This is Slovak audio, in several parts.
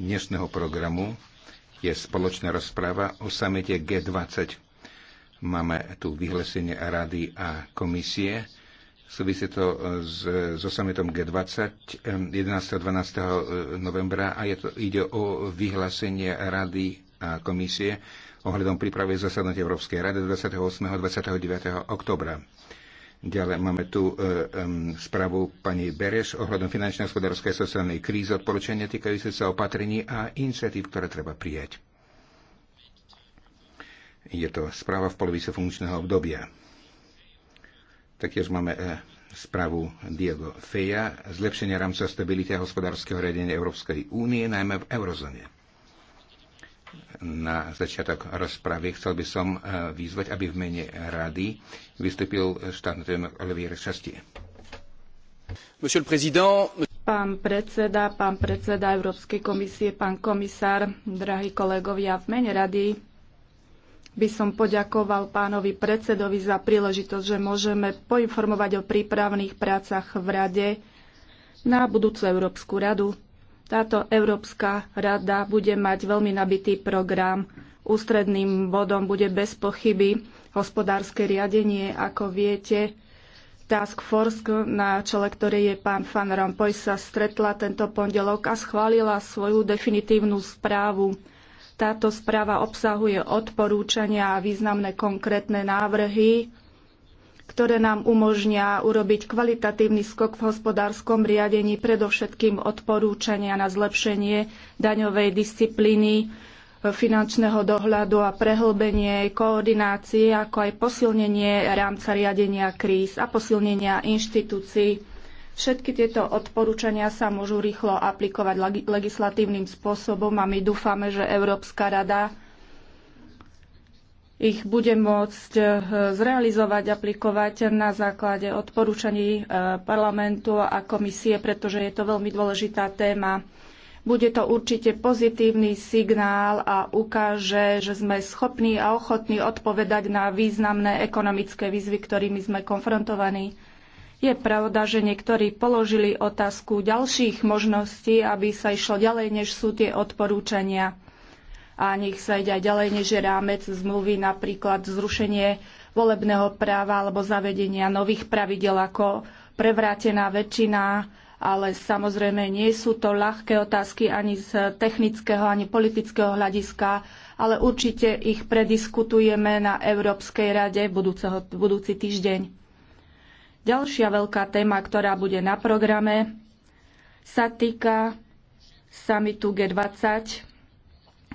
dnešného programu je spoločná rozpráva o samete G20. Máme tu vyhlesenie Rady a komisie. Súvisí to e, s, so samitom G20 11. a 12. novembra a je to, ide o vyhlásenie Rady a komisie ohľadom prípravy zasadnutia Európskej rady 28. a 29. oktobra. Ďalej máme tu e, um, správu pani Bereš ohľadom finančnej, hospodárskej a sociálnej krízy, odporúčania týkajúce sa opatrení a iniciatív, ktoré treba prijať. Je to správa v polovice funkčného obdobia. Taktiež máme e, správu Diego Feja, zlepšenie rámca stability a hospodárskeho riadenia Európskej únie, najmä v eurozóne na začiatok rozpravy chcel by som e, vyzvať, aby v mene rady vystúpil štátny tajomník Olivier Šastie. Pán predseda, pán predseda Európskej komisie, pán komisár, drahí kolegovia, v mene rady by som poďakoval pánovi predsedovi za príležitosť, že môžeme poinformovať o prípravných prácach v rade na budúcu Európsku radu. Táto Európska rada bude mať veľmi nabitý program. Ústredným bodom bude bez pochyby hospodárske riadenie. Ako viete, Task Force, na čele ktorej je pán Van Rompuy, sa stretla tento pondelok a schválila svoju definitívnu správu. Táto správa obsahuje odporúčania a významné konkrétne návrhy ktoré nám umožnia urobiť kvalitatívny skok v hospodárskom riadení, predovšetkým odporúčania na zlepšenie daňovej disciplíny, e, finančného dohľadu a prehlbenie koordinácie, ako aj posilnenie rámca riadenia kríz a posilnenia inštitúcií. Všetky tieto odporúčania sa môžu rýchlo aplikovať legislatívnym spôsobom a my dúfame, že Európska rada ich bude môcť eh, zrealizovať, aplikovať na základe odporúčaní eh, parlamentu a komisie, pretože je to veľmi dôležitá téma. Bude to určite pozitívny signál a ukáže, že sme schopní a ochotní odpovedať na významné ekonomické výzvy, ktorými sme konfrontovaní. Je pravda, že niektorí položili otázku ďalších možností, aby sa išlo ďalej, než sú tie odporúčania a nech sa ide aj ďalej než je rámec zmluvy, napríklad zrušenie volebného práva alebo zavedenia nových pravidel ako prevrátená väčšina, ale samozrejme nie sú to ľahké otázky ani z technického, ani politického hľadiska, ale určite ich prediskutujeme na Európskej rade budúceho, budúci týždeň. Ďalšia veľká téma, ktorá bude na programe, sa týka samitu G20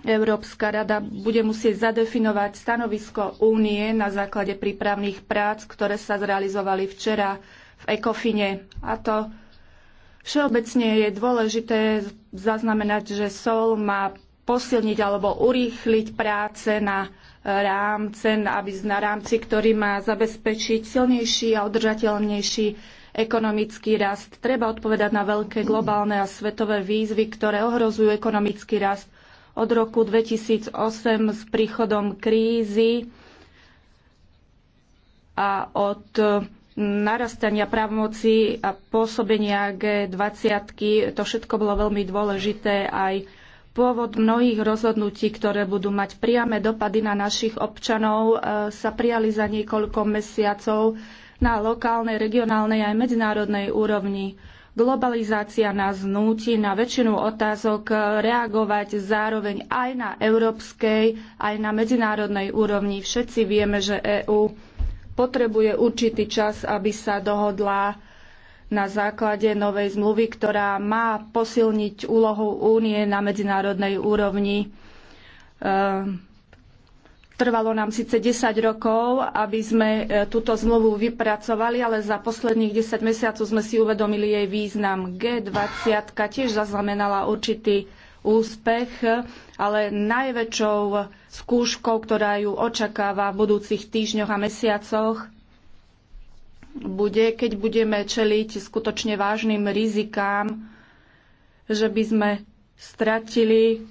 Európska rada bude musieť zadefinovať stanovisko únie na základe prípravných prác, ktoré sa zrealizovali včera v Ekofine. A to všeobecne je dôležité zaznamenať, že SOL má posilniť alebo urýchliť práce na rámce, aby na rámci, ktorý má zabezpečiť silnejší a udržateľnejší ekonomický rast. Treba odpovedať na veľké globálne a svetové výzvy, ktoré ohrozujú ekonomický rast od roku 2008 s príchodom krízy a od narastania právomoci a pôsobenia G20. To všetko bolo veľmi dôležité aj pôvod mnohých rozhodnutí, ktoré budú mať priame dopady na našich občanov, e, sa prijali za niekoľko mesiacov na lokálnej, regionálnej aj medzinárodnej úrovni. Globalizácia nás núti na väčšinu otázok reagovať zároveň aj na európskej, aj na medzinárodnej úrovni. Všetci vieme, že EÚ potrebuje určitý čas, aby sa dohodla na základe novej zmluvy, ktorá má posilniť úlohu únie na medzinárodnej úrovni. Ehm Trvalo nám síce 10 rokov, aby sme e, túto zmluvu vypracovali, ale za posledných 10 mesiacov sme si uvedomili jej význam. G20 tiež zaznamenala určitý úspech, ale najväčšou skúškou, ktorá ju očakáva v budúcich týždňoch a mesiacoch, bude, keď budeme čeliť skutočne vážnym rizikám, že by sme stratili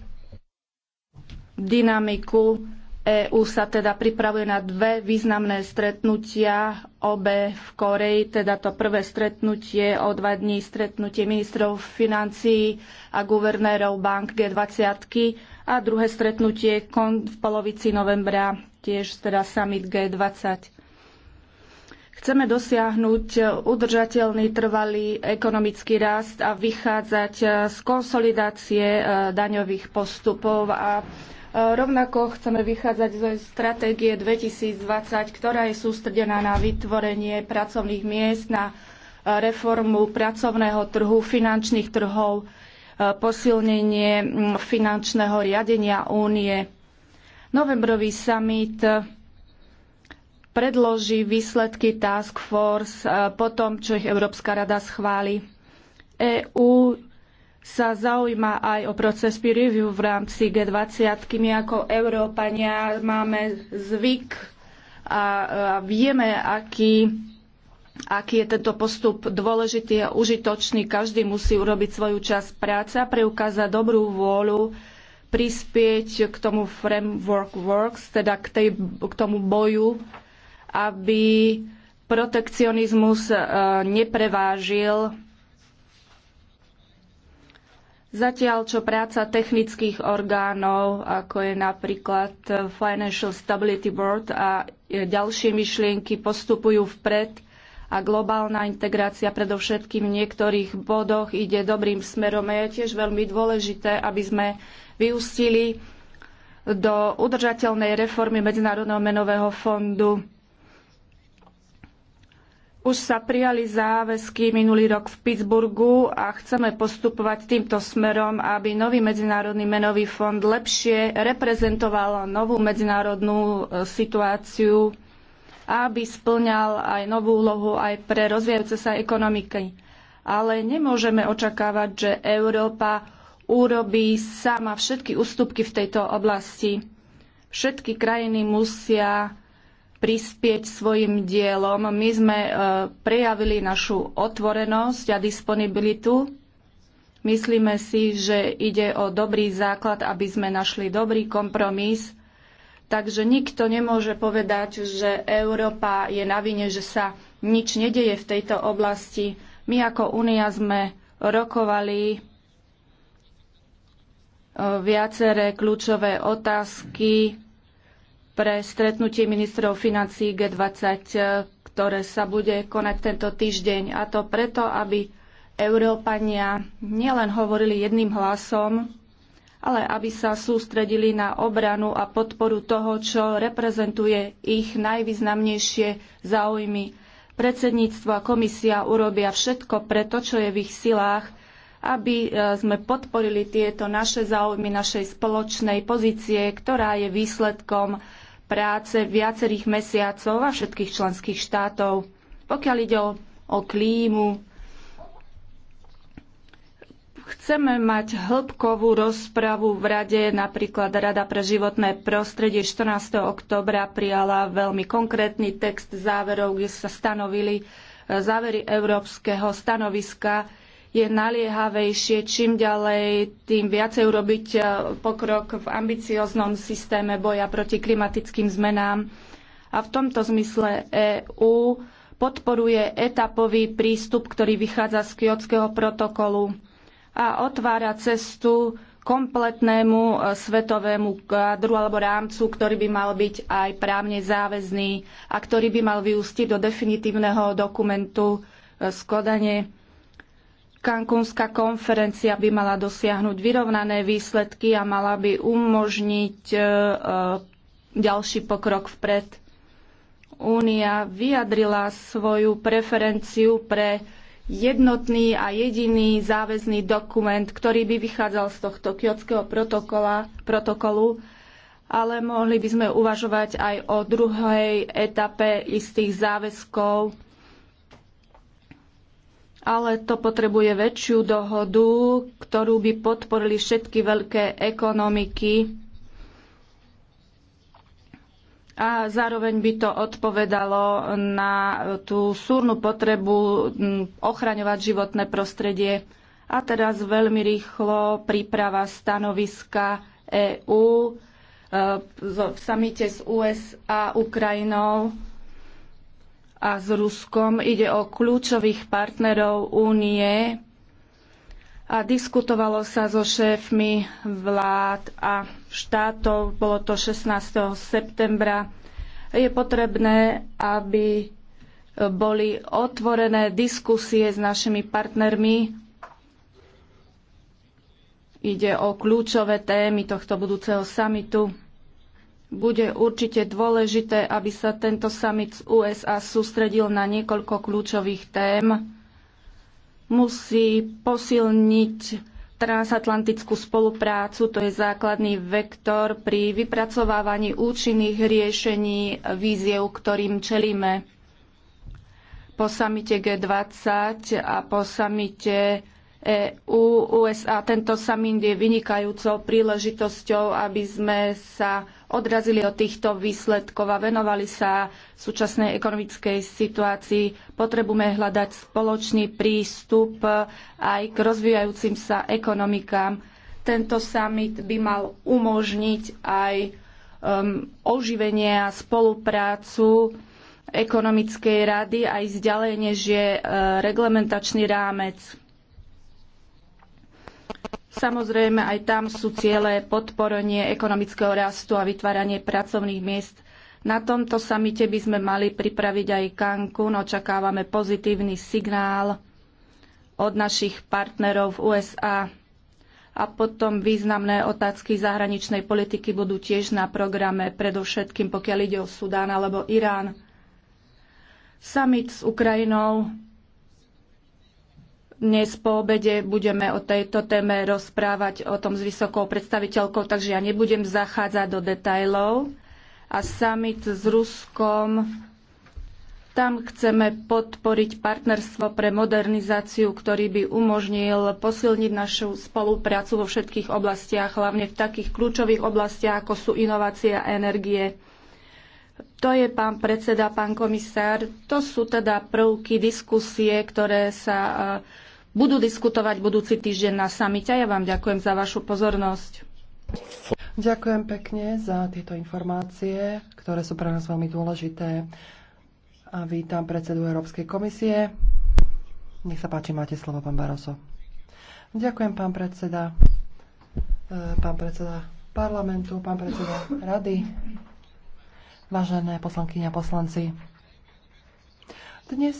dynamiku EÚ sa teda pripravuje na dve významné stretnutia, obe v Koreji, teda to prvé stretnutie o dva dní, stretnutie ministrov financií a guvernérov bank G20 a druhé stretnutie v polovici novembra, tiež teda summit G20. Chceme dosiahnuť udržateľný, trvalý ekonomický rast a vychádzať z konsolidácie e, daňových postupov a Rovnako chceme vychádzať zo stratégie 2020, ktorá je sústredená na vytvorenie pracovných miest, na e, reformu pracovného trhu, finančných trhov, e, posilnenie finančného riadenia únie. Novembrový summit predloží výsledky Task Force e, po tom, čo ich Európska rada schváli. EÚ sa zaujíma aj o proces peer review v rámci G20. My ako Európania máme zvyk a, a vieme, aký, aký je tento postup dôležitý a užitočný. Každý musí urobiť svoju časť práce a preukázať dobrú vôľu prispieť k tomu framework works, teda k, tej, k tomu boju, aby protekcionizmus e, neprevážil Zatiaľ, čo práca technických orgánov, ako je napríklad Financial Stability Board a ďalšie myšlienky postupujú vpred a globálna integrácia predovšetkým v niektorých bodoch ide dobrým smerom. A je tiež veľmi dôležité, aby sme vyústili do udržateľnej reformy Medzinárodného menového fondu už sa prijali záväzky minulý rok v Pittsburghu a chceme postupovať týmto smerom, aby nový Medzinárodný menový fond lepšie reprezentoval novú medzinárodnú e, situáciu a aby splňal aj novú úlohu aj pre rozvíjajúce sa ekonomiky. Ale nemôžeme očakávať, že Európa urobí sama všetky ústupky v tejto oblasti. Všetky krajiny musia prispieť svojim dielom. My sme e, prejavili našu otvorenosť a disponibilitu. Myslíme si, že ide o dobrý základ, aby sme našli dobrý kompromis. Takže nikto nemôže povedať, že Európa je na vine, že sa nič nedeje v tejto oblasti. My ako Únia sme rokovali e, viaceré kľúčové otázky pre stretnutie ministrov financí G20, ktoré sa bude konať tento týždeň. A to preto, aby Európania nielen hovorili jedným hlasom, ale aby sa sústredili na obranu a podporu toho, čo reprezentuje ich najvýznamnejšie záujmy. Predsedníctvo a komisia urobia všetko preto, čo je v ich silách, aby e, sme podporili tieto naše záujmy našej spoločnej pozície, ktorá je výsledkom práce viacerých mesiacov a všetkých členských štátov. Pokiaľ ide o, o klímu, chceme mať hĺbkovú rozpravu v rade. Napríklad Rada pre životné prostredie 14. oktobra prijala veľmi konkrétny text záverov, kde sa stanovili e, závery európskeho stanoviska je naliehavejšie, čím ďalej, tým viacej urobiť e, pokrok v ambicioznom systéme boja proti klimatickým zmenám. A v tomto zmysle EÚ podporuje etapový prístup, ktorý vychádza z Kyotského protokolu a otvára cestu kompletnému e, svetovému kadru alebo rámcu, ktorý by mal byť aj právne záväzný a ktorý by mal vyústiť do definitívneho dokumentu z e, Kodane. Kankunská konferencia by mala dosiahnuť vyrovnané výsledky a mala by umožniť e, e, ďalší pokrok vpred. Únia vyjadrila svoju preferenciu pre jednotný a jediný záväzný dokument, ktorý by vychádzal z tohto kiotského protokolu, ale mohli by sme uvažovať aj o druhej etape istých záväzkov ale to potrebuje väčšiu dohodu, ktorú by podporili všetky veľké ekonomiky a zároveň by to odpovedalo na tú súrnu potrebu ochraňovať životné prostredie. A teraz veľmi rýchlo príprava stanoviska EÚ e, v samite s USA Ukrajinou a s Ruskom. Ide o kľúčových partnerov únie a diskutovalo sa so šéfmi vlád a štátov. Bolo to 16. septembra. Je potrebné, aby boli otvorené diskusie s našimi partnermi. Ide o kľúčové témy tohto budúceho samitu. Bude určite dôležité, aby sa tento summit z USA sústredil na niekoľko kľúčových tém. Musí posilniť transatlantickú spoluprácu, to je základný vektor pri vypracovávaní účinných riešení víziev, ktorým čelíme. Po samite G20 a po samite EU, USA. Tento summit je vynikajúcou príležitosťou, aby sme sa odrazili od týchto výsledkov a venovali sa súčasnej ekonomickej situácii. Potrebujeme hľadať spoločný prístup aj k rozvíjajúcim sa ekonomikám. Tento summit by mal umožniť aj um, oživenie a spoluprácu ekonomickej rady aj zďalej, než je uh, reglementačný rámec Samozrejme, aj tam sú ciele podporenie ekonomického rastu a vytváranie pracovných miest. Na tomto samite by sme mali pripraviť aj Cancún. Očakávame pozitívny signál od našich partnerov v USA. A potom významné otázky zahraničnej politiky budú tiež na programe, predovšetkým pokiaľ ide o Sudán alebo Irán. Summit s Ukrajinou dnes po obede budeme o tejto téme rozprávať o tom s vysokou predstaviteľkou, takže ja nebudem zachádzať do detajlov. A summit s Ruskom, tam chceme podporiť partnerstvo pre modernizáciu, ktorý by umožnil posilniť našu spoluprácu vo všetkých oblastiach, hlavne v takých kľúčových oblastiach, ako sú inovácia a energie. To je, pán predseda, pán komisár, to sú teda prvky diskusie, ktoré sa uh, budú diskutovať budúci týždeň na samite. Ja vám ďakujem za vašu pozornosť. Ďakujem pekne za tieto informácie, ktoré sú pre nás veľmi dôležité. A vítam predsedu Európskej komisie. Nech sa páči, máte slovo, pán Baroso. Ďakujem, pán predseda. E, pán predseda parlamentu, pán predseda rady, vážené poslankyne a poslanci. Dnes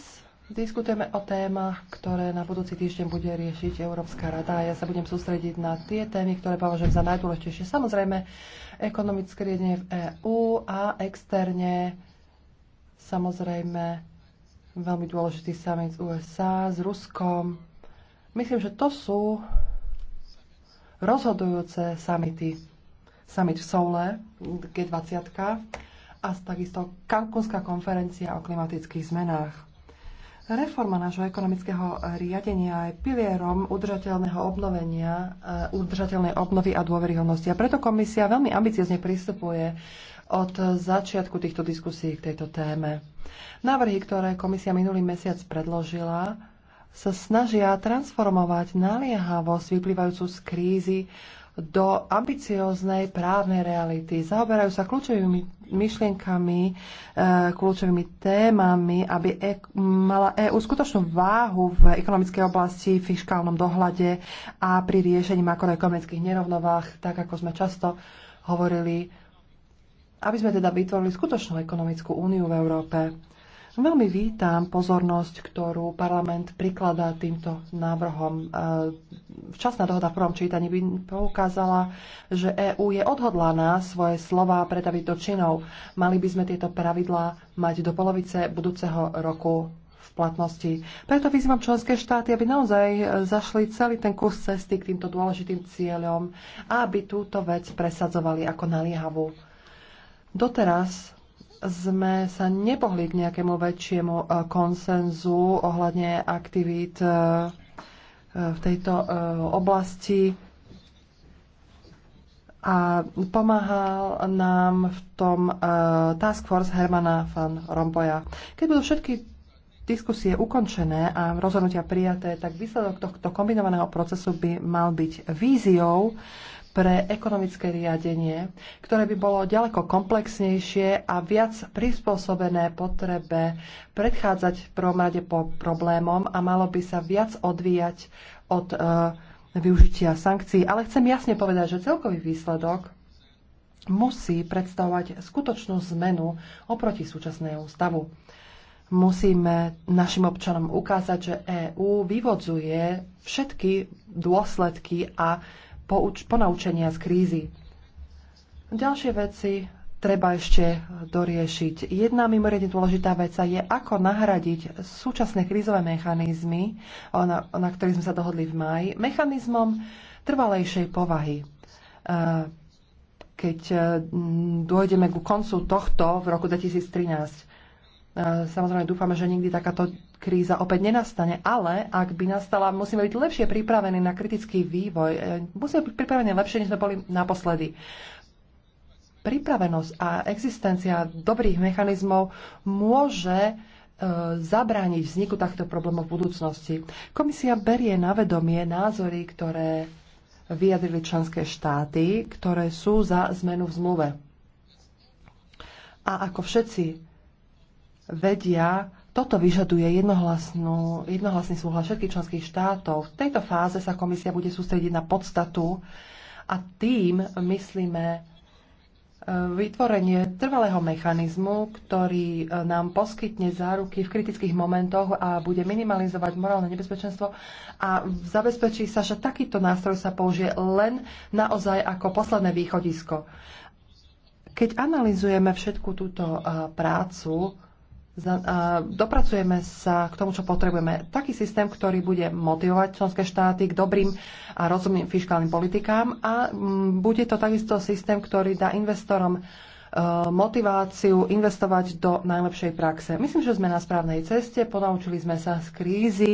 Diskutujeme o témach, ktoré na budúci týždeň bude riešiť Európska rada a ja sa budem sústrediť na tie témy, ktoré považujem za najdôležitejšie. Samozrejme, ekonomické riedenie v EÚ a externe samozrejme veľmi dôležitý summit z USA, s Ruskom. Myslím, že to sú rozhodujúce summity. Summit v Soule, G20 a takisto Kankunská konferencia o klimatických zmenách. Reforma nášho ekonomického riadenia je pilierom udržateľného obnovenia, e, udržateľnej obnovy a dôveryhodnosti. A preto komisia veľmi ambiciozne pristupuje od začiatku týchto diskusí k tejto téme. Návrhy, ktoré komisia minulý mesiac predložila, sa snažia transformovať naliehavosť vyplývajúcu z krízy do ambicióznej právnej reality. Zaoberajú sa kľúčovými myšlienkami, e, kľúčovými témami, aby e mala EÚ skutočnú váhu v ekonomickej oblasti, v fiskálnom dohľade a pri riešení makroekonomických nerovnovách, tak ako sme často hovorili, aby sme teda vytvorili skutočnú ekonomickú úniu v Európe. Veľmi vítam pozornosť, ktorú parlament prikladá týmto návrhom. E, včasná dohoda v prvom čítaní by poukázala, že EÚ je odhodlaná svoje slova pretaviť do činov. Mali by sme tieto pravidlá mať do polovice budúceho roku v platnosti. Preto vyzývam členské štáty, aby naozaj zašli celý ten kus cesty k týmto dôležitým cieľom a aby túto vec presadzovali ako naliehavú. Doteraz sme sa nepohli k nejakému väčšiemu e, konsenzu ohľadne aktivít e, e, v tejto oblasti. A pomáhal nám v tom Task Force Hermana van Rompoja. Keď budú všetky diskusie ukončené a rozhodnutia prijaté, tak výsledok tohto kombinovaného procesu by mal byť víziou, pre ekonomické riadenie, ktoré by bolo ďaleko komplexnejšie a viac prispôsobené potrebe predchádzať v prvom rade po problémom a malo by sa viac odvíjať od e, využitia sankcií. Ale chcem jasne povedať, že celkový výsledok musí predstavovať skutočnú zmenu oproti súčasnému stavu. Musíme našim občanom ukázať, že EÚ vyvodzuje všetky dôsledky a pouč- ponaučenia z krízy. Ďalšie veci treba ešte doriešiť. Jedna mimoriadne dôležitá vec je, ako nahradiť súčasné krízové mechanizmy, na, na ktorých sme sa dohodli v máji, mechanizmom trvalejšej povahy. E, keď e, dôjdeme ku koncu tohto v roku 2013. E, samozrejme dúfame, že nikdy takáto kríza opäť nenastane, ale ak by nastala, musíme byť lepšie pripravení na kritický vývoj. E, musíme byť pripravení lepšie, než sme boli naposledy. Pripravenosť a existencia dobrých mechanizmov môže e, zabrániť vzniku takýchto problémov v budúcnosti. Komisia berie na vedomie názory, ktoré vyjadrili členské štáty, ktoré sú za zmenu v zmluve. A ako všetci vedia, toto vyžaduje jednohlasný súhlas všetkých členských štátov. V tejto fáze sa komisia bude sústrediť na podstatu a tým myslíme e, vytvorenie trvalého mechanizmu, ktorý e, nám poskytne záruky v kritických momentoch a bude minimalizovať morálne nebezpečenstvo a zabezpečí sa, že takýto nástroj sa použije len naozaj ako posledné východisko. Keď analizujeme všetku túto e, prácu, dopracujeme sa k tomu, čo potrebujeme. Taký systém, ktorý bude motivovať členské štáty k dobrým a rozumným fiskálnym politikám a mm, bude to takisto systém, ktorý dá investorom e, motiváciu investovať do najlepšej praxe. Myslím, že sme na správnej ceste, ponaučili sme sa z krízy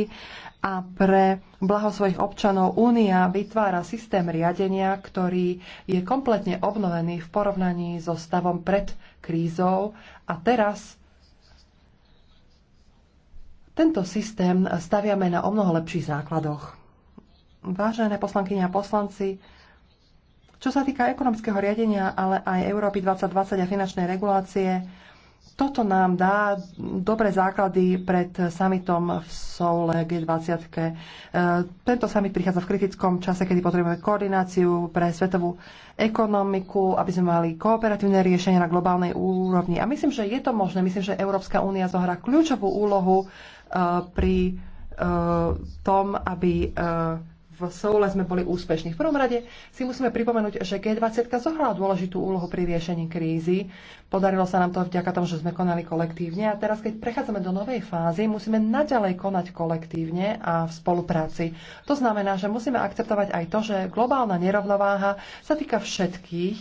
a pre blaho svojich občanov Únia vytvára systém riadenia, ktorý je kompletne obnovený v porovnaní so stavom pred krízou a teraz tento systém staviame na o mnoho lepších základoch. Vážené poslankyne a poslanci, čo sa týka ekonomického riadenia, ale aj Európy 2020 a finančnej regulácie, toto nám dá dobré základy pred summitom v Soule G20. Tento summit prichádza v kritickom čase, kedy potrebujeme koordináciu pre svetovú ekonomiku, aby sme mali kooperatívne riešenia na globálnej úrovni. A myslím, že je to možné. Myslím, že Európska únia zohrá kľúčovú úlohu Eh, pri eh, tom, aby eh, v Soule sme boli úspešní. V prvom rade si musíme pripomenúť, že G20 zohrala dôležitú úlohu pri riešení krízy. Podarilo sa nám to vďaka tomu, že sme konali kolektívne a teraz, keď prechádzame do novej fázy, musíme naďalej konať kolektívne a v spolupráci. To znamená, že musíme akceptovať aj to, že globálna nerovnováha sa týka všetkých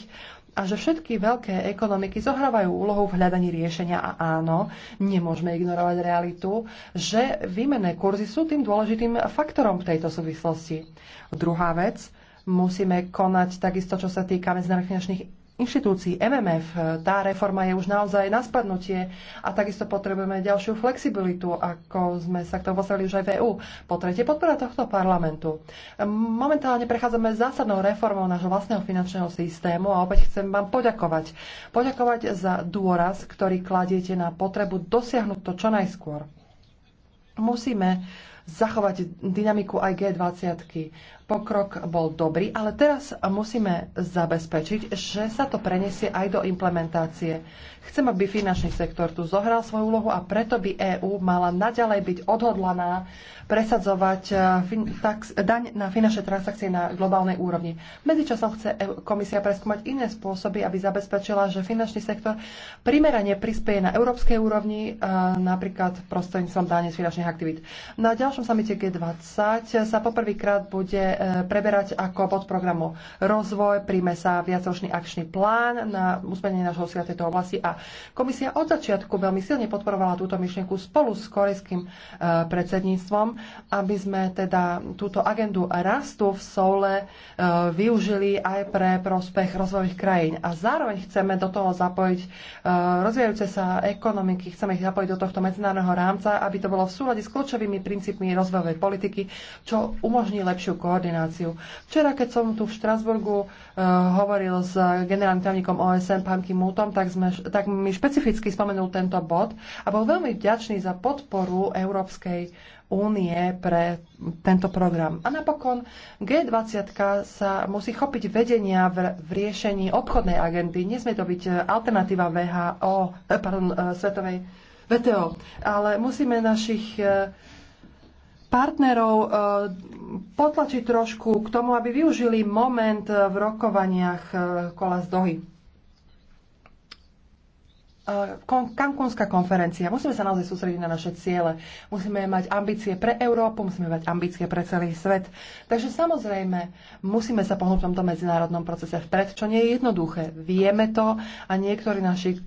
a že všetky veľké ekonomiky zohrávajú úlohu v hľadaní riešenia a áno, nemôžeme ignorovať realitu, že výmenné kurzy sú tým dôležitým faktorom v tejto súvislosti. Druhá vec, musíme konať takisto, čo sa týka medzinárodných inštitúcií MMF, tá reforma je už naozaj na spadnutie a takisto potrebujeme ďalšiu flexibilitu, ako sme sa k tomu poslali už aj v EU. Po tretie, podpora tohto parlamentu. Momentálne prechádzame zásadnou reformou nášho vlastného finančného systému a opäť chcem vám poďakovať. Poďakovať za dôraz, ktorý kladiete na potrebu dosiahnuť to čo najskôr. Musíme zachovať dynamiku aj G20. -ky. Pokrok bol dobrý, ale teraz musíme zabezpečiť, že sa to prenesie aj do implementácie. Chcem, aby finančný sektor tu zohral svoju úlohu a preto by EÚ mala naďalej byť odhodlaná presadzovať eh, tax, daň na finančné transakcie na globálnej úrovni. Medzičasom chce e komisia preskúmať iné spôsoby, aby zabezpečila, že finančný sektor primerane prispieje na európskej úrovni, eh, napríklad prostredníctvom dáne z finančných aktivít. Na ďalšom samite G20 sa poprvýkrát bude E, preberať ako podprogramu rozvoj, príjme sa viacročný akčný plán na usmernenie nášho úsilia tejto oblasti a komisia od začiatku veľmi silne podporovala túto myšlienku spolu s korejským e, predsedníctvom, aby sme teda túto agendu rastu v Soule e, využili aj pre prospech rozvojových krajín. A zároveň chceme do toho zapojiť rozvíjajúce sa ekonomiky, chceme ich zapojiť do tohto medzinárodného rámca, aby to bolo v súlade s kľúčovými princípmi rozvojovej politiky, čo umožní lepšiu koordináciu koordináciu. Včera, keď som tu v Štrasburgu uh, hovoril s generálnym tajomníkom OSN, pán Kim Mutom, tak, sme, tak mi špecificky spomenul tento bod a bol veľmi vďačný za podporu Európskej únie pre tento program. A napokon G20 sa musí chopiť vedenia v, v riešení obchodnej agendy. Nesmie to byť eh, alternatíva VHO, eh, pardon, svetovej VTO, ale musíme našich partnerov e, potlačiť trošku k tomu, aby využili moment v rokovaniach e, kola z Dohy. E, Kankunská konferencia. Musíme sa naozaj sústrediť na naše ciele. Musíme mať ambície pre Európu, musíme mať ambície pre celý svet. Takže samozrejme, musíme sa pohnúť v tomto medzinárodnom procese vpred, čo nie je jednoduché. Vieme to a niektorí naši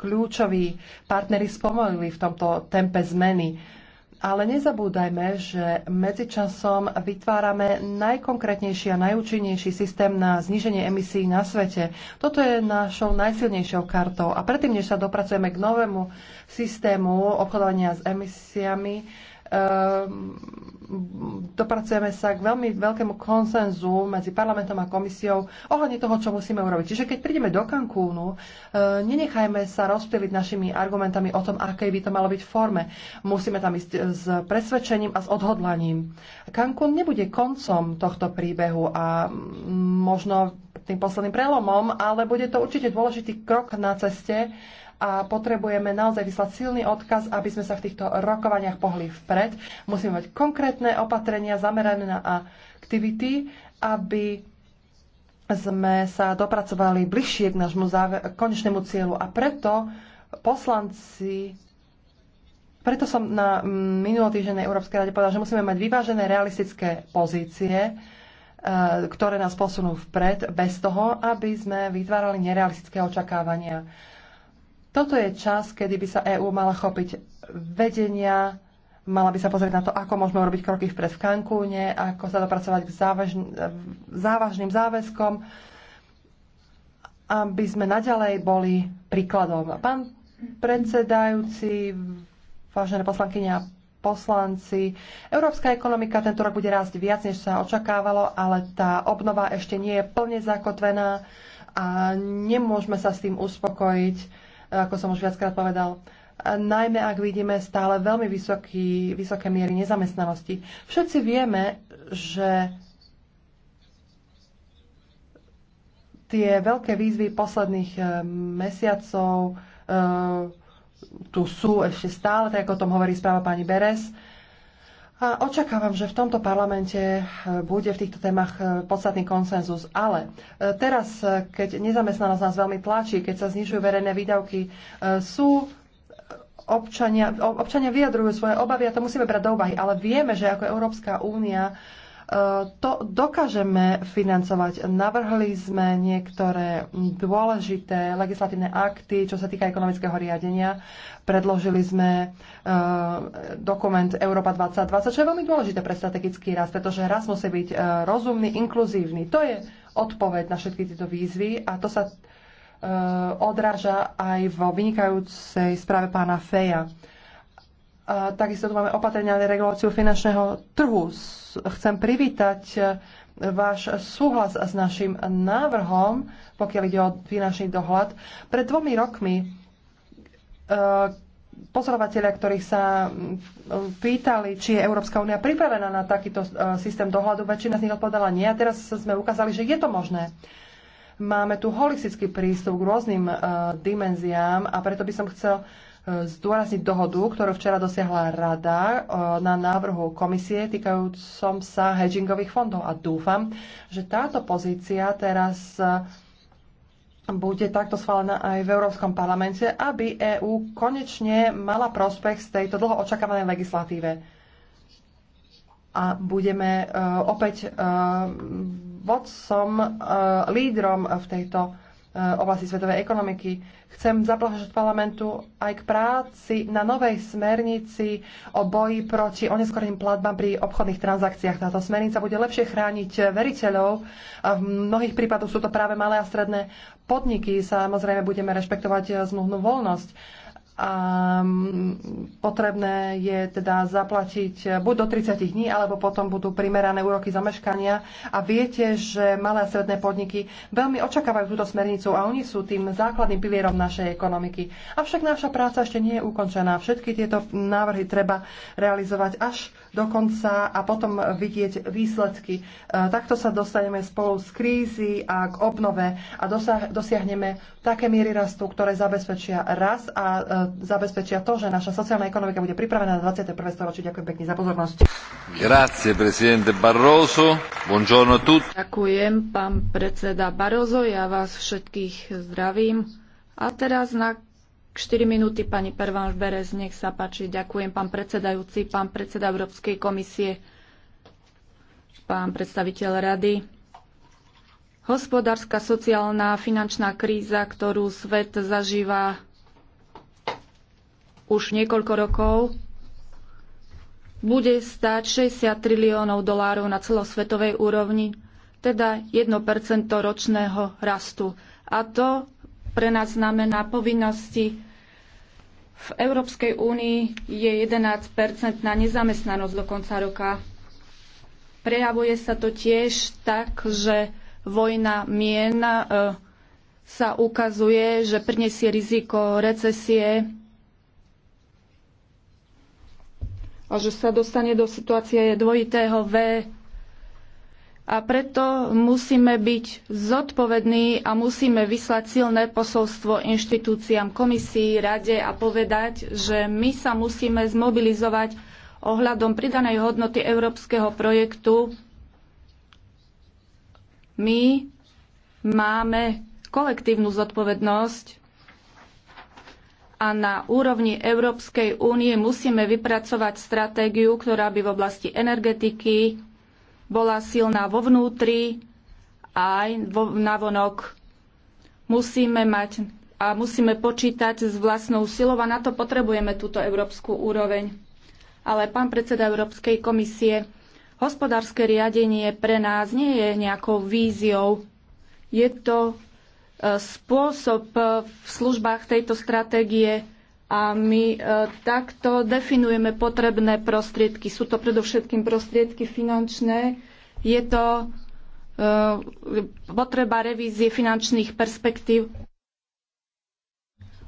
kľúčoví partnery spomalili v tomto tempe zmeny. Ale nezabúdajme, že medzičasom vytvárame najkonkrétnejší a najúčinnejší systém na zníženie emisí na svete. Toto je našou najsilnejšou kartou. A predtým, než sa dopracujeme k novému systému obchodovania s emisiami, ehm, dopracujeme sa k veľmi veľkému konsenzu medzi parlamentom a komisiou ohľadne toho, čo musíme urobiť. Čiže keď prídeme do Cancúnu, e, nenechajme sa rozptýliť našimi argumentami o tom, aké by to malo byť v forme. Musíme tam ísť s presvedčením a s odhodlaním. Cancún nebude koncom tohto príbehu a možno tým posledným prelomom, ale bude to určite dôležitý krok na ceste a potrebujeme naozaj vyslať silný odkaz, aby sme sa v týchto rokovaniach pohli vpred. Musíme mať konkrétne opatrenia zamerané na aktivity, aby sme sa dopracovali bližšie k nášmu konečnému cieľu. A preto poslanci preto som na mm, minulotýždenej Európskej rade povedal, že musíme mať vyvážené realistické pozície, e, ktoré nás posunú vpred, bez toho, aby sme vytvárali nerealistické očakávania. Toto je čas, kedy by sa EÚ mala chopiť vedenia, mala by sa pozrieť na to, ako môžeme robiť kroky vpred v Cancúne, ako sa dopracovať k závažn závažným záväzkom, aby sme naďalej boli príkladom. Pán predsedajúci, vážené poslankyne a poslanci. Európska ekonomika tento rok bude rásť viac, než sa očakávalo, ale tá obnova ešte nie je plne zakotvená a nemôžeme sa s tým uspokojiť ako som už viackrát povedal. A najmä ak vidíme stále veľmi vysoký, vysoké miery nezamestnanosti. Všetci vieme, že tie veľké výzvy posledných eh, mesiacov eh, tu sú ešte stále, tak ako o tom hovorí správa pani Beres a očakávam, že v tomto parlamente e, bude v týchto témach e, podstatný konsenzus. Ale e, teraz, keď nezamestnanosť nás veľmi tlačí, keď sa znižujú verejné výdavky, sú občania, občania vyjadrujú svoje obavy a to musíme brať do úvahy. Ale vieme, že ako Európska únia to dokážeme financovať. Navrhli sme niektoré dôležité legislatívne akty, čo sa týka ekonomického riadenia. Predložili sme e, dokument Európa 2020, čo je veľmi dôležité pre strategický rast, pretože rast musí byť e, rozumný, inkluzívny. To je odpoveď na všetky tieto výzvy a to sa e, odráža aj vo vynikajúcej správe pána Feja. takisto tu máme opatrenia na reguláciu finančného trhu chcem privítať e, váš súhlas s našim návrhom, pokiaľ ide o finančný dohľad. Pred dvomi rokmi e, pozorovateľia, ktorí sa pýtali, či je Európska únia pripravená na takýto e, systém dohľadu, väčšina z nich odpovedala nie. A teraz sme ukázali, že je to možné. Máme tu holistický prístup k rôznym dimenziám a preto by som chcel uh, zdôrazniť dohodu, ktorú včera dosiahla rada e, na návrhu komisie týkajúcom sa hedgingových fondov. A dúfam, že táto pozícia teraz e, bude takto schválená aj v Európskom parlamente, aby EÚ konečne mala prospech z tejto dlho očakávanej legislatíve. A budeme e, opäť vodcom, lídrom v tejto Eh, oblasti svetovej ekonomiky. Chcem zablahožiť parlamentu aj k práci na novej smernici o boji proti oneskorým platbám pri obchodných transakciách. Táto smernica bude lepšie chrániť veriteľov. A v mnohých prípadoch sú to práve malé a stredné podniky. Samozrejme budeme rešpektovať eh, zmluvnú voľnosť a ehm, potrebné je teda zaplatiť buď do 30 dní, alebo potom budú primerané úroky zameškania. A viete, že malé a stredné podniky veľmi očakávajú túto smernicu a oni sú tým základným pilierom našej ekonomiky. Avšak naša práca ešte nie je ukončená. Všetky tieto návrhy treba realizovať až do konca a potom vidieť výsledky. E, takto sa dostaneme spolu z krízy a k obnove a dosiahneme také miery rastu, ktoré zabezpečia raz a e, zabezpečia to, že naša sociálna ekonomika bude pripravená na 21. storočie. Ďakujem pekne za pozornosť. Grazie, presidente Barroso. Buongiorno a tutti. Ďakujem, pán predseda Barroso. Ja vás všetkých zdravím. A teraz na 4 minúty pani Pervan Berez, nech sa páči. Ďakujem, pán predsedajúci, pán predseda Európskej komisie, pán predstaviteľ rady. Hospodárska, sociálna, finančná kríza, ktorú svet zažíva už niekoľko rokov, bude stať 60 triliónov dolárov na celosvetovej úrovni, teda 1% ročného rastu. A to pre nás znamená povinnosti v Európskej únii je 11 na nezamestnanosť do konca roka. Prejavuje sa to tiež tak, že vojna mien e, sa ukazuje, že prinesie riziko recesie a že sa dostane do situácie dvojitého V a preto musíme byť zodpovední a musíme vyslať silné posolstvo inštitúciám, komisii, rade a povedať, že my sa musíme zmobilizovať ohľadom pridanej hodnoty európskeho projektu. My máme kolektívnu zodpovednosť a na úrovni Európskej únie musíme vypracovať stratégiu, ktorá by v oblasti energetiky, bola silná vo vnútri aj vo, navonok. Musíme mať a musíme počítať s vlastnou silou a na to potrebujeme túto európsku úroveň. Ale pán predseda Európskej komisie, hospodárske riadenie pre nás nie je nejakou víziou. Je to e, spôsob v službách tejto stratégie a my e, takto definujeme potrebné prostriedky. Sú to predovšetkým prostriedky finančné. Je to e, potreba revízie finančných perspektív.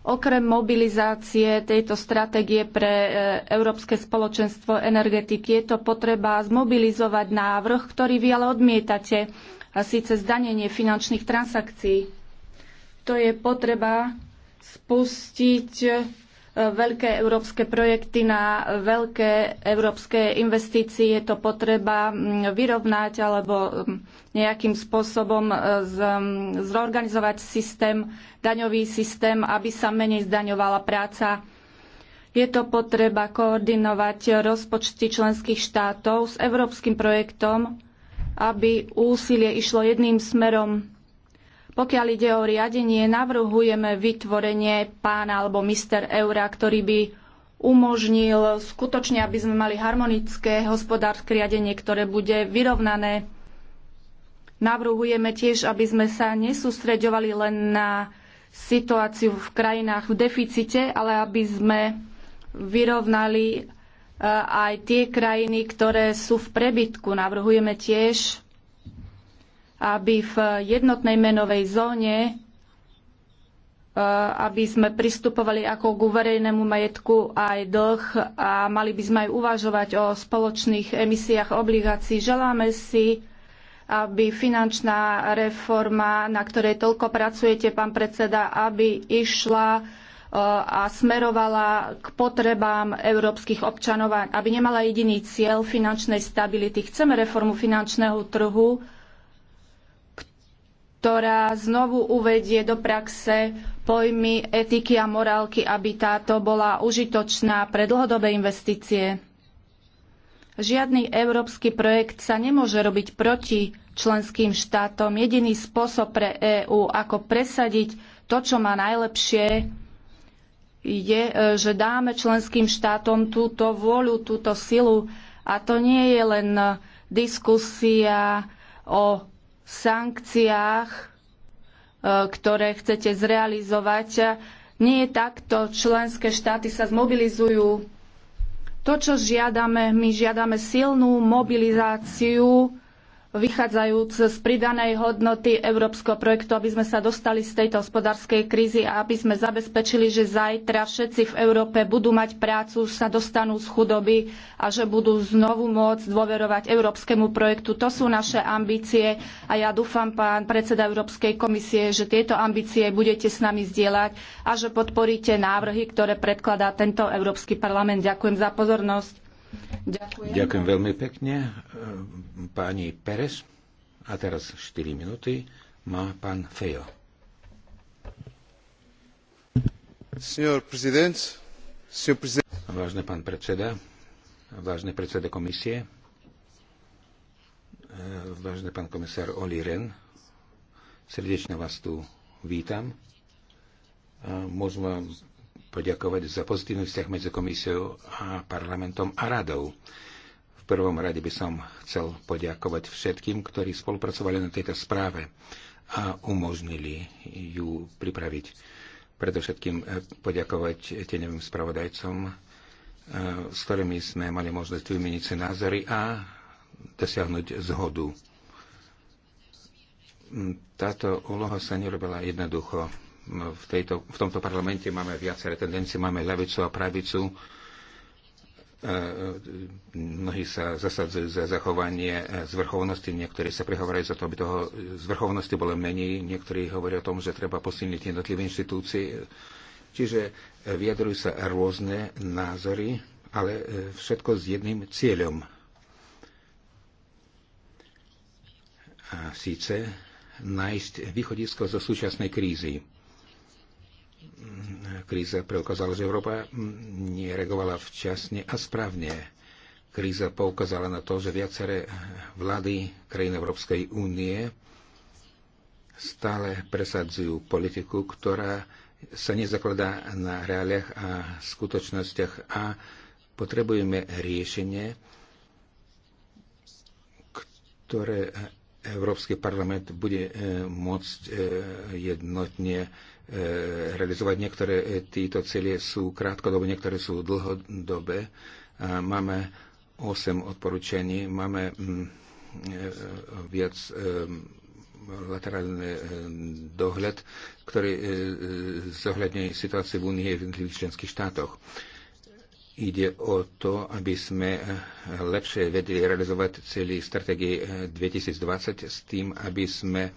Okrem mobilizácie tejto stratégie pre e, Európske spoločenstvo energetiky je to potreba zmobilizovať návrh, ktorý vy ale odmietate, a síce zdanenie finančných transakcií. To je potreba spustiť veľké európske projekty, na veľké európske investície. Je to potreba mm, vyrovnať alebo mm, nejakým spôsobom e, mm, zorganizovať systém, daňový systém, aby sa menej zdaňovala práca. Je to potreba koordinovať rozpočty členských štátov s európskym projektom, aby úsilie išlo jedným smerom pokiaľ ide o riadenie, navrhujeme vytvorenie pána alebo mister eura, ktorý by umožnil skutočne, aby sme mali harmonické hospodárske riadenie, ktoré bude vyrovnané. Navrhujeme tiež, aby sme sa nesústreďovali len na situáciu v krajinách v deficite, ale aby sme vyrovnali eh, aj tie krajiny, ktoré sú v prebytku. Navrhujeme tiež aby v jednotnej menovej zóne e, aby sme pristupovali ako k verejnému majetku aj dlh a mali by sme aj uvažovať o spoločných emisiách obligácií. Želáme si, aby finančná reforma, na ktorej toľko pracujete, pán predseda, aby išla e, a smerovala k potrebám európskych občanov, aby nemala jediný cieľ finančnej stability. Chceme reformu finančného trhu, ktorá znovu uvedie do praxe pojmy etiky a morálky, aby táto bola užitočná pre dlhodobé investície. Žiadny európsky projekt sa nemôže robiť proti členským štátom. Jediný spôsob pre EÚ, ako presadiť to, čo má najlepšie, je, e, že dáme členským štátom túto vôľu, túto silu. A to nie je len e, diskusia o sankciách, e, ktoré chcete zrealizovať. Nie je takto, členské štáty sa zmobilizujú. To, čo žiadame, my žiadame silnú mobilizáciu vychádzajúc z pridanej hodnoty európskeho projektu, aby sme sa dostali z tejto hospodárskej krízy a aby sme zabezpečili, že zajtra všetci v Európe budú mať prácu, sa dostanú z chudoby a že budú znovu môcť dôverovať európskemu projektu. To sú naše ambície a ja dúfam, pán predseda Európskej komisie, že tieto ambície budete s nami zdieľať a že podporíte návrhy, ktoré predkladá tento Európsky parlament. Ďakujem za pozornosť. Ďakujem. Ďakujem veľmi pekne. E, pani Perez, a teraz 4 minúty, má pán Fejo. Senor prezident, senor prezident. Vážne pán predseda, vážne predseda komisie, e, vážne pán komisár Oli Ren, srdečne vás tu vítam. Môžem vám poďakovať za pozitívny vzťah medzi komisiou a parlamentom a radou. V prvom rade by som chcel poďakovať všetkým, ktorí spolupracovali na tejto správe a umožnili ju pripraviť. Predovšetkým eh, poďakovať tenevým spravodajcom, eh, s ktorými sme mali možnosť vymeniť si názory a dosiahnuť zhodu. Hm, táto úloha sa nerobila jednoducho v, tejto, v tomto parlamente máme viaceré tendencie, máme ľavicu a pravicu. E, e, mnohí sa zasadzujú za zachovanie e, zvrchovnosti, niektorí sa prihovorajú za to, aby toho zvrchovnosti bolo menej, niektorí hovoria o tom, že treba posilniť jednotlivé inštitúcie. Čiže vyjadrujú sa rôzne názory, ale všetko s jedným cieľom. A síce nájsť východisko zo súčasnej krízy. Kríza preukázala, že Európa nereagovala včasne a správne. Kríza poukázala na to, že viaceré vlády krajín Európskej únie stále presadzujú politiku, ktorá sa nezakladá na reáliach a skutočnostiach a potrebujeme riešenie, ktoré Európsky parlament bude eh, môcť eh, jednotne Eh, realizovať. Niektoré eh, títo cieľe sú krátkodobé, niektoré sú dlhodobé. Eh, máme 8 odporúčení, máme mm, viac laterálny dohľad, ktorý zohľadňuje situáciu v Únii v jednotlivých členských štátoch. Ide o to, aby sme lepšie vedeli realizovať celý stratégie 2020 eh, s tým, aby sme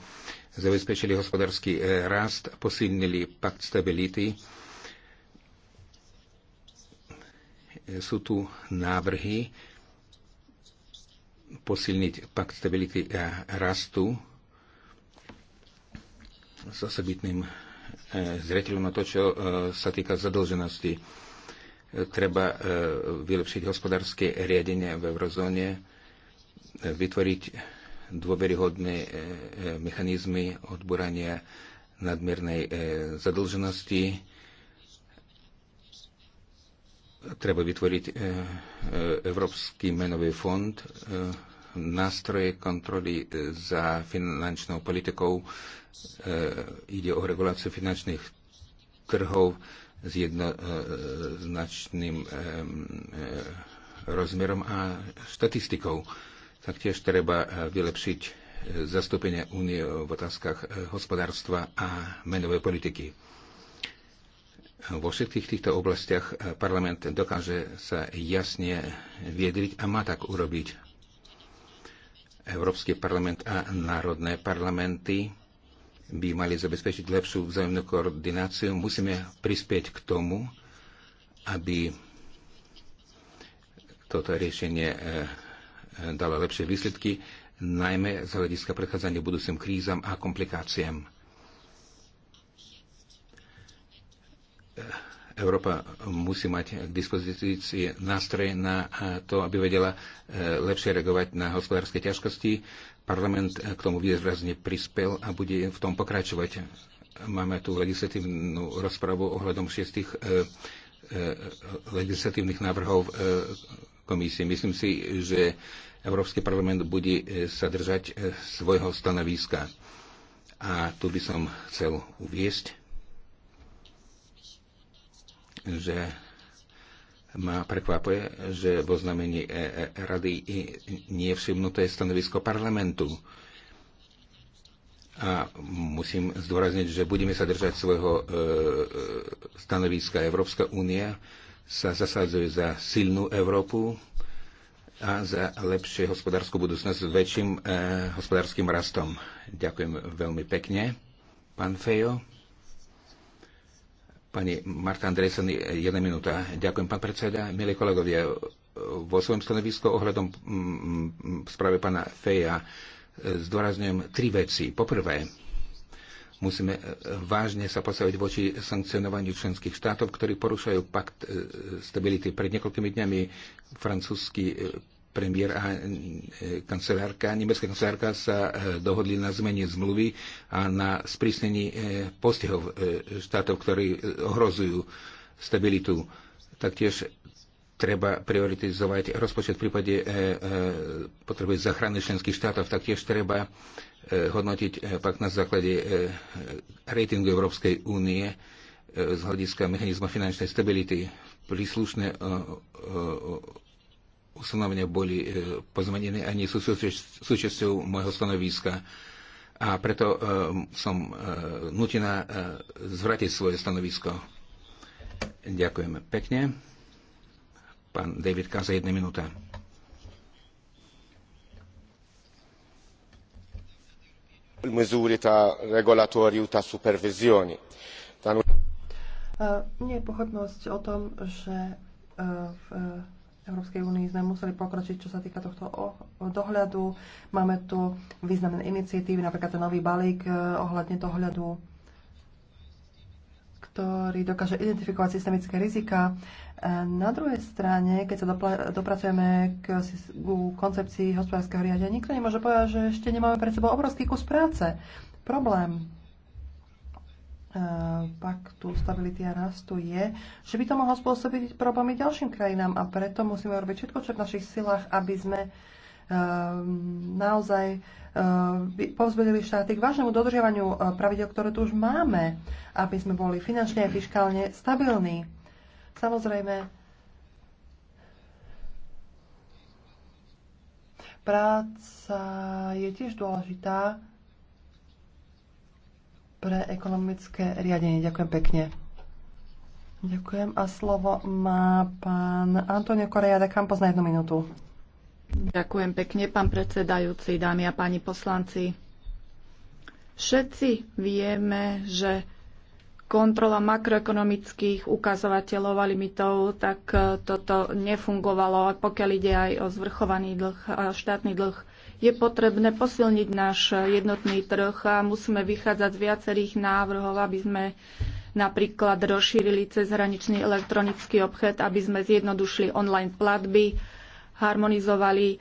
zabezpečili hospodársky eh, rast, posilnili pakt stability. Sú tu návrhy posilniť pakt stability a rastu s osobitným eh, zretelom na to, čo sa týka zadlženosti Treba e, vylepšiť hospodárske riadenie v eurozóne, e, vytvoriť dôveryhodné e, mechanizmy odborania nadmiernej zadlženosti. Treba vytvoriť Európsky menový fond, nástroje kontroly za finančnou politikou, ide o reguláciu finančných trhov, s jednoznačným rozmerom a štatistikou. Taktiež treba eh, vylepšiť eh, zastúpenie únie v otázkach eh, hospodárstva a menovej politiky. Vo všetkých týchto oblastiach parlament dokáže sa jasne viedriť a má tak urobiť. Európsky parlament a národné parlamenty by mali zabezpečiť lepšiu vzájomnú koordináciu, musíme prispieť k tomu, aby toto riešenie eh, dalo lepšie výsledky, najmä z hľadiska predchádzania budúcim krízam a komplikáciám. Európa musí mať k dispozícii nástroje na to, aby vedela eh, lepšie reagovať na hospodárske ťažkosti. Parlament eh, k tomu výrazne prispel a bude v tom pokračovať. Máme tu legislatívnu rozpravu ohľadom šiestich eh, legislatívnych návrhov komisie. Myslím si, že Európsky parlament bude sa držať svojho stanoviska. A tu by som chcel uviesť, že ma prekvapuje, že vo znamení e, e, rady nie je všimnuté stanovisko parlamentu. A musím zdôrazniť, že budeme sa držať svojho e, stanoviska. Európska únia sa zasadzuje za silnú Európu a za lepšie hospodárskú budúcnosť s väčším hospodárskym rastom. Ďakujem veľmi pekne, pán Fejo. Pani Marta Andresen, jedna minúta. Ďakujem, pán predseda. Milí kolegovia, vo svojom stanovisku ohľadom mm, mm, správy pána Feja e, zdôrazňujem tri veci. Poprvé, musíme e, vážne sa postaviť voči sankcionovaniu členských štátov, ktorí porušajú pakt e, stability. Pred niekoľkými dňami francúzsky premiér a e, kancelárka, nemecká kancelárka sa e, dohodli na zmene zmluvy a na sprísnení e, postihov štátov, ktorí ohrozujú stabilitu. Taktiež treba prioritizovať rozpočet v prípade potreby zachrany členských štátov, taktiež treba hodnotiť pak na základe rejtingu Európskej únie z hľadiska mechanizma finančnej stability. Príslušné ustanovenia boli e, pozmenené a nie sú súčasťou môjho stanoviska. A preto e, som e, nutená e, zvratiť svoje stanovisko. Ďakujeme pekne. Pán David Kaza, jedna minúta. E, nie je pochodnosť o tom, že e, v Európskej únii sme museli pokročiť, čo sa týka tohto dohľadu. Máme tu významné iniciatívy, napríklad ten nový balík e, ohľadne dohľadu, ktorý dokáže identifikovať systemické rizika. E, na druhej strane, keď sa dopracujeme k, koncepcii hospodárskeho riadenia, nikto nemôže povedať, že ešte nemáme pred sebou obrovský kus práce. Problém E, paktu stability a rastu je, že by to mohlo spôsobiť problémy ďalším krajinám a preto musíme robiť všetko, čo v našich silách, aby sme e, naozaj e, povzbudili štáty k vážnemu dodržiavaniu pravidel, ktoré tu už máme, aby sme boli finančne a fiskálne stabilní. Samozrejme, práca je tiež dôležitá, pre ekonomické riadenie. Ďakujem pekne. Ďakujem a slovo má pán Antonio Korea de Campos na jednu minútu. Ďakujem pekne, pán predsedajúci, dámy a páni poslanci. Všetci vieme, že kontrola makroekonomických ukazovateľov a limitov, tak toto nefungovalo, pokiaľ ide aj o zvrchovaný dlh a štátny dlh. Je potrebné posilniť náš jednotný trh a musíme vychádzať z viacerých návrhov, aby sme napríklad rozšírili cezhraničný elektronický obchod, aby sme zjednodušili online platby, harmonizovali e,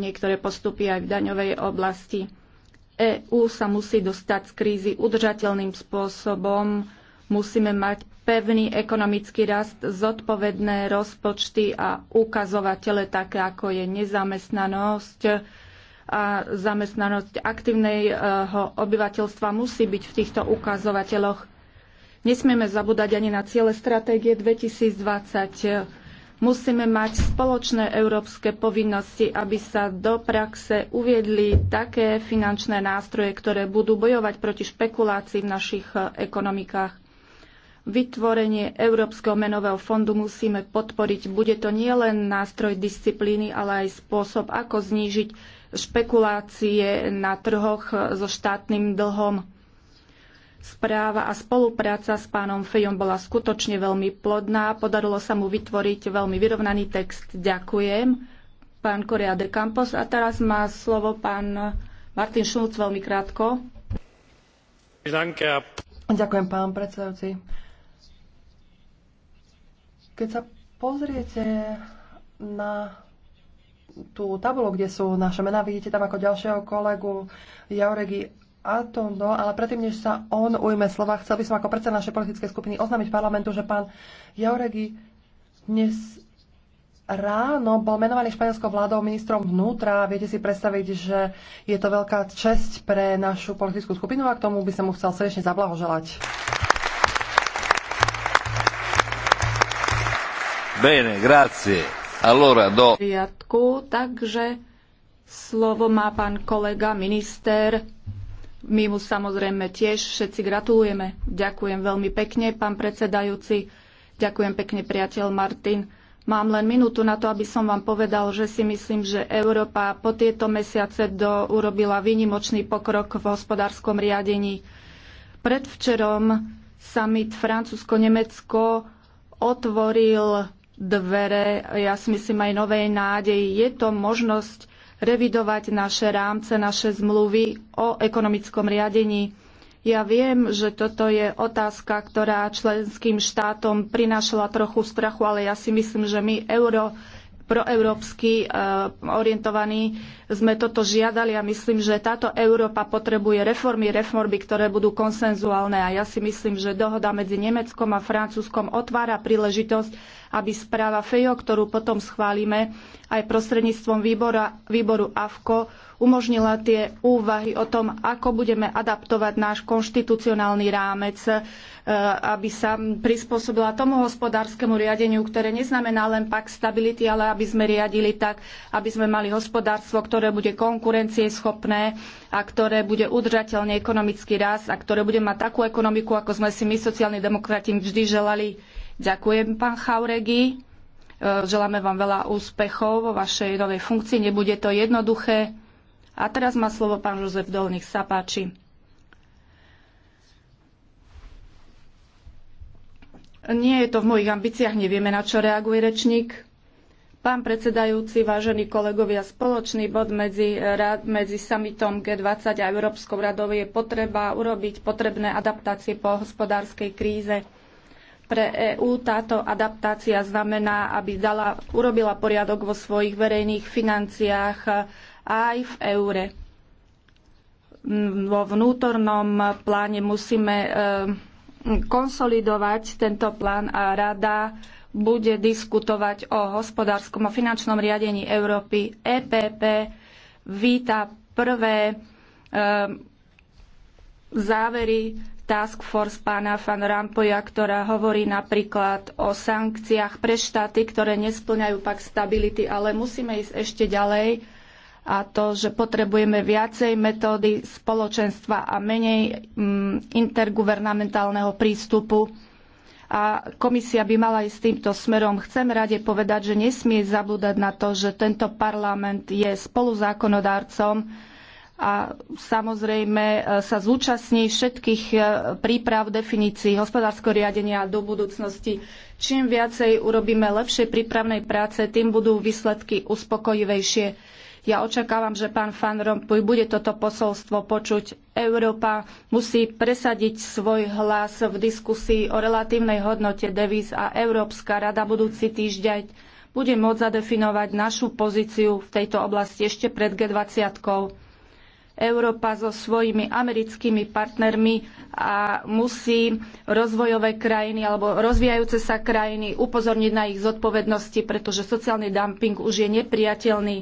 niektoré postupy aj v daňovej oblasti. EÚ sa musí dostať z krízy udržateľným spôsobom. Musíme mať pevný ekonomický rast, zodpovedné rozpočty a ukazovatele také, ako je nezamestnanosť, a zamestnanosť aktívneho obyvateľstva musí byť v týchto ukazovateľoch. Nesmieme zabúdať ani na ciele stratégie 2020. Musíme mať spoločné európske povinnosti, aby sa do praxe uviedli také finančné nástroje, ktoré budú bojovať proti špekulácii v našich ekonomikách. Vytvorenie Európskeho menového fondu musíme podporiť. Bude to nielen nástroj disciplíny, ale aj spôsob, ako znížiť špekulácie na trhoch so štátnym dlhom. Správa a spolupráca s pánom Fejom bola skutočne veľmi plodná. Podarilo sa mu vytvoriť veľmi vyrovnaný text. Ďakujem, pán Korea de Campos. A teraz má slovo pán Martin Šulc veľmi krátko. Ďakujem, pán predsedajúci. Keď sa pozriete na tú tabulu, kde sú naše mená. Vidíte tam ako ďalšieho kolegu Jauregi Atondo, ale predtým, než sa on ujme slova, chcel by som ako predseda našej politickej skupiny oznámiť parlamentu, že pán Jauregi dnes ráno bol menovaný španielskou vládou ministrom vnútra. Viete si predstaviť, že je to veľká česť pre našu politickú skupinu a k tomu by som mu chcel srdečne zablahoželať. Bene, grazie. Allora, do... Riadku, takže slovo má pán kolega, minister. My mu samozrejme tiež všetci gratulujeme. Ďakujem veľmi pekne, pán predsedajúci. Ďakujem pekne, priateľ Martin. Mám len minútu na to, aby som vám povedal, že si myslím, že Európa po tieto mesiace do, urobila výnimočný pokrok v hospodárskom riadení. Predvčerom summit Francúzsko-Nemecko otvoril dvere, ja si myslím aj novej nádeji. Je to možnosť revidovať naše rámce, naše zmluvy o ekonomickom riadení. Ja viem, že toto je otázka, ktorá členským štátom prinášala trochu strachu, ale ja si myslím, že my euro proeurópsky e, orientovaní sme toto žiadali a myslím, že táto Európa potrebuje reformy, reformy, ktoré budú konsenzuálne a ja si myslím, že dohoda medzi Nemeckom a Francúzskom otvára príležitosť aby správa FEJO, ktorú potom schválime aj prostredníctvom výbora, výboru AFKO, umožnila tie úvahy o tom, ako budeme adaptovať náš konštitucionálny rámec, e, aby sa prispôsobila tomu hospodárskemu riadeniu, ktoré neznamená len pak stability, ale aby sme riadili tak, aby sme mali hospodárstvo, ktoré bude konkurencieschopné a ktoré bude udržateľný ekonomický rast a ktoré bude mať takú ekonomiku, ako sme si my sociálni demokrati vždy želali. Ďakujem, pán Chauregi. E, želáme vám veľa úspechov vo vašej novej funkcii. Nebude to jednoduché. A teraz má slovo pán Jozef Dol, sa páči. Nie je to v mojich ambíciách, nevieme, na čo reaguje rečník. Pán predsedajúci, vážení kolegovia, spoločný bod medzi, rad, medzi summitom G20 a Európskou radou je potreba urobiť potrebné adaptácie po hospodárskej kríze pre EÚ táto adaptácia znamená, aby dala, urobila poriadok vo svojich verejných financiách aj v eure. Vo vnútornom pláne musíme e, konsolidovať tento plán a rada bude diskutovať o hospodárskom a finančnom riadení Európy. EPP víta prvé e, závery task force pána Van Rampoja, ktorá hovorí napríklad o sankciách pre štáty, ktoré nesplňajú pak stability, ale musíme ísť ešte ďalej a to, že potrebujeme viacej metódy spoločenstva a menej mm, interguvernamentálneho prístupu. A komisia by mala ísť týmto smerom. Chcem rade povedať, že nesmie zabúdať na to, že tento parlament je spoluzákonodárcom a samozrejme e, sa zúčastní všetkých e, príprav definícií hospodárskeho riadenia do budúcnosti. Čím viacej urobíme lepšej prípravnej práce, tým budú výsledky uspokojivejšie. Ja očakávam, že pán Van Rompuy bude toto posolstvo počuť. Európa musí presadiť svoj hlas v diskusii o relatívnej hodnote devíz a Európska rada budúci týždeň bude môcť zadefinovať našu pozíciu v tejto oblasti ešte pred G20. -kou Európa so svojimi americkými partnermi a musí rozvojové krajiny alebo rozvíjajúce sa krajiny upozorniť na ich zodpovednosti, pretože sociálny dumping už je nepriateľný.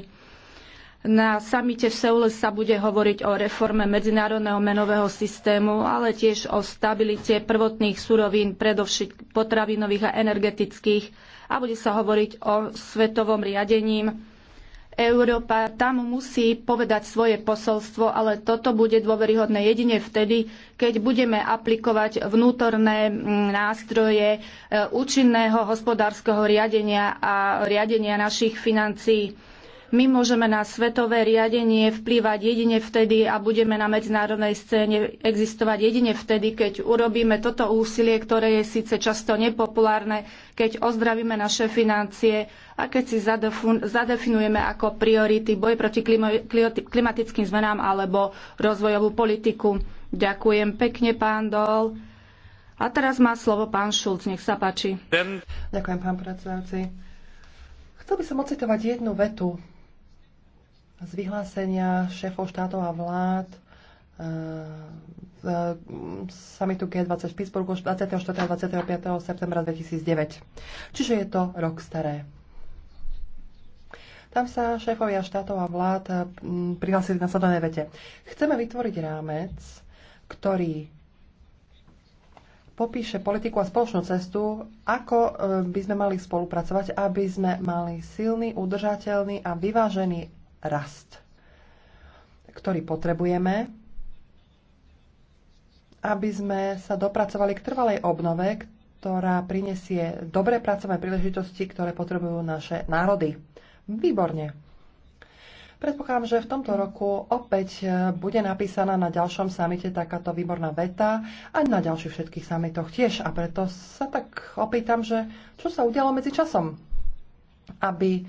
Na samite v Seule sa bude hovoriť o reforme medzinárodného menového systému, ale tiež o stabilite prvotných surovín, predovšetkým potravinových a energetických, a bude sa hovoriť o svetovom riadením Európa tam musí povedať svoje posolstvo, ale toto bude dôveryhodné jedine vtedy, keď budeme aplikovať vnútorné mm, nástroje e, účinného hospodárskeho riadenia a riadenia našich financií. My môžeme na svetové riadenie vplývať jedine vtedy a budeme na medzinárodnej scéne existovať jedine vtedy, keď urobíme toto úsilie, ktoré je síce často nepopulárne, keď ozdravíme naše financie a keď si zadefinujeme ako priority boj proti klimatickým zmenám alebo rozvojovú politiku. Ďakujem pekne, pán Dol. A teraz má slovo pán Šulc, nech sa páči. Ďakujem, pán predsedajúci. Chcel by som ocitovať jednu vetu z vyhlásenia šéfov štátov a vlád eh, z mm, samitu G20 v Pittsburghu 24. a 25. septembra 2009. Čiže je to rok staré. Tam sa šéfovia štátov a vlád eh, mm, prihlásili na sledovné vete. Chceme vytvoriť rámec, ktorý popíše politiku a spoločnú cestu, ako eh, by sme mali spolupracovať, aby sme mali silný, udržateľný a vyvážený rast, ktorý potrebujeme, aby sme sa dopracovali k trvalej obnove, ktorá prinesie dobré pracovné príležitosti, ktoré potrebujú naše národy. Výborne. Predpokladám, že v tomto roku opäť bude napísaná na ďalšom samite takáto výborná veta a na ďalších všetkých samitoch tiež. A preto sa tak opýtam, že čo sa udialo medzi časom, aby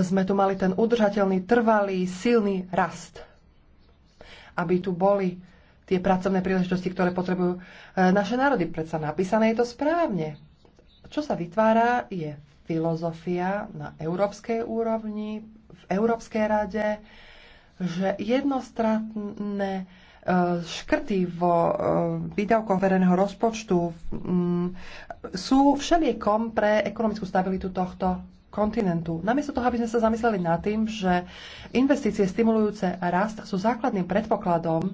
sme tu mali ten udržateľný, trvalý, silný rast. Aby tu boli tie pracovné príležitosti, ktoré potrebujú e, naše národy. Predsa napísané je to správne. Čo sa vytvára je filozofia na európskej úrovni, v Európskej rade, že jednostratné e, škrty vo e, výdavkoch verejného rozpočtu sú všeliekom pre ekonomickú stabilitu tohto kontinentu. Namiesto toho, aby sme sa zamysleli nad tým, že investície stimulujúce rast sú základným predpokladom,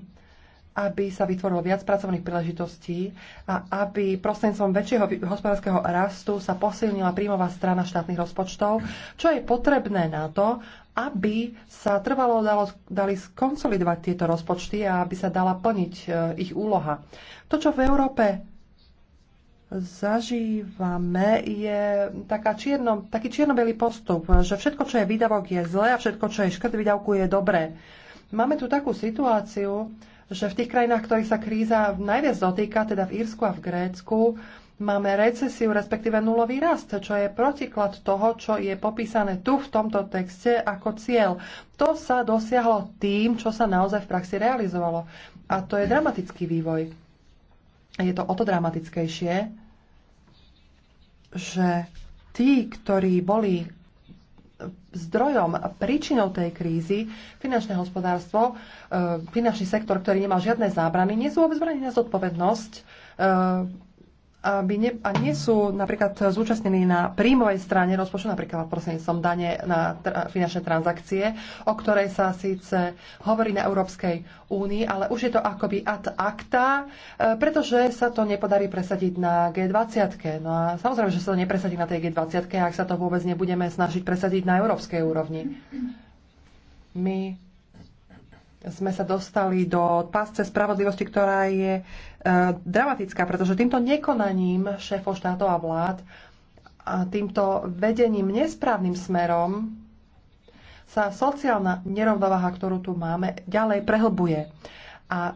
aby sa vytvorilo viac pracovných príležitostí a aby prostredníctvom väčšieho hospodárskeho rastu sa posilnila príjmová strana štátnych rozpočtov, čo je potrebné na to, aby sa trvalo dalo, dali skonsolidovať tieto rozpočty a aby sa dala plniť e, ich úloha. To, čo v Európe zažívame, je taká čierno, taký čierno-bielý postup, že všetko, čo je výdavok, je zlé a všetko, čo je škrt výdavku, je dobré. Máme tu takú situáciu, že v tých krajinách, ktorých sa kríza najviac dotýka, teda v Írsku a v Grécku, máme recesiu, respektíve nulový rast, čo je protiklad toho, čo je popísané tu v tomto texte ako cieľ. To sa dosiahlo tým, čo sa naozaj v praxi realizovalo. A to je dramatický vývoj je to o to dramatickejšie, že tí, ktorí boli zdrojom a príčinou tej krízy finančné hospodárstvo, e, finančný sektor, ktorý nemal žiadne zábrany, nie sú vôbec na zodpovednosť e, aby ne, a nie sú napríklad zúčastnení na príjmovej strane rozpočtu, napríklad prostredníctvom dane na tr- finančné transakcie, o ktorej sa síce hovorí na Európskej únii, ale už je to akoby ad acta, e, pretože sa to nepodarí presadiť na G20. No a samozrejme, že sa to nepresadí na tej G20, ak sa to vôbec nebudeme snažiť presadiť na európskej úrovni. My sme sa dostali do pásce spravodlivosti, ktorá je e, dramatická, pretože týmto nekonaním šéfov štátov a vlád a týmto vedením nesprávnym smerom sa sociálna nerovnováha, ktorú tu máme, ďalej prehlbuje. A e,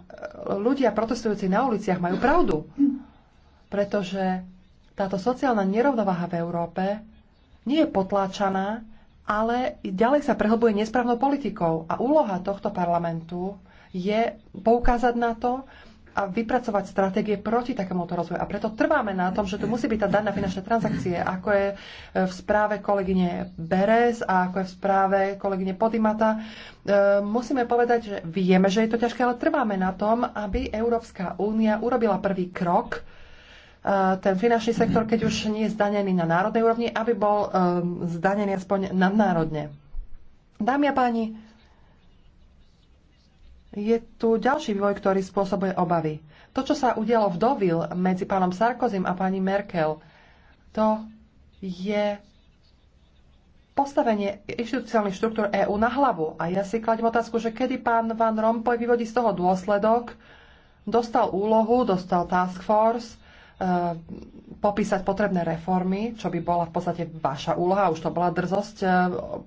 ľudia protestujúci na uliciach majú pravdu, pretože táto sociálna nerovnováha v Európe nie je potláčaná, ale ďalej sa prehlbuje nesprávnou politikou. A úloha tohto parlamentu je poukázať na to a vypracovať stratégie proti takémuto rozvoju. A preto trváme na tom, že tu musí byť tá daň na finančné transakcie, ako je e, v správe kolegyne Beres a ako je v správe kolegyne Podimata. E, musíme povedať, že vieme, že je to ťažké, ale trváme na tom, aby Európska únia urobila prvý krok, Eh, ten finančný sektor, keď už nie je zdanený na národnej úrovni, aby bol eh, zdanený aspoň nadnárodne. Dámy a páni, je tu ďalší vývoj, ktorý spôsobuje obavy. To, čo sa udialo v Dovil medzi pánom Sarkozym a pani Merkel, to je postavenie inštitucionálnych štruktúr EÚ na hlavu. A ja si kladím otázku, že kedy pán Van Rompuy vyvodí z toho dôsledok, dostal úlohu, dostal task force, Eh, popísať potrebné reformy, čo by bola v podstate vaša úloha, už to bola drzosť eh,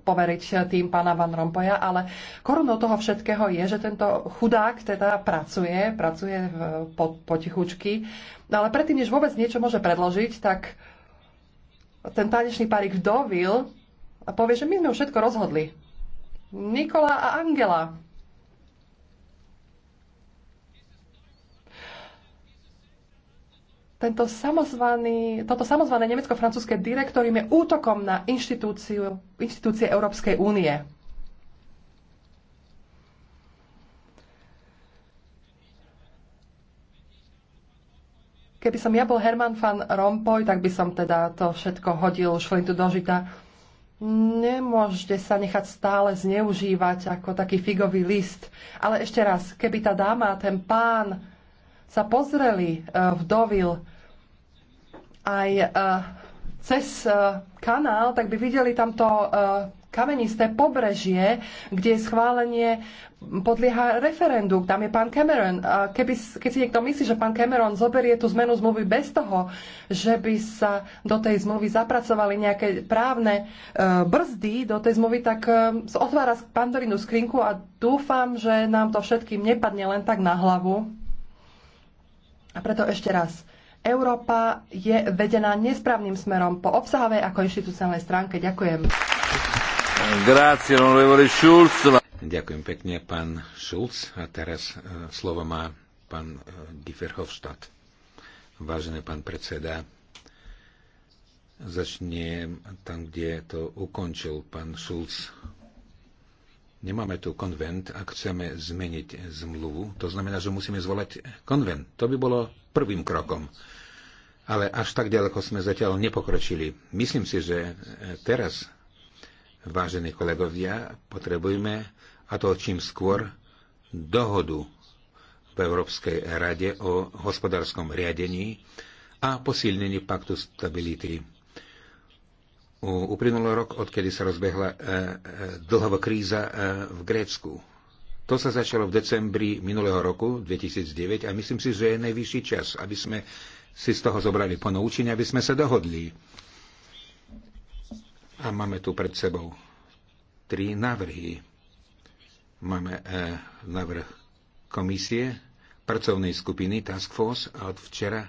poveriť tým pána Van Rompoja, ale korunou toho všetkého je, že tento chudák teda pracuje, pracuje po, potichučky, no ale predtým, než vôbec niečo môže predložiť, tak ten tanečný parik vdovil a povie, že my sme už všetko rozhodli. Nikola a Angela. tento samozvaný, toto samozvané nemecko-francúzske direktorium je útokom na inštitúciu, inštitúcie Európskej únie. Keby som ja bol Herman van Rompuy, tak by som teda to všetko hodil šlintu do žita. Nemôžete sa nechať stále zneužívať ako taký figový list. Ale ešte raz, keby tá dáma, ten pán, sa pozreli e, v Dovil aj e, cez e, kanál, tak by videli tamto kamenisté pobrežie, kde je schválenie podlieha referendu. Tam je pán Cameron. A keby, keď si niekto myslí, že pán Cameron zoberie tú zmenu zmluvy bez toho, že by sa do tej zmluvy zapracovali nejaké právne uh, brzdy do tej zmluvy, tak uh, otvára pandorinu skrinku a dúfam, že nám to všetkým nepadne len tak na hlavu a preto ešte raz. Európa je vedená nesprávnym smerom po obsahovej ako inštitucionálnej stránke. Ďakujem. Ďakujem pekne, pán Schulz. A teraz e, slovo má pán e, Gifferhofstadt. Vážený pán predseda, začnem tam, kde to ukončil pán Schulz. Nemáme tu konvent, ak chceme zmeniť zmluvu. To znamená, že musíme zvolať konvent. To by bolo prvým krokom. Ale až tak ďaleko sme zatiaľ nepokročili. Myslím si, že teraz, vážení kolegovia, potrebujeme, a to čím skôr, dohodu v Európskej rade o hospodárskom riadení a posilnení paktu stability Uplynul rok, odkedy sa rozbehla e, e, dlhová kríza e, v Grécku. To sa začalo v decembri minulého roku 2009 a myslím si, že je najvyšší čas, aby sme si z toho zobrali ponaučenie, aby sme sa dohodli. A máme tu pred sebou tri návrhy. Máme návrh komisie, pracovnej skupiny Task Force a od včera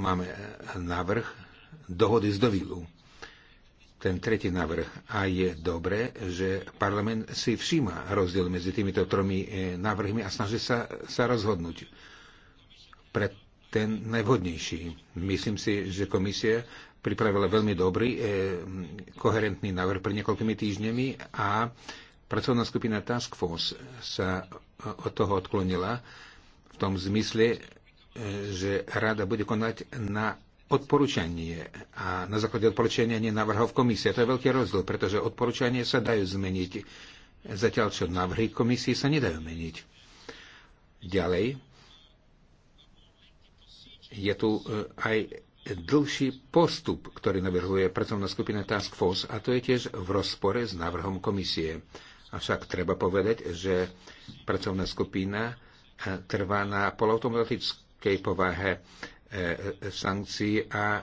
máme návrh dohody z Dovilu. Ten tretí návrh. A je dobré, že parlament si všíma rozdiel medzi týmito tromi e, návrhmi a snaží sa, sa rozhodnúť pre ten najvhodnejší. Myslím si, že komisia pripravila veľmi dobrý, e, koherentný návrh pred niekoľkými týždňami a pracovná skupina Task Force sa e, od toho odklonila v tom zmysle, e, že rada bude konať na odporúčanie a na základe odporúčania nie návrhov komisie. To je veľký rozdiel, pretože odporúčanie sa dajú zmeniť, zatiaľ čo návrhy komisie sa nedajú meniť. Ďalej, je tu e, aj dlhší postup, ktorý navrhuje pracovná skupina Task Force a to je tiež v rozpore s návrhom komisie. Avšak treba povedať, že pracovná skupina e, trvá na polautomatickej povahe E, e, sankcií a e,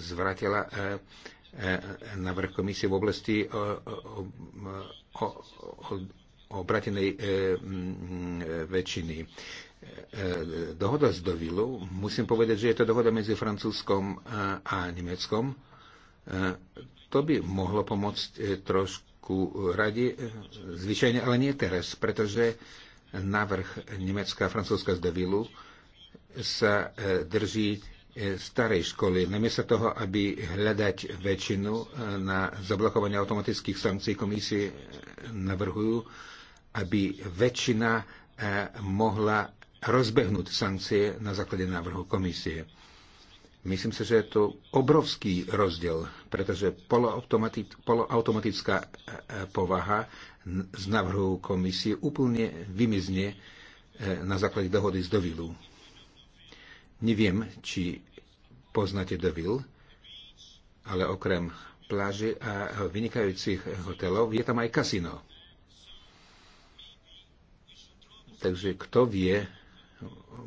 zvratila vrch komisie v oblasti obratenej väčšiny. Dohoda s Dovilou, musím povedať, že je to dohoda medzi Francúzskom a Nemeckom. To by mohlo pomôcť trošku radi, zvyčajne, ale nie teraz, pretože navrh Nemecka a Francúzska z Dovilou sa e, drží e, starej školy. Namiesto toho, aby hľadať väčšinu e, na zablokovanie automatických sankcií komisie, navrhujú, aby väčšina mohla rozbehnúť sankcie na základe návrhu komisie. Myslím si, že je to obrovský rozdiel, pretože poloautomatická povaha z návrhu komisie úplne vymizne na základe dohody z Dovilu. Neviem, či poznáte Deville, ale okrem pláže a vynikajúcich hotelov je tam aj kasino. Takže kto vie,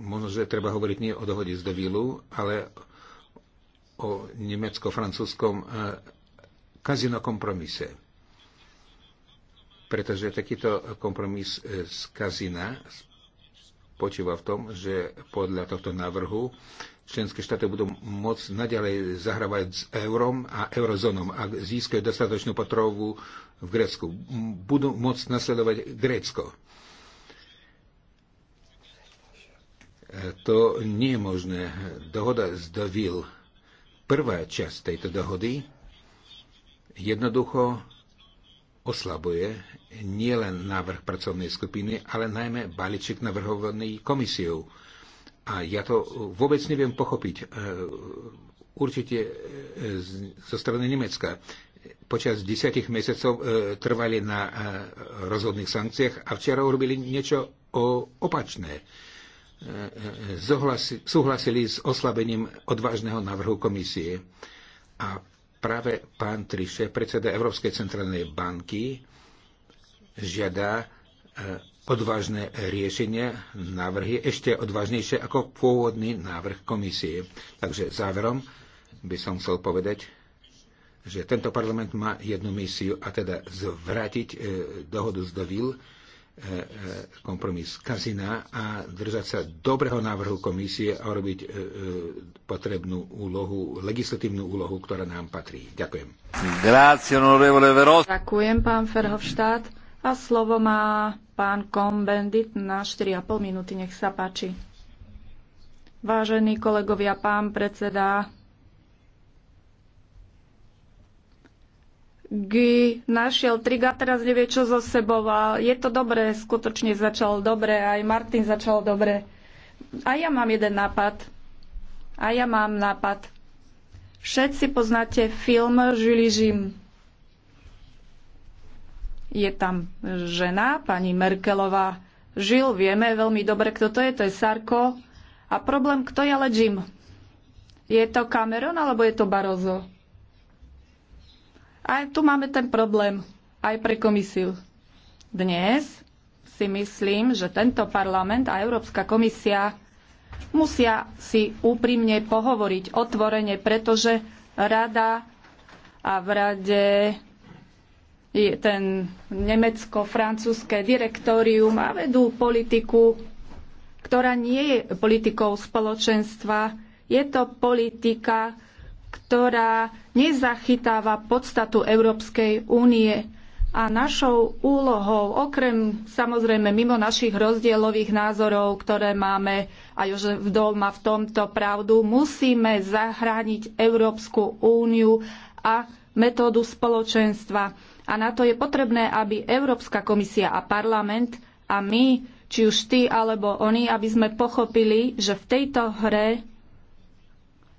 možno, že treba hovoriť nie o dohode z Devilu, ale o nemecko-francúzskom e, kazino kompromise. Pretože takýto kompromis e, z kazina, z Počíva v tom, že podľa tohto návrhu členské štáty budú môcť naďalej zahrávať s eurom a eurozónom, ak získajú dostatočnú potrovu v Grécku. Budú môcť nasledovať Grécko. To nie je možné. Dohoda z Deville, prvá časť tejto dohody, jednoducho oslabuje nielen návrh pracovnej skupiny, ale najmä balíček navrhovaný komisiou. A ja to e, vôbec neviem pochopiť. E, určite e, zo strany Nemecka počas desiatich mesiacov trvali na rozhodných sankciách a včera urobili niečo opačné. Zohlasi, súhlasili s oslabením odvážneho návrhu komisie. A práve pán Triše, predseda Európskej centrálnej banky, žiada e, odvážne riešenia, návrhy, ešte odvážnejšie ako pôvodný návrh komisie. Takže záverom by som chcel povedať, že tento parlament má jednu misiu a teda zvrátiť e, dohodu z Dovil, e, e, kompromis Kazina a držať sa dobrého návrhu komisie a robiť e, e, potrebnú úlohu, legislatívnu úlohu, ktorá nám patrí. Ďakujem. Grazie, Ďakujem, pán Ferhovštát. A slovo má pán Kombendit na 4,5 minúty. Nech sa páči. Vážení kolegovia, pán predseda, Guy našiel triga, teraz nevie, čo so sebou a je to dobré, skutočne začal dobre, aj Martin začal dobre. A ja mám jeden nápad. A ja mám nápad. Všetci poznáte film Žili Žim. Je tam žena, pani Merkelová. Žil, vieme veľmi dobre, kto to je, to je Sarko. A problém, kto je ale Jim? Je to Cameron alebo je to Barozo? A tu máme ten problém aj pre komisiu. Dnes si myslím, že tento parlament a Európska komisia musia si úprimne pohovoriť otvorene, pretože rada a v rade ten nemecko-francúzske direktórium a vedú politiku, ktorá nie je politikou spoločenstva. Je to politika, ktorá nezachytáva podstatu Európskej únie. A našou úlohou, okrem samozrejme mimo našich rozdielových názorov, ktoré máme a už v doma v tomto pravdu, musíme zahrániť Európsku úniu a metódu spoločenstva a na to je potrebné, aby Európska komisia a parlament a my, či už ty alebo oni, aby sme pochopili, že v tejto hre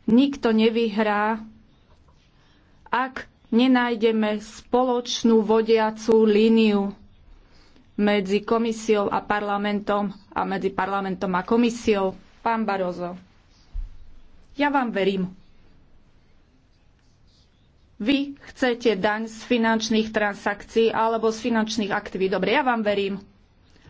nikto nevyhrá, ak nenájdeme spoločnú vodiacú líniu medzi komisiou a parlamentom a medzi parlamentom a komisiou. Pán Barozo, ja vám verím. Vy chcete daň z finančných transakcií alebo z finančných aktivít. Dobre, ja vám verím.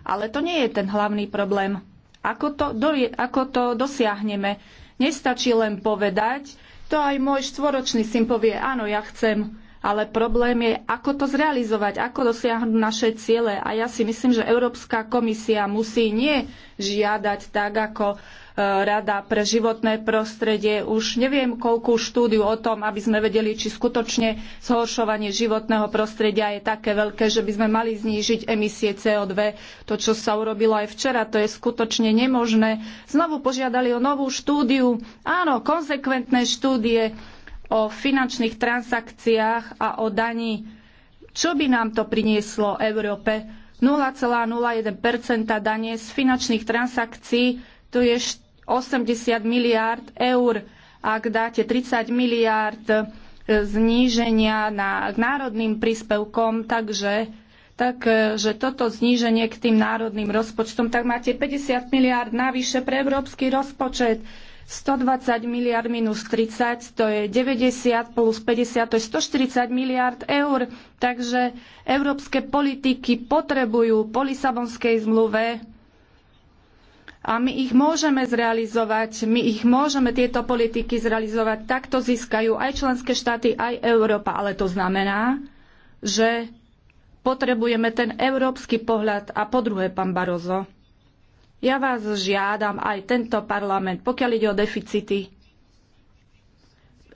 Ale to nie je ten hlavný problém. Ako to, do, ako to dosiahneme? Nestačí len povedať, to aj môj štvoročný syn povie, áno, ja chcem. Ale problém je, ako to zrealizovať, ako dosiahnuť naše ciele. A ja si myslím, že Európska komisia musí nie žiadať tak, ako uh, Rada pre životné prostredie. Už neviem, koľkú štúdiu o tom, aby sme vedeli, či skutočne zhoršovanie životného prostredia je také veľké, že by sme mali znížiť emisie CO2. To, čo sa urobilo aj včera, to je skutočne nemožné. Znovu požiadali o novú štúdiu. Áno, konzekventné štúdie o finančných transakciách a o daní. Čo by nám to prinieslo Európe? 0,01 dane z finančných transakcií, to je 80 miliárd eur. Ak dáte 30 miliárd e, zníženia na, k národným príspevkom, takže Takže e, toto zníženie k tým národným rozpočtom, tak máte 50 miliard navyše pre európsky rozpočet, 120 miliard minus 30, to je 90 plus 50, to je 140 miliard eur. Takže európske politiky potrebujú po Lisabonskej zmluve a my ich môžeme zrealizovať, my ich môžeme tieto politiky zrealizovať. Takto získajú aj členské štáty, aj Európa. Ale to znamená, že potrebujeme ten európsky pohľad. A po druhé, pán Barozo, ja vás žiadam aj tento parlament, pokiaľ ide o deficity.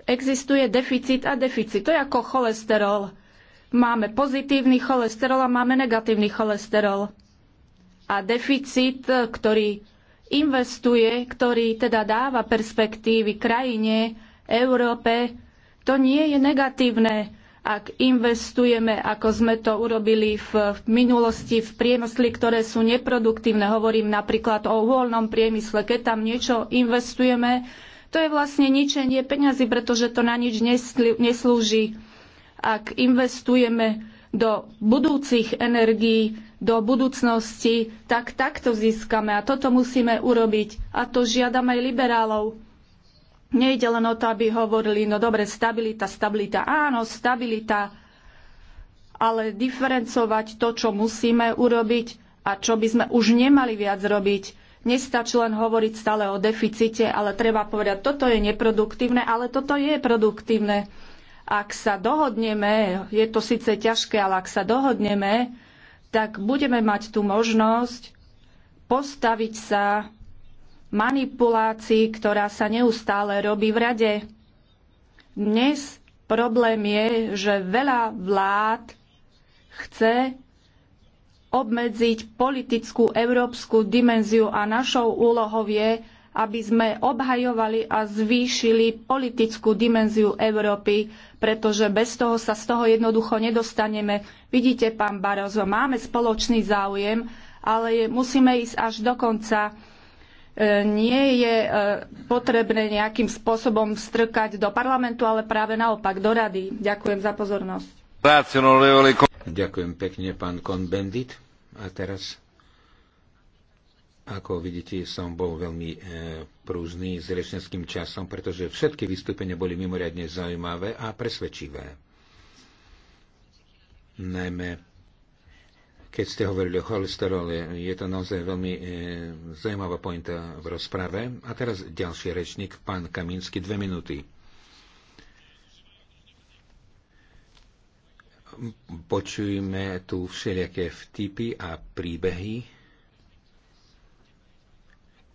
Existuje deficit a deficit. To je ako cholesterol. Máme pozitívny cholesterol a máme negatívny cholesterol. A deficit, ktorý investuje, ktorý teda dáva perspektívy krajine, Európe, to nie je negatívne, ak investujeme, ako sme to urobili v, minulosti v priemysli, ktoré sú neproduktívne. Hovorím napríklad o uholnom priemysle. Keď tam niečo investujeme, to je vlastne ničenie peňazí, pretože to na nič neslúži. Ak investujeme do budúcich energií, do budúcnosti, tak takto získame a toto musíme urobiť. A to žiadam aj liberálov. Nejde len o to, aby hovorili, no dobre, stabilita, stabilita. Áno, stabilita, ale diferencovať to, čo musíme urobiť a čo by sme už nemali viac robiť. Nestačí len hovoriť stále o deficite, ale treba povedať, toto je neproduktívne, ale toto je produktívne. Ak sa dohodneme, je to síce ťažké, ale ak sa dohodneme, tak budeme mať tú možnosť postaviť sa manipulácii, ktorá sa neustále robí v rade. Dnes problém je, že veľa vlád chce obmedziť politickú európsku dimenziu a našou úlohou je, aby sme obhajovali a zvýšili politickú dimenziu Európy, pretože bez toho sa z toho jednoducho nedostaneme. Vidíte, pán Barozo, máme spoločný záujem, ale musíme ísť až do konca. E, nie je e, potrebné nejakým spôsobom strkať do parlamentu, ale práve naopak do rady. Ďakujem za pozornosť. Ďakujem pekne, pán Konbendit. A teraz ako vidíte, som bol veľmi e, prúzný s rečnickým časom, pretože všetky vystúpenia boli mimoriadne zaujímavé a presvedčivé. Najmä, keď ste hovorili o cholesterole, je to naozaj veľmi e, zaujímavá pointa v rozprave. A teraz ďalší rečník, pán Kaminsky, dve minúty. Počujeme tu všelijaké vtipy a príbehy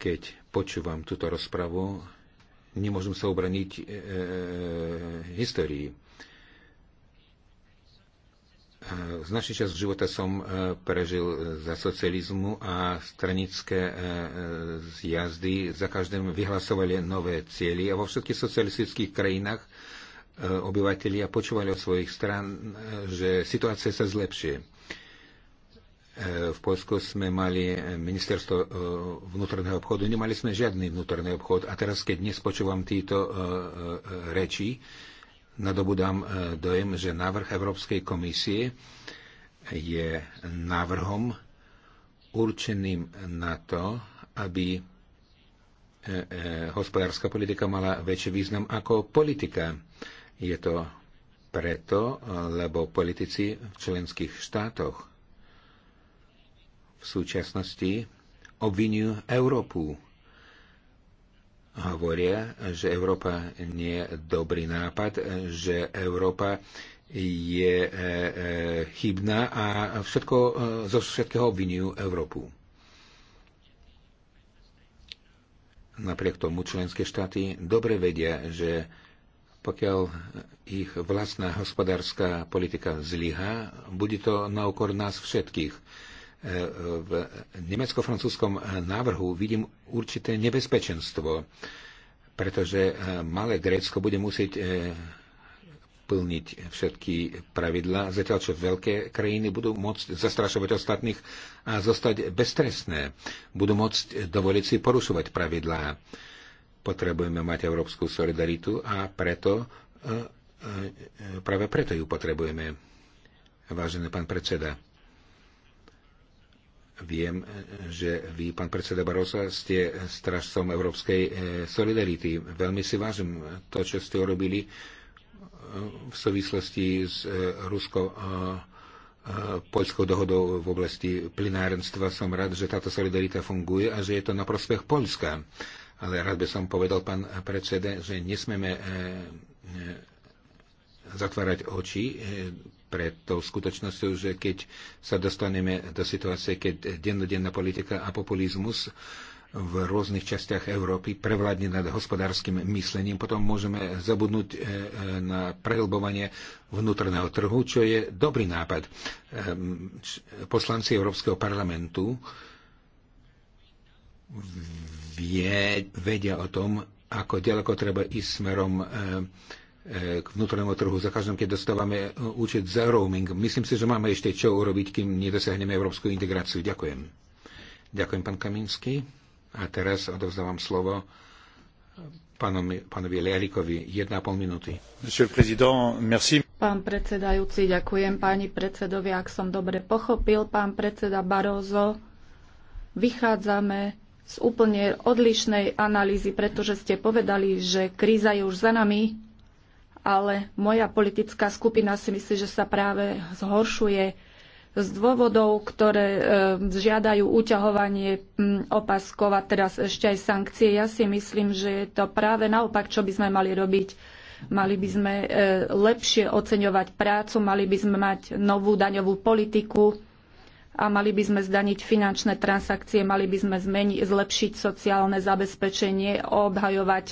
keď počúvam túto rozpravu, nemôžem sa obraniť e, e, e histórii. Značný čas života som e, prežil za socializmu a stranické zjazdy za každým vyhlasovali nové cieľy a vo všetkých socialistických krajinách obyvateľia počúvali od svojich stran, že situácia sa zlepšie. E, v Polsku sme mali e, ministerstvo e, vnútorného obchodu, nemali sme žiadny vnútorný obchod. A teraz, keď dnes počúvam tieto reči, nadobudám dojem, že návrh Európskej komisie je návrhom určeným na to, aby hospodárska politika mala väčší význam ako politika. Je to preto, lebo politici v členských štátoch v súčasnosti obvinujú Európu. Hovoria, že Európa nie je dobrý nápad, že Európa je e, e, chybná a všetko, e, zo všetkého obvinujú Európu. Napriek tomu členské štáty dobre vedia, že pokiaľ ich vlastná hospodárska politika zlyhá, bude to na úkor nás všetkých v nemecko-francúzskom návrhu vidím určité nebezpečenstvo, pretože eh, malé Grécko bude musieť eh, plniť všetky pravidlá, zatiaľ čo veľké krajiny budú môcť zastrašovať ostatných a zostať beztrestné. Budú môcť dovoliť si porušovať pravidlá. Potrebujeme mať európsku solidaritu a preto, eh, práve preto ju potrebujeme, vážený pán predseda. Viem, že vy, pán predseda Barosa, ste stražcom európskej eh, solidarity. Veľmi si vážim to, čo ste urobili eh, v súvislosti s eh, Rusko poľskou dohodou v oblasti plinárenstva. Som rád, že táto solidarita funguje a že je to na prospech Polska. Ale rád by som povedal, pán predseda, že nesmeme zatvárať oči pred tou skutočnosťou, že keď sa dostaneme do situácie, keď dennodenná politika a populizmus v rôznych častiach Európy prevládne nad hospodárskym myslením, potom môžeme zabudnúť e, e, na prehlbovanie vnútorného trhu, čo je dobrý nápad. Ehm, poslanci Európskeho parlamentu vie, vedia o tom, ako ďaleko treba ísť smerom eh, k vnútornému trhu za každým, keď dostávame e, účet za roaming. Myslím si, že máme ešte čo urobiť, kým nedosiahneme európsku integráciu. Ďakujem. Ďakujem, pán Kaminsky. A teraz odovzdávam slovo pánovi, pánovi a 1,5 minúty. Pán predsedajúci, ďakujem páni predsedovi, ak som dobre pochopil. Pán predseda Barózo, vychádzame z úplne odlišnej analýzy, pretože ste povedali, že kríza je už za nami, ale moja politická skupina si myslí, že sa práve zhoršuje z dôvodov, ktoré e, žiadajú uťahovanie opaskov a teraz ešte aj sankcie. Ja si myslím, že je to práve naopak, čo by sme mali robiť. Mali by sme e, lepšie oceňovať prácu, mali by sme mať novú daňovú politiku, a mali by sme zdaniť finančné transakcie, mali by sme zmeniť, zlepšiť sociálne zabezpečenie, obhajovať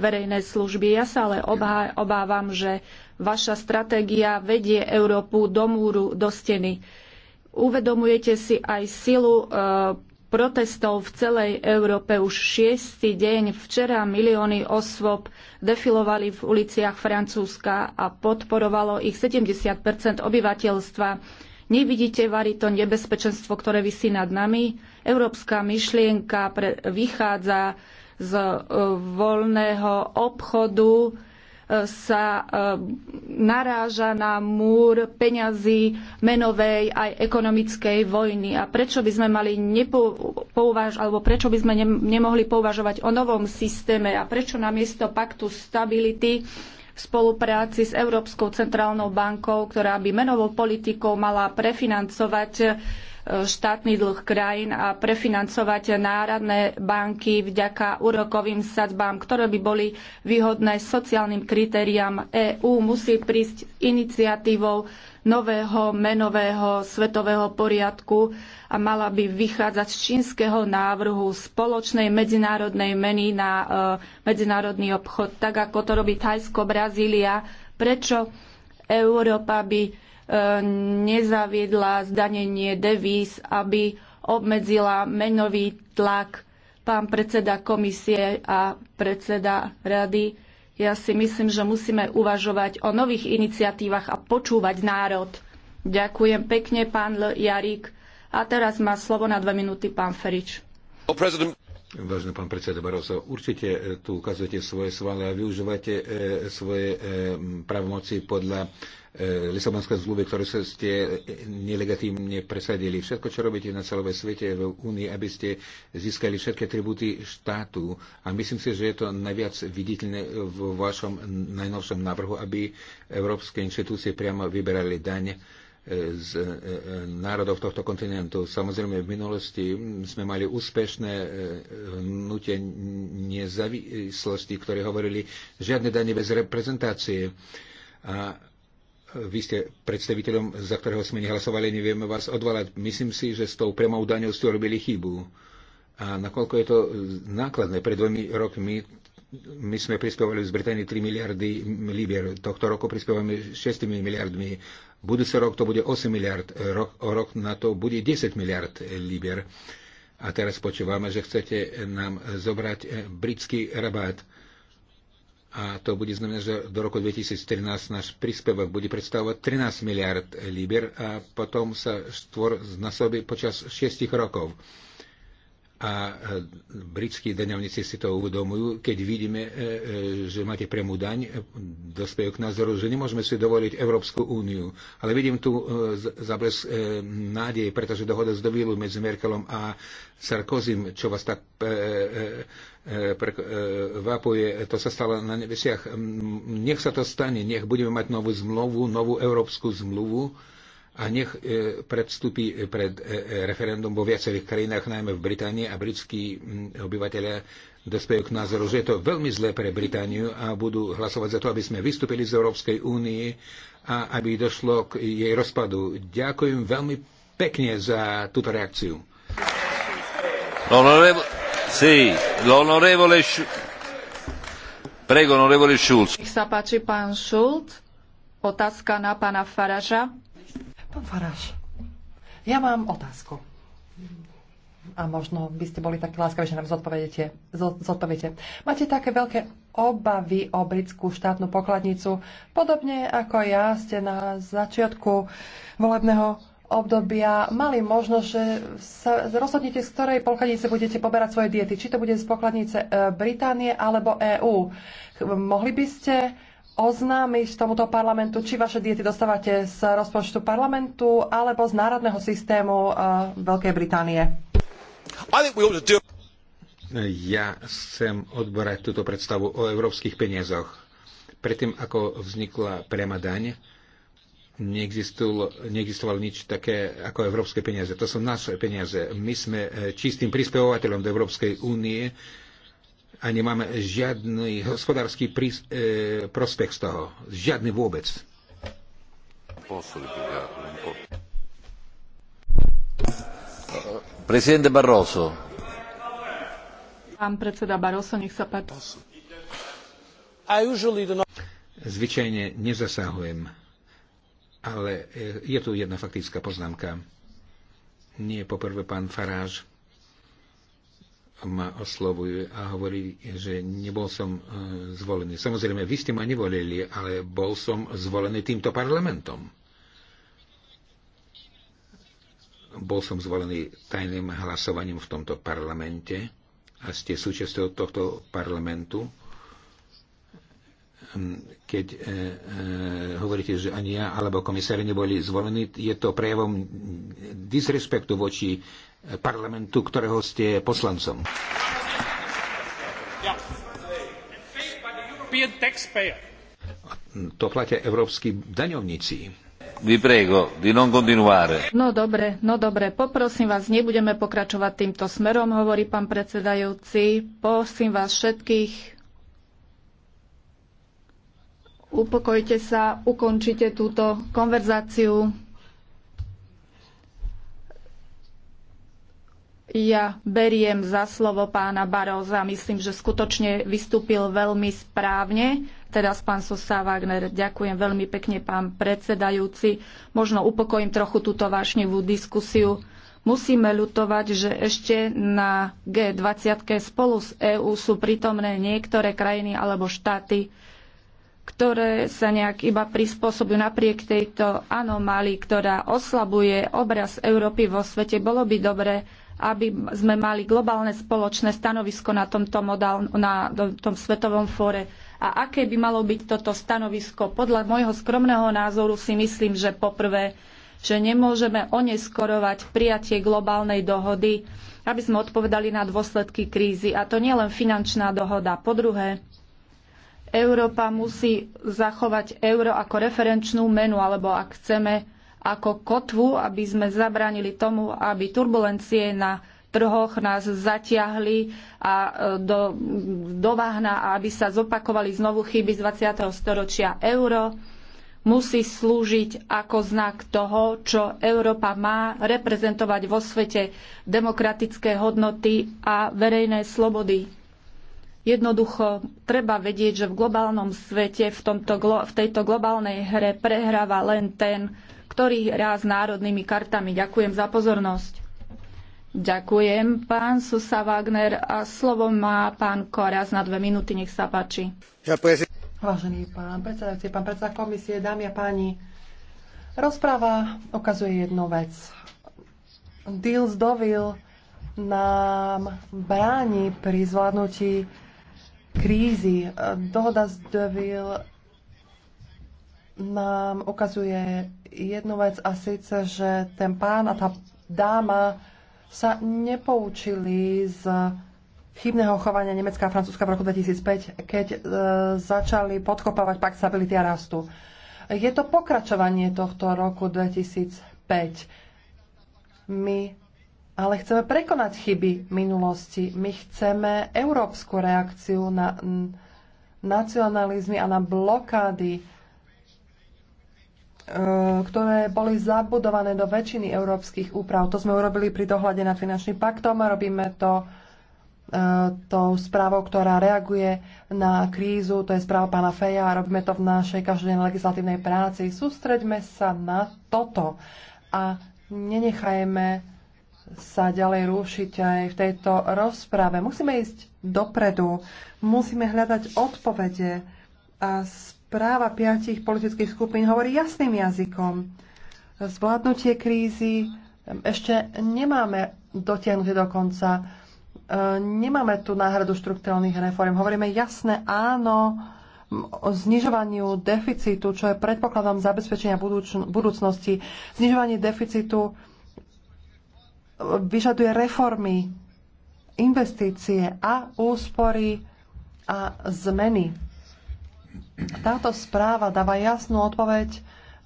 verejné služby. Ja sa ale obha- obávam, že vaša stratégia vedie Európu do múru, do steny. Uvedomujete si aj silu e, protestov v celej Európe už šiestý deň. Včera milióny osôb defilovali v uliciach Francúzska a podporovalo ich 70 obyvateľstva Nevidíte, Vary, to nebezpečenstvo, ktoré vysí nad nami? Európska myšlienka pre, vychádza z e, voľného obchodu, e, sa e, naráža na múr peňazí menovej aj ekonomickej vojny. A prečo by sme mali nepouvaž, alebo prečo by sme nemohli pouvažovať o novom systéme a prečo namiesto paktu stability v spolupráci s Európskou centrálnou bankou, ktorá by menovou politikou mala prefinancovať e, štátny dlh krajín a prefinancovať národné banky vďaka úrokovým sadzbám, ktoré by boli výhodné sociálnym kritériám EÚ, musí prísť iniciatívou nového menového svetového poriadku a mala by vychádzať z čínskeho návrhu spoločnej medzinárodnej meny na e, medzinárodný obchod, tak ako to robí Thajsko, Brazília. Prečo Európa by e, nezaviedla zdanenie devíz, aby obmedzila menový tlak pán predseda komisie a predseda rady ja si myslím, že musíme uvažovať o nových iniciatívach a počúvať národ. Ďakujem pekne, pán L. Jarík. A teraz má slovo na dve minúty pán Ferič. Vážený pán predseda Barroso, určite e, tu ukazujete svoje svaly a využívate e, svoje e, pravomoci podľa Lisabonskej zmluvy, sa ste nelegatívne presadili. Všetko, čo robíte na celom svete v Únii, aby ste získali všetky atributy štátu. A myslím si, že je to najviac viditeľné v vašom najnovšom návrhu, aby európske inštitúcie priamo vyberali daň E, z e, e, národov tohto kontinentu. Samozrejme, v minulosti sme mali úspešné hnutie nezávislosti, ktoré hovorili žiadne dane bez reprezentácie. A vy ste predstaviteľom, za ktorého sme nehlasovali, nevieme vás odvalať. Myslím si, že s tou priamou daňou ste robili chybu. A nakoľko je to nákladné, pred dvomi rokmi my sme prispievali z Británii 3 miliardy libier, tohto roku prispievame 6 miliardmi Budúci rok to bude 8 miliard, e, rok, rok na to bude 10 miliard e, liber. A teraz počúvame, že chcete e, nám zobrať britský rabát. A to bude znamená, že do roku 2013 náš príspevok bude predstavovať 13 miliard liber a potom sa štvor znasobí počas 6 rokov a e, britskí daňovníci si to uvedomujú, keď vidíme, e, e, že máte priamu daň, dospejú k názoru, že nemôžeme si dovoliť Európsku úniu. Ale vidím tu zables nádej, pretože dohoda z Dovilu medzi Merkelom a Sarkozym, čo vás tak vápuje, to sa stalo na nebesiach. Nech sa to stane, nech budeme mať novú zmluvu, novú európsku zmluvu, a nech e, predstúpi pred e, e, referendum vo viacerých krajinách, najmä v Británii a britskí obyvateľia dospejú k názoru, že je to veľmi zlé pre Britániu a budú hlasovať za to, aby sme vystúpili z Európskej únie a aby došlo k jej rozpadu. Ďakujem veľmi pekne za túto reakciu. Prego, Nech sa páči, pán Schulz. Otázka na pána Faraža. Pán Faráš, ja mám otázku. A možno by ste boli také láskaví, že nám zodpoviete. zodpovedete. Máte také veľké obavy o britskú štátnu pokladnicu. Podobne ako ja ste na začiatku volebného obdobia mali možnosť, že sa rozhodnete, z ktorej pokladnice budete poberať svoje diety. Či to bude z pokladnice e, Británie alebo EÚ. Mohli by ste oznámiť tomuto parlamentu, či vaše diety dostávate z rozpočtu parlamentu alebo z národného systému eh, Veľkej Británie. Ja chcem odborať túto predstavu o európskych peniazoch. Predtým, ako vznikla priama daň, neexistovalo nič také ako európske peniaze. To sú naše peniaze. My sme eh, čistým prispevovateľom do Európskej únie a nemáme žiadny hospodársky prís, e, prospech z toho. Žiadny vôbec. Prezident Barroso. Pán predseda Barroso, nech sa páči. Zvyčajne nezasahujem, ale e, je tu jedna faktická poznámka. Nie poprvé pán Faráž ma oslovuje a hovorí, že nebol som e, zvolený. Samozrejme, vy ste ma nevolili, ale bol som zvolený týmto parlamentom. Bol som zvolený tajným hlasovaním v tomto parlamente a ste súčasťou tohto parlamentu hm, keď e, e, hovoríte, že ani ja alebo komisári neboli zvolení, je to prejavom disrespektu voči parlamentu, ktorého ste poslancom. To platia európsky daňovníci. No dobre, no dobre, poprosím vás, nebudeme pokračovať týmto smerom, hovorí pán predsedajúci. Prosím vás všetkých, upokojte sa, ukončite túto konverzáciu. Ja beriem za slovo pána Baróza. Myslím, že skutočne vystúpil veľmi správne. Teraz pán Sosa Wagner, ďakujem veľmi pekne, pán predsedajúci. Možno upokojím trochu túto vášnevú diskusiu. Musíme ľutovať, že ešte na G20 spolu s EÚ sú prítomné niektoré krajiny alebo štáty, ktoré sa nejak iba prispôsobujú napriek tejto anomálii, ktorá oslabuje obraz Európy vo svete. Bolo by dobre, aby sme mali globálne spoločné stanovisko na tomto, modál, na tom svetovom fóre. A aké by malo byť toto stanovisko? Podľa môjho skromného názoru si myslím, že poprvé, že nemôžeme oneskorovať prijatie globálnej dohody, aby sme odpovedali na dôsledky krízy. A to nie len finančná dohoda. Po druhé, Európa musí zachovať euro ako referenčnú menu, alebo ak chceme ako kotvu, aby sme zabránili tomu, aby turbulencie na trhoch nás zatiahli a e, do, do váhna a aby sa zopakovali znovu chyby z 20. storočia euro musí slúžiť ako znak toho, čo Európa má reprezentovať vo svete demokratické hodnoty a verejné slobody. Jednoducho treba vedieť, že v globálnom svete v, tomto, v tejto globálnej hre prehráva len ten, ktorý hrá s národnými kartami. Ďakujem za pozornosť. Ďakujem, pán Susa Wagner. A slovo má pán Koraz na dve minúty. Nech sa páči. Ja, Vážený pán predsedajúci, pán predseda komisie, dámy a páni, rozpráva ukazuje jednu vec. Deal z Dovil nám bráni pri zvládnutí krízy. Dohoda z Deville nám ukazuje jednu vec a síce, že ten pán a tá dáma sa nepoučili z chybného chovania Nemecka a Francúzska v roku 2005, keď e, začali podkopávať pakt stability a rastu. Je to pokračovanie tohto roku 2005. My ale chceme prekonať chyby minulosti. My chceme európsku reakciu na nacionalizmy a na blokády Eh, ktoré boli zabudované do väčšiny európskych úprav. To sme urobili pri dohľade nad finančným paktom a robíme to eh, tou správou, ktorá reaguje na krízu, to je správa pána Feja a robíme to v našej každodennej legislatívnej práci. Sústreďme sa na toto a nenechajme sa ďalej rúšiť aj v tejto rozprave. Musíme ísť dopredu, musíme hľadať odpovede a práva piatich politických skupín hovorí jasným jazykom. Zvládnutie krízy ešte nemáme dotiahnuté do konca. Nemáme tu náhradu štruktúrnych reform. Hovoríme jasné áno o znižovaniu deficitu, čo je predpokladom zabezpečenia budúcnosti. Znižovanie deficitu vyžaduje reformy, investície a úspory a zmeny táto správa dáva jasnú odpoveď,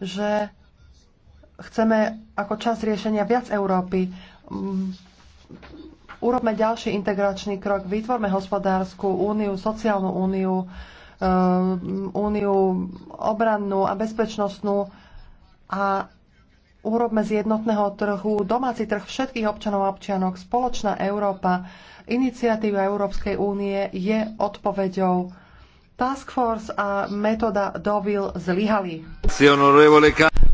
že chceme ako čas riešenia viac Európy. Mm, urobme ďalší integračný krok, vytvorme hospodárskú úniu, sociálnu úniu, eh, úniu obrannú a bezpečnostnú a urobme z jednotného trhu domáci trh všetkých občanov a občianok. Spoločná Európa, iniciatíva Európskej únie je odpoveďou Task Force a metóda Dovil zlyhali.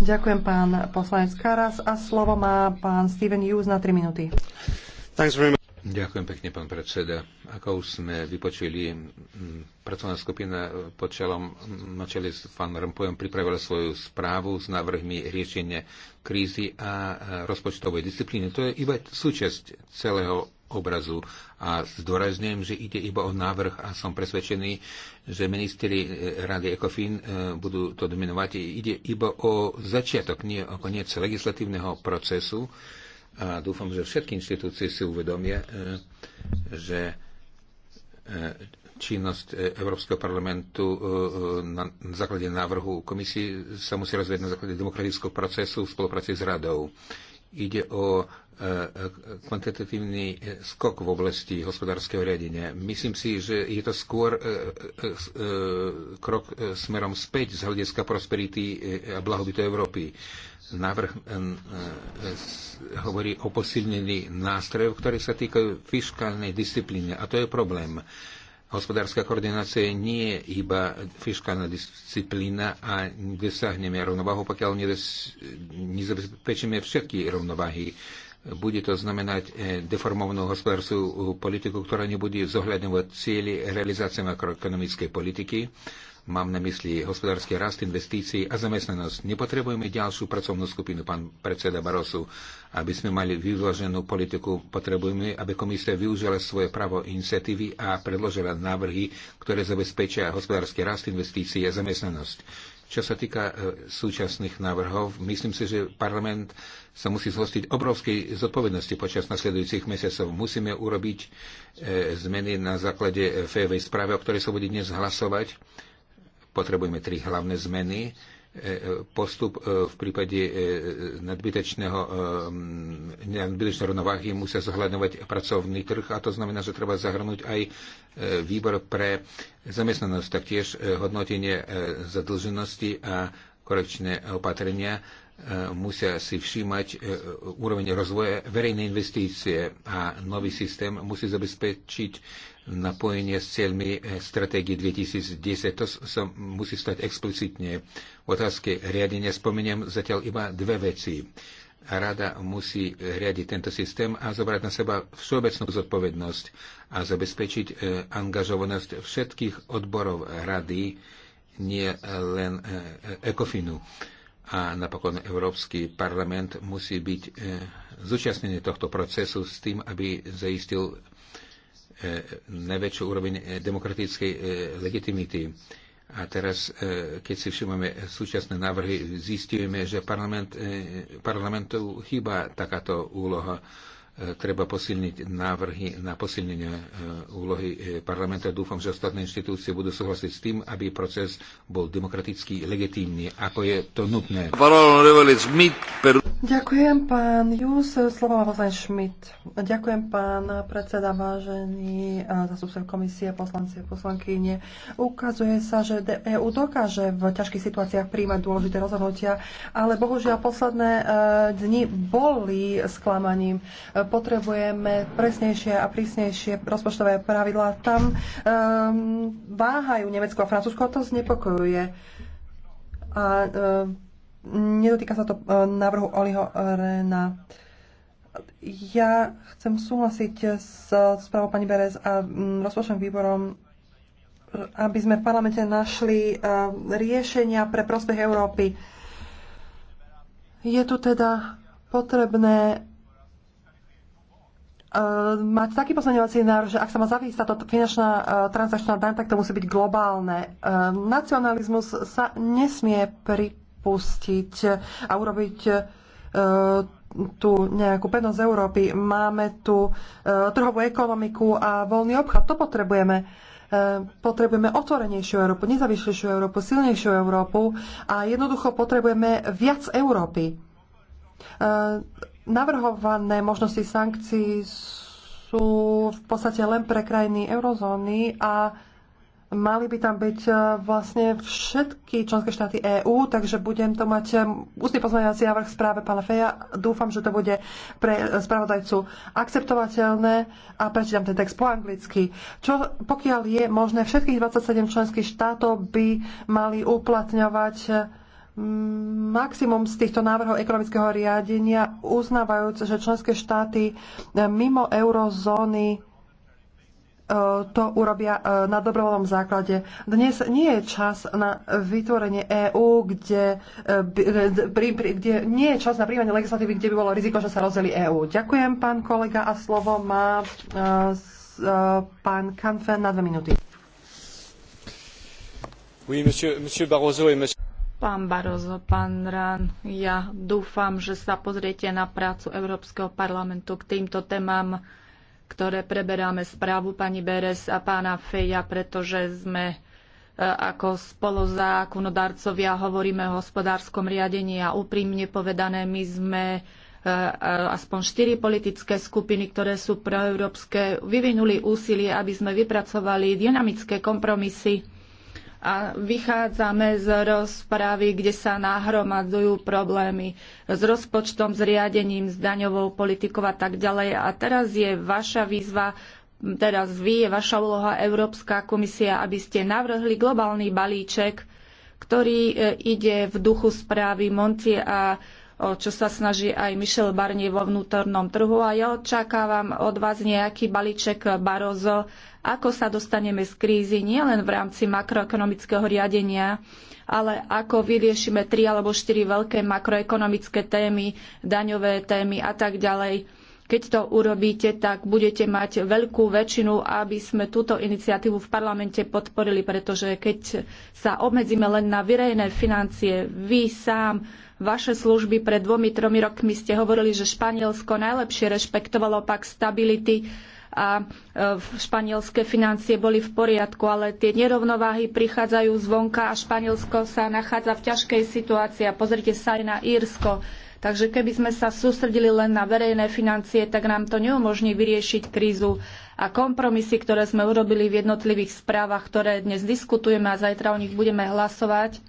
Ďakujem pán poslanec Karas a slovo má pán Steven Hughes na 3 minúty. Ďakujem pekne, pán predseda. Ako už sme vypočuli, pracovná skupina pod čelom na čele s pán Rampojom pripravila svoju správu s návrhmi riešenia krízy a rozpočtovej disciplíny. To je iba súčasť celého obrazu a zdôrazňujem, že ide iba o návrh a som presvedčený, že ministri e, Rady ECOFIN e, budú to dominovať. Ide iba o začiatok, nie o koniec legislatívneho procesu a dúfam, že všetky inštitúcie si uvedomia, e, že e, činnosť e, Európskeho parlamentu na základe návrhu komisie sa musí rozvieť na základe demokratického procesu v spolupráci s radou. Ide o kvantitatívny skok v oblasti hospodárskeho riadenia. Myslím si, že je to skôr krok smerom späť z hľadiska prosperity a blahobytu Európy. Návrh eh, eh, hovorí o posilnení nástrojov, ktoré sa týkajú fiskálnej disciplíny. A to je problém. Hospodárska koordinácia nie je iba fiskálna disciplína a nedosiahneme rovnováhu, pokiaľ nezabezpečíme všetky rovnováhy. Bude to znamenať eh, deformovanú hospodárskú politiku, ktorá nebude zohľadňovať cieľy realizácie makroekonomickej politiky Mám na mysli hospodársky rast investícií a zamestnanosť. Nepotrebujeme ďalšiu pracovnú skupinu, pán predseda Barosu. Aby sme mali vyváženú politiku, potrebujeme, aby komisia využila svoje právo iniciatívy a predložila návrhy, ktoré zabezpečia hospodársky rast investícií a zamestnanosť. Čo sa týka e, súčasných návrhov, myslím si, že parlament sa musí zhostiť obrovskej zodpovednosti počas nasledujúcich mesiacov. Musíme urobiť e, zmeny na základe fejovej správy, o ktorej sa bude dnes hlasovať Potrebujeme tri hlavné zmeny. E, postup e, v prípade e, nadbytečného, nadbytečného rovnováhy musia zohľadňovať pracovný trh a to znamená, že treba zahrnúť aj výbor pre zamestnanosť, taktiež hodnotenie zadlženosti a korekčné opatrenia musia si všímať úroveň rozvoja verejnej investície a nový systém musí zabezpečiť napojenie s cieľmi eh, stratégie 2010. To sa musí stať explicitne. V otázke riadenia spomeniem zatiaľ iba dve veci. Rada musí riadiť tento systém a zobrať na seba všeobecnú zodpovednosť a zabezpečiť eh, angažovanosť všetkých odborov rady, nie len eh, ECOFINu. A napokon Európsky parlament musí byť zúčastnený tohto procesu s tým, aby zaistil E, najväčšiu úroveň e, demokratickej e, legitimity. A teraz, keď si všimame súčasné návrhy, zistujeme, že parlament, parlamentu chýba takáto úloha treba posilniť návrhy na posilnenie e, úlohy e, parlamentu. Dúfam, že ostatné inštitúcie budú súhlasiť s tým, aby proces bol demokraticky legitímny, ako je to nutné. Ďakujem, pán Jus. Slovo má poslanec Schmidt. Ďakujem, pán predseda, vážený e, zastupca komisie, poslanci a poslankyne. Ukazuje sa, že EU dokáže v ťažkých situáciách príjmať dôležité rozhodnutia, ale bohužiaľ posledné dni boli sklamaním potrebujeme presnejšie a prísnejšie rozpočtové pravidlá. Tam um, váhajú Nemecko a Francúzsko, to znepokojuje. A um, nedotýka sa to um, návrhu Oliho Rena. Ja chcem súhlasiť s správou pani Berez a um, rozpočtovým výborom aby sme v parlamente našli uh, riešenia pre prospech Európy. Je tu teda potrebné E, mať taký pozmeňovací návrh, že ak sa má zavísť táto finančná e, transakčná daň, tak to musí byť globálne. E, nacionalizmus sa nesmie pripustiť a urobiť tú nejakú pevnosť Európy, máme tu e, trhovú ekonomiku a voľný obchod. To potrebujeme. E, potrebujeme otvorenejšiu Európu, nezávislejšiu Európu, silnejšiu Európu a jednoducho potrebujeme viac Európy. E, Navrhované možnosti sankcií sú v podstate len pre krajiny eurozóny a mali by tam byť e, vlastne všetky členské štáty EÚ, takže budem to mať e, ústny pozmeňovací návrh správe pána Feja. Dúfam, že to bude pre spravodajcu akceptovateľné a prečítam ten text po anglicky. Čo, pokiaľ je možné, všetkých 27 členských štátov by mali uplatňovať e, maximum z týchto návrhov ekonomického riadenia, uznávajúc, že členské štáty eh, mimo eurozóny eh, to urobia eh, na dobrovoľnom základe. Dnes nie je čas na vytvorenie EÚ, kde, kde nie je čas na príjmanie legislatívy, kde by bolo riziko, že sa rozdeli EÚ. Ďakujem, pán kolega, a slovo má pán Kanfen na dve minúty. Oui, monsieur, monsieur Barroso et monsieur... Pán Barozo, pán Rán, ja dúfam, že sa pozriete na prácu Európskeho parlamentu k týmto témam, ktoré preberáme správu pani Beres a pána Feja, pretože sme e, ako spolozákonodarcovia hovoríme o hospodárskom riadení a úprimne povedané, my sme e, e, aspoň štyri politické skupiny, ktoré sú proeurópske, vyvinuli úsilie, aby sme vypracovali dynamické kompromisy a vychádzame z rozprávy, kde sa nahromadzujú problémy s rozpočtom, s riadením, s daňovou politikou a tak ďalej. A teraz je vaša výzva, teraz vy, je vaša úloha Európska komisia, aby ste navrhli globálny balíček, ktorý e, ide v duchu správy Monti a čo sa snaží aj Michel Barnier vo vnútornom trhu a ja očakávam od vás nejaký balíček Barozo, ako sa dostaneme z krízy nielen v rámci makroekonomického riadenia, ale ako vyriešime tri alebo štyri veľké makroekonomické témy, daňové témy a tak ďalej. Keď to urobíte, tak budete mať veľkú väčšinu, aby sme túto iniciatívu v parlamente podporili, pretože keď sa obmedzíme len na verejné financie, vy sám vaše služby. Pred dvomi, tromi rokmi ste hovorili, že Španielsko najlepšie rešpektovalo pak stability a e, španielské financie boli v poriadku, ale tie nerovnováhy prichádzajú zvonka a Španielsko sa nachádza v ťažkej situácii. A pozrite sa aj na Írsko. Takže keby sme sa sústredili len na verejné financie, tak nám to neumožní vyriešiť krízu a kompromisy, ktoré sme urobili v jednotlivých správach, ktoré dnes diskutujeme a zajtra o nich budeme hlasovať,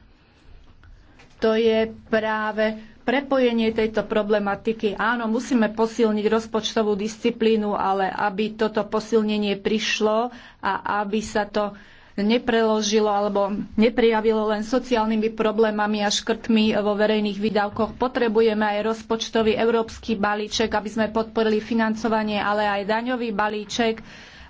to je práve prepojenie tejto problematiky. Áno, musíme posilniť rozpočtovú disciplínu, ale aby toto posilnenie prišlo a aby sa to nepreložilo alebo neprijavilo len sociálnymi problémami a škrtmi vo verejných výdavkoch. Potrebujeme aj rozpočtový európsky balíček, aby sme podporili financovanie, ale aj daňový balíček,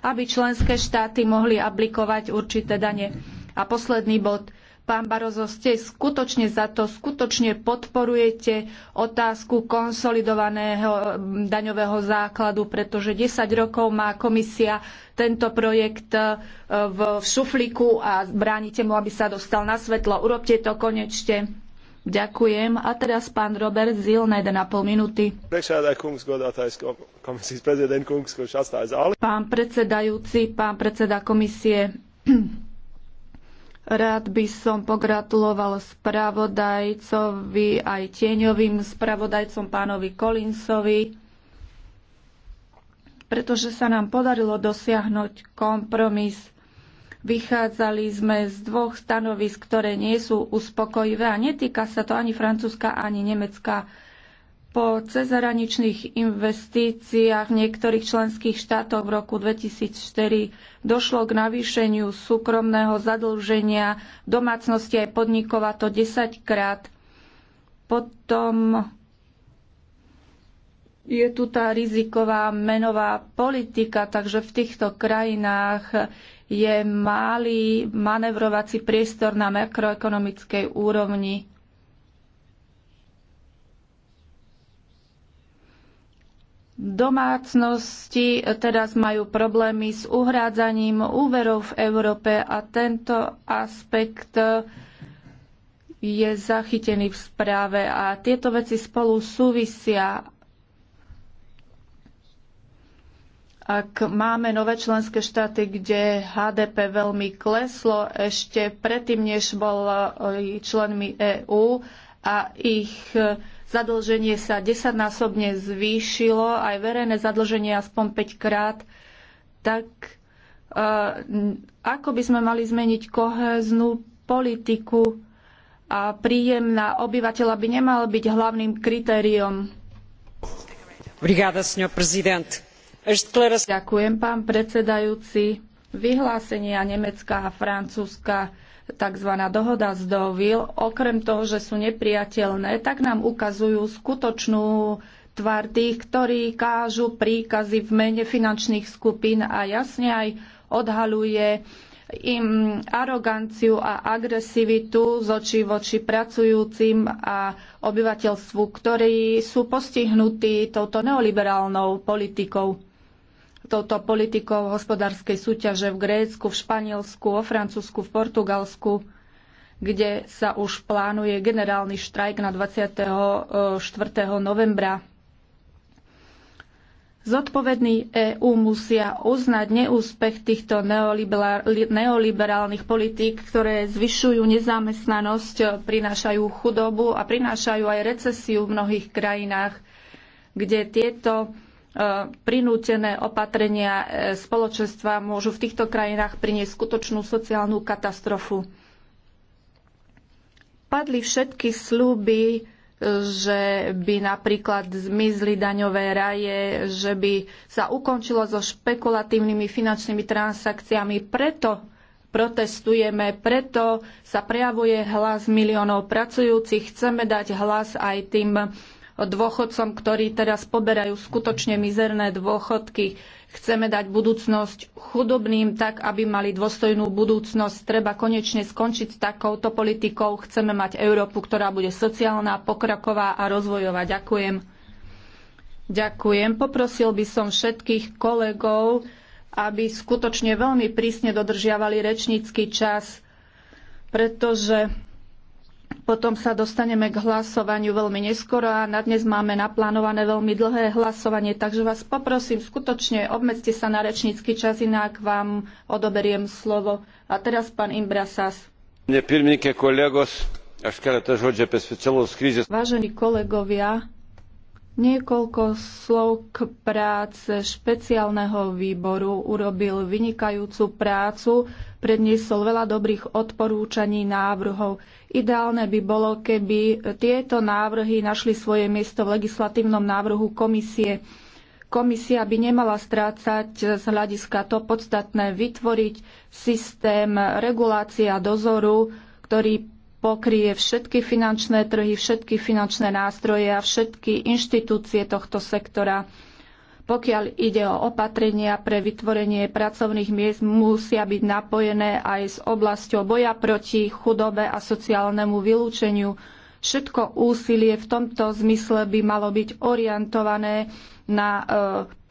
aby členské štáty mohli aplikovať určité dane. A posledný bod Pán Barozo, ste skutočne za to, skutočne podporujete otázku konsolidovaného mm, daňového základu, pretože 10 rokov má komisia tento projekt e, v šuflíku a bránite mu, aby sa dostal na svetlo. Urobte to konečne. Ďakujem. A teraz pán Robert Zil na 1,5 minúty. Pán predsedajúci, pán predseda komisie, Rád by som pogratuloval spravodajcovi aj tieňovým spravodajcom pánovi Kolinsovi, pretože sa nám podarilo dosiahnuť kompromis. Vychádzali sme z dvoch stanovisk, ktoré nie sú uspokojivé a netýka sa to ani Francúzska, ani Nemecká. Po cezhraničných investíciách v niektorých členských štátoch v roku 2004 došlo k navýšeniu súkromného zadlženia domácnosti aj podnikov a to 10 krát. Potom je tu tá riziková menová politika, takže v týchto krajinách je malý manevrovací priestor na makroekonomickej úrovni. Domácnosti teraz majú problémy s uhrádzaním úverov v Európe a tento aspekt je zachytený v správe a tieto veci spolu súvisia. Ak máme nové členské štáty, kde HDP veľmi kleslo ešte predtým, než bol členmi EÚ a ich zadlženie sa desaťnásobne zvýšilo, aj verejné zadlženie aspoň 5 krát, tak eh, ako by sme mali zmeniť koheznú politiku a príjem na obyvateľa by nemal byť hlavným kritériom. Ďakujem, pán predsedajúci. Vyhlásenia Nemecka a Francúzska tzv. dohoda z Deauville, okrem toho, že sú nepriateľné, tak nám ukazujú skutočnú tvár tých, ktorí kážu príkazy v mene finančných skupín a jasne aj odhaluje im aroganciu a agresivitu z očí voči pracujúcim a obyvateľstvu, ktorí sú postihnutí touto neoliberálnou politikou touto politikou hospodárskej súťaže v Grécku, v Španielsku, o Francúzsku, v Portugalsku, kde sa už plánuje generálny štrajk na 24. E, novembra. Zodpovední EÚ musia uznať neúspech týchto neoliberálnych politík, ktoré zvyšujú nezamestnanosť, prinášajú chudobu a prinášajú aj recesiu v mnohých krajinách, kde tieto prinútené opatrenia e, spoločenstva môžu v týchto krajinách priniesť skutočnú sociálnu katastrofu. Padli všetky slúby, e, že by napríklad zmizli daňové raje, že by sa ukončilo so špekulatívnymi finančnými transakciami. Preto protestujeme, preto sa prejavuje hlas miliónov pracujúcich. Chceme dať hlas aj tým dôchodcom, ktorí teraz poberajú skutočne mizerné dôchodky. Chceme dať budúcnosť chudobným tak, aby mali dôstojnú budúcnosť. Treba konečne skončiť s takouto politikou. Chceme mať Európu, ktorá bude sociálna, pokroková a rozvojová. Ďakujem. Ďakujem. Poprosil by som všetkých kolegov, aby skutočne veľmi prísne dodržiavali rečnícky čas, pretože potom sa dostaneme k hlasovaniu veľmi neskoro a na dnes máme naplánované veľmi dlhé hlasovanie, takže vás poprosím, skutočne obmedzte sa na rečnícky čas, inak vám odoberiem slovo. A teraz pán Imbrasas. Vážení kolegovia, Niekoľko slov k práce špeciálneho výboru urobil vynikajúcu prácu, predniesol veľa dobrých odporúčaní návrhov. Ideálne by bolo, keby tieto návrhy našli svoje miesto v legislatívnom návrhu komisie. Komisia by nemala strácať z hľadiska to podstatné vytvoriť systém regulácia dozoru, ktorý pokrie všetky finančné trhy, všetky finančné nástroje a všetky inštitúcie tohto sektora. Pokiaľ ide o opatrenia pre vytvorenie pracovných miest, musia byť napojené aj s oblasťou boja proti chudobe a sociálnemu vylúčeniu. Všetko úsilie v tomto zmysle by malo byť orientované na e,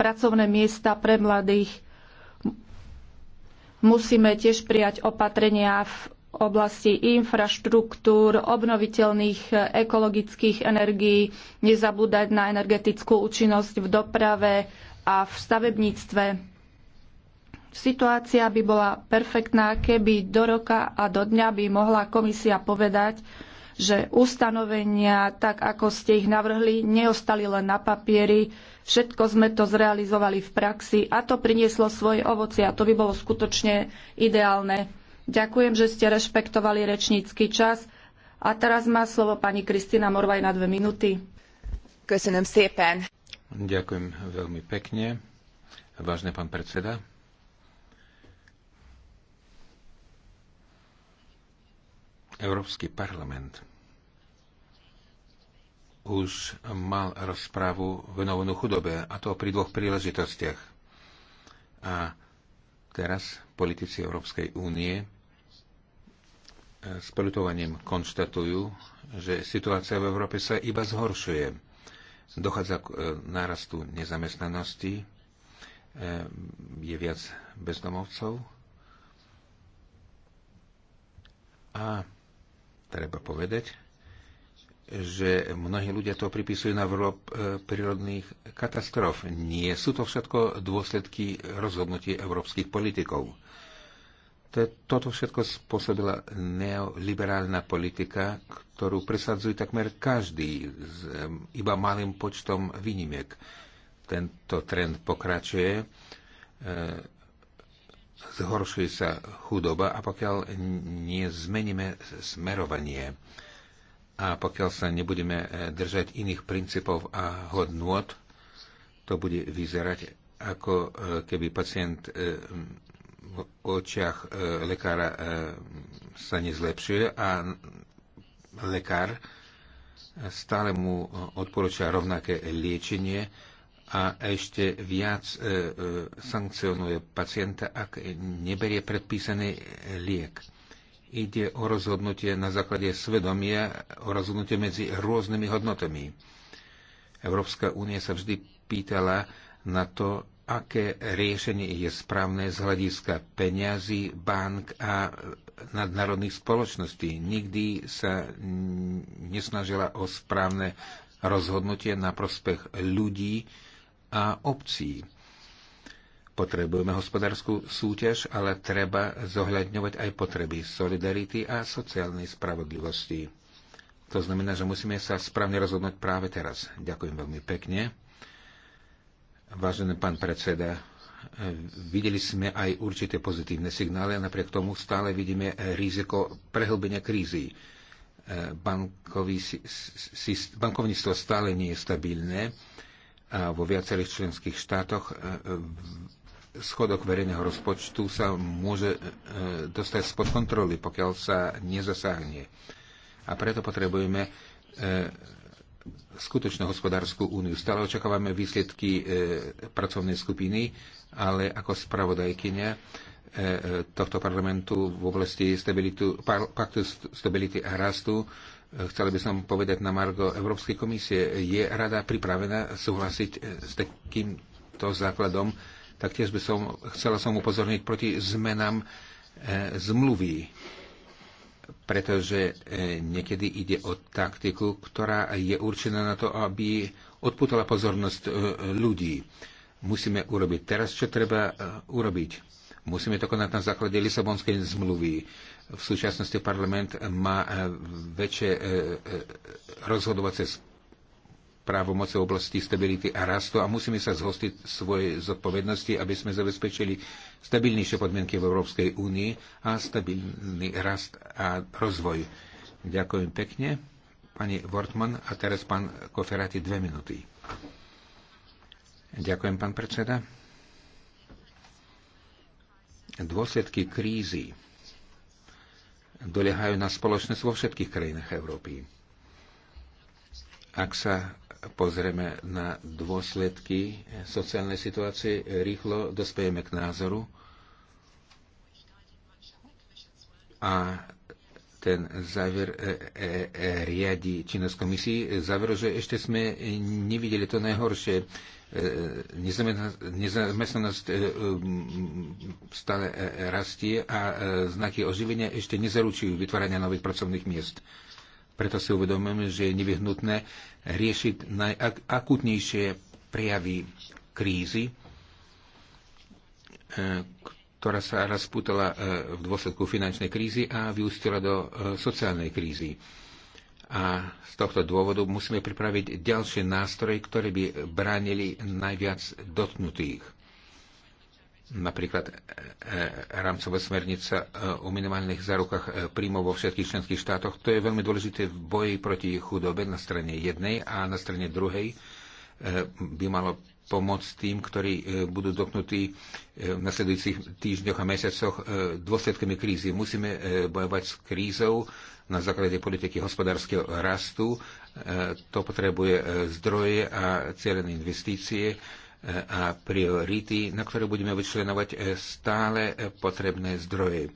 pracovné miesta pre mladých. Musíme tiež prijať opatrenia v oblasti infraštruktúr, obnoviteľných e, ekologických energií, nezabúdať na energetickú účinnosť v doprave a v stavebníctve. Situácia by bola perfektná, keby do roka a do dňa by mohla komisia povedať, že ustanovenia, tak ako ste ich navrhli, neostali len na papieri. Všetko sme to zrealizovali v praxi a to prinieslo svoje ovoci a to by bolo skutočne ideálne. Ďakujem, že ste rešpektovali rečnícky čas. A teraz má slovo pani Kristina Morvaj na dve minúty. Köszönöm szépen. Ďakujem veľmi pekne. Vážne pán predseda. Európsky parlament už mal rozprávu venovanú chudobe, a to pri dvoch príležitostiach. A teraz politici Európskej únie s polutovaním konštatujú, že situácia v Európe sa iba zhoršuje. Dochádza k e, nárastu nezamestnanosti, e, je viac bezdomovcov a treba povedať, že mnohí ľudia to pripisujú na vrôb e, prírodných katastrof. Nie sú to všetko dôsledky rozhodnutí európskych politikov. Toto všetko spôsobila neoliberálna politika, ktorú presadzuje takmer každý s iba malým počtom výnimiek. Tento trend pokračuje, e, zhoršuje sa chudoba a pokiaľ nezmeníme smerovanie a pokiaľ sa nebudeme e, držať iných princípov a hodnôt, to bude vyzerať ako e, keby pacient očiach e, lekára e, sa nezlepšuje a lekár stále mu odporúča rovnaké liečenie a ešte viac e, sankcionuje pacienta, ak neberie predpísaný liek. Ide o rozhodnutie na základe svedomia, o rozhodnutie medzi rôznymi hodnotami. Európska únia sa vždy pýtala na to, aké riešenie je správne z hľadiska peňazí, bank a nadnárodných spoločností. Nikdy sa nesnažila o správne rozhodnutie na prospech ľudí a obcí. Potrebujeme hospodárskú súťaž, ale treba zohľadňovať aj potreby solidarity a sociálnej spravodlivosti. To znamená, že musíme sa správne rozhodnúť práve teraz. Ďakujem veľmi pekne. Vážený pán predseda, e, videli sme aj určité pozitívne signály a napriek tomu stále vidíme e, riziko prehlbenia krízy. E, bankovníctvo stále nie je stabilné a vo viacerých členských štátoch schodok verejného rozpočtu sa môže dostať spod kontroly, pokiaľ sa nezasáhne. A preto potrebujeme skutočnú hospodárskú úniu. Stále očakávame výsledky e, pracovnej skupiny, ale ako spravodajkynia e, tohto parlamentu v oblasti stabilitu, paktu stability a rastu e, chcel by som povedať na Margo Európskej komisie, je rada pripravená súhlasiť s takýmto základom. Taktiež by som chcela som upozorniť proti zmenám e, zmluvy pretože e, niekedy ide o taktiku, ktorá je určená na to, aby odputala pozornosť e, ľudí. Musíme urobiť teraz, čo treba e, urobiť. Musíme to konať na základe Lisabonskej zmluvy. V súčasnosti parlament má väčšie rozhodovacie právomoce v oblasti stability a rastu a musíme sa zhostiť svojej zodpovednosti, aby sme zabezpečili stabilnejšie podmienky v Európskej únii a stabilný rast a rozvoj. Ďakujem pekne. Pani Wortman a teraz pán Koferati dve minúty. Ďakujem, pán predseda. Dôsledky krízy doliehajú na spoločnosť vo všetkých krajinách Európy. Ak sa pozrieme na dôsledky sociálnej situácie, rýchlo dospejeme k názoru a ten záver e, e, e, riadi činnosť komisii. Záver, že ešte sme nevideli to najhoršie. E, nezamestnanosť e, stále e, rastie a znaky oživenia ešte nezaručujú vytvárania nových pracovných miest. Preto si uvedomujeme, že je nevyhnutné riešiť najakutnejšie prejavy krízy, e, ktorá sa rozputala e, v dôsledku finančnej krízy a vyústila do e, sociálnej krízy. A z tohto dôvodu musíme pripraviť ďalšie nástroje, ktoré by bránili najviac dotknutých. Napríklad e, e, rámcová smernica e, o minimálnych zárukách príjmov vo všetkých členských štátoch. To je veľmi dôležité v boji proti chudobe na strane jednej a na strane druhej by malo pomôcť tým, ktorí budú dotknutí v nasledujúcich týždňoch a mesiacoch dôsledkami krízy. Musíme bojovať s krízou na základe politiky hospodárskeho rastu. To potrebuje zdroje a cieľené investície a priority, na ktoré budeme vyčlenovať e, stále potrebné zdroje.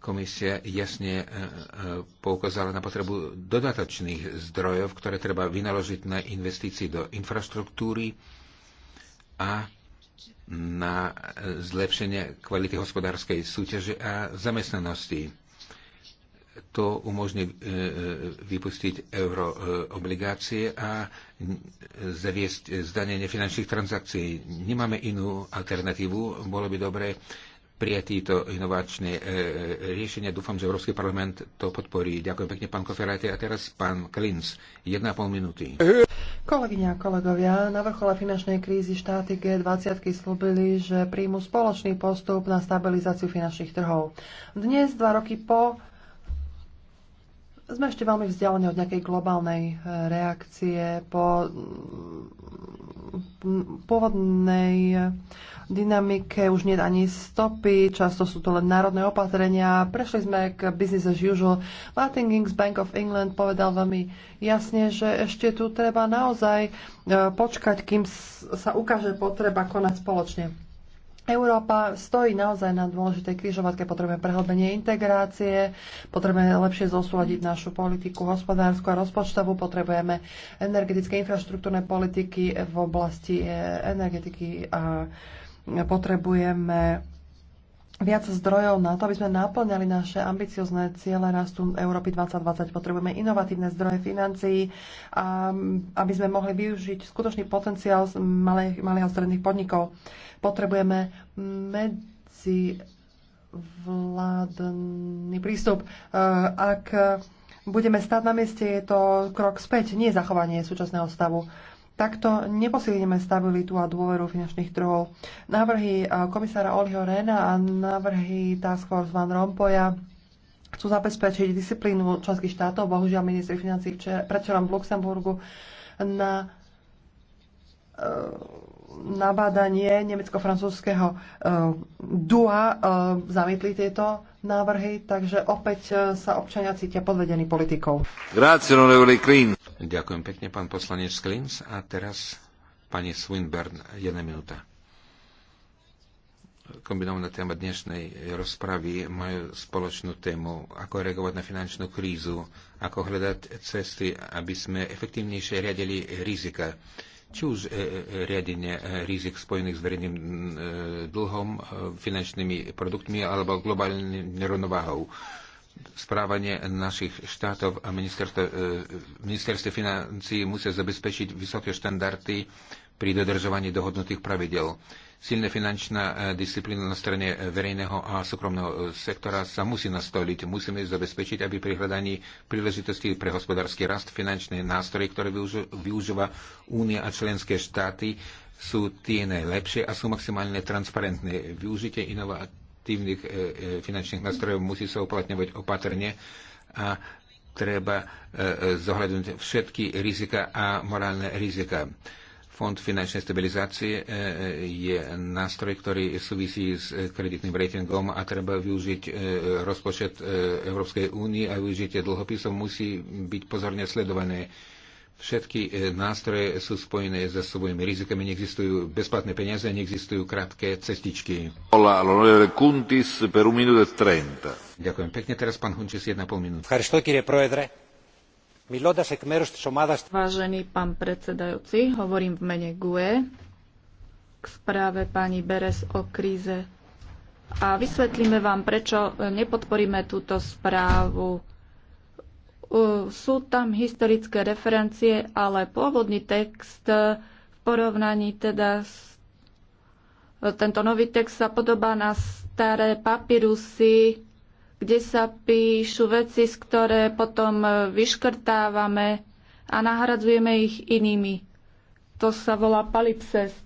Komisia jasne e, e, poukázala na potrebu dodatočných zdrojov, ktoré treba vynaložiť na investície do infraštruktúry a na zlepšenie kvality hospodárskej súťaže a zamestnanosti to umožní e, e, vypustiť euroobligácie e, a zaviesť zdanenie finančných transakcií. Nemáme inú alternatívu. Bolo by dobre prijať tieto inovačné riešenie. Dúfam, že Európsky parlament to podporí. Ďakujem pekne, pán Koferajte A teraz pán Klins. 1,5 minúty. Kolegyňa a kolegovia, na vrchole finančnej krízy štáty G20 slúbili, že príjmu spoločný postup na stabilizáciu finančných trhov. Dnes, dva roky po sme ešte veľmi vzdialení od nejakej globálnej e, reakcie po pôvodnej e, dynamike už nie ani stopy, často sú to len národné opatrenia. Prešli sme k business as usual. Martin Gings Bank of England povedal veľmi jasne, že ešte tu treba naozaj e, počkať, kým sa ukáže potreba konať spoločne. Európa stojí naozaj na dôležitej križovatke. Potrebujeme prehlbenie integrácie, potrebujeme lepšie zosúľadiť našu politiku hospodárskú a rozpočtovú, potrebujeme energetické infraštruktúrne politiky v oblasti eh, energetiky a potrebujeme viac zdrojov na to, aby sme naplňali naše ambiciozne ciele rastu Európy 2020. Potrebujeme inovatívne zdroje financií, a, aby sme mohli využiť skutočný potenciál malých, malých a stredných podnikov. Potrebujeme medzi vládny prístup. E, ak budeme stáť na mieste, je to krok späť, nie zachovanie súčasného stavu. Takto neposilíme stabilitu a dôveru finančných trhov. Návrhy e, komisára Oliho Rena a návrhy Task Force Van Rompoya chcú zabezpečiť disciplínu členských štátov. Bohužiaľ, ministri financí predčerom v Luxemburgu na e, nabádanie nemecko-francúzského e, dua zamietli tieto návrhy, takže opäť e, sa občania cítia podvedení politikou. Ďakujem pekne, pán poslanec Klins. A teraz pani Swinburne, jedna minúta. Kombinovaná téma dnešnej rozpravy majú spoločnú tému, ako reagovať na finančnú krízu, ako hľadať cesty, aby sme efektívnejšie riadili rizika či už e, e, riadenie e, rizik spojených s verejným dlhom, finančnými produktmi alebo globálnym nerovnováhou správanie našich štátov a ministerstve financí musia zabezpečiť vysoké štandardy pri dodržovaní dohodnutých pravidel. Silná finančná e, disciplína na strane verejného a súkromného e, sektora sa musí nastoliť. Musíme zabezpečiť, aby pri hľadaní príležitostí pre hospodársky rast finančné nástroje, ktoré využíva Únia a členské štáty, sú tie najlepšie a sú maximálne transparentné. Využitie inovatívnych e, finančných nástrojov musí sa uplatňovať opatrne a treba zohľadnúť všetky rizika a morálne rizika Fond finančnej stabilizácie e, e, je nástroj, ktorý súvisí s e, kreditným ratingom a treba využiť rozpočet Európskej únie a využitie dlhopisov musí byť pozorne sledované. Všetky nástroje sú spojené so svojimi rizikami, neexistujú bezplatné peniaze, neexistujú krátke cestičky. Kuntis per 30. Ďakujem pekne, teraz pán Hunčis, jedna pol minúta. Vážený pán predsedajúci, hovorím v mene GUE k správe pani Beres o kríze a vysvetlíme vám, prečo nepodporíme túto správu. Sú tam historické referencie, ale pôvodný text v porovnaní teda s tento nový text sa podobá na staré papirusy kde sa píšu veci, z ktoré potom vyškrtávame a nahradzujeme ich inými. To sa volá palipsest.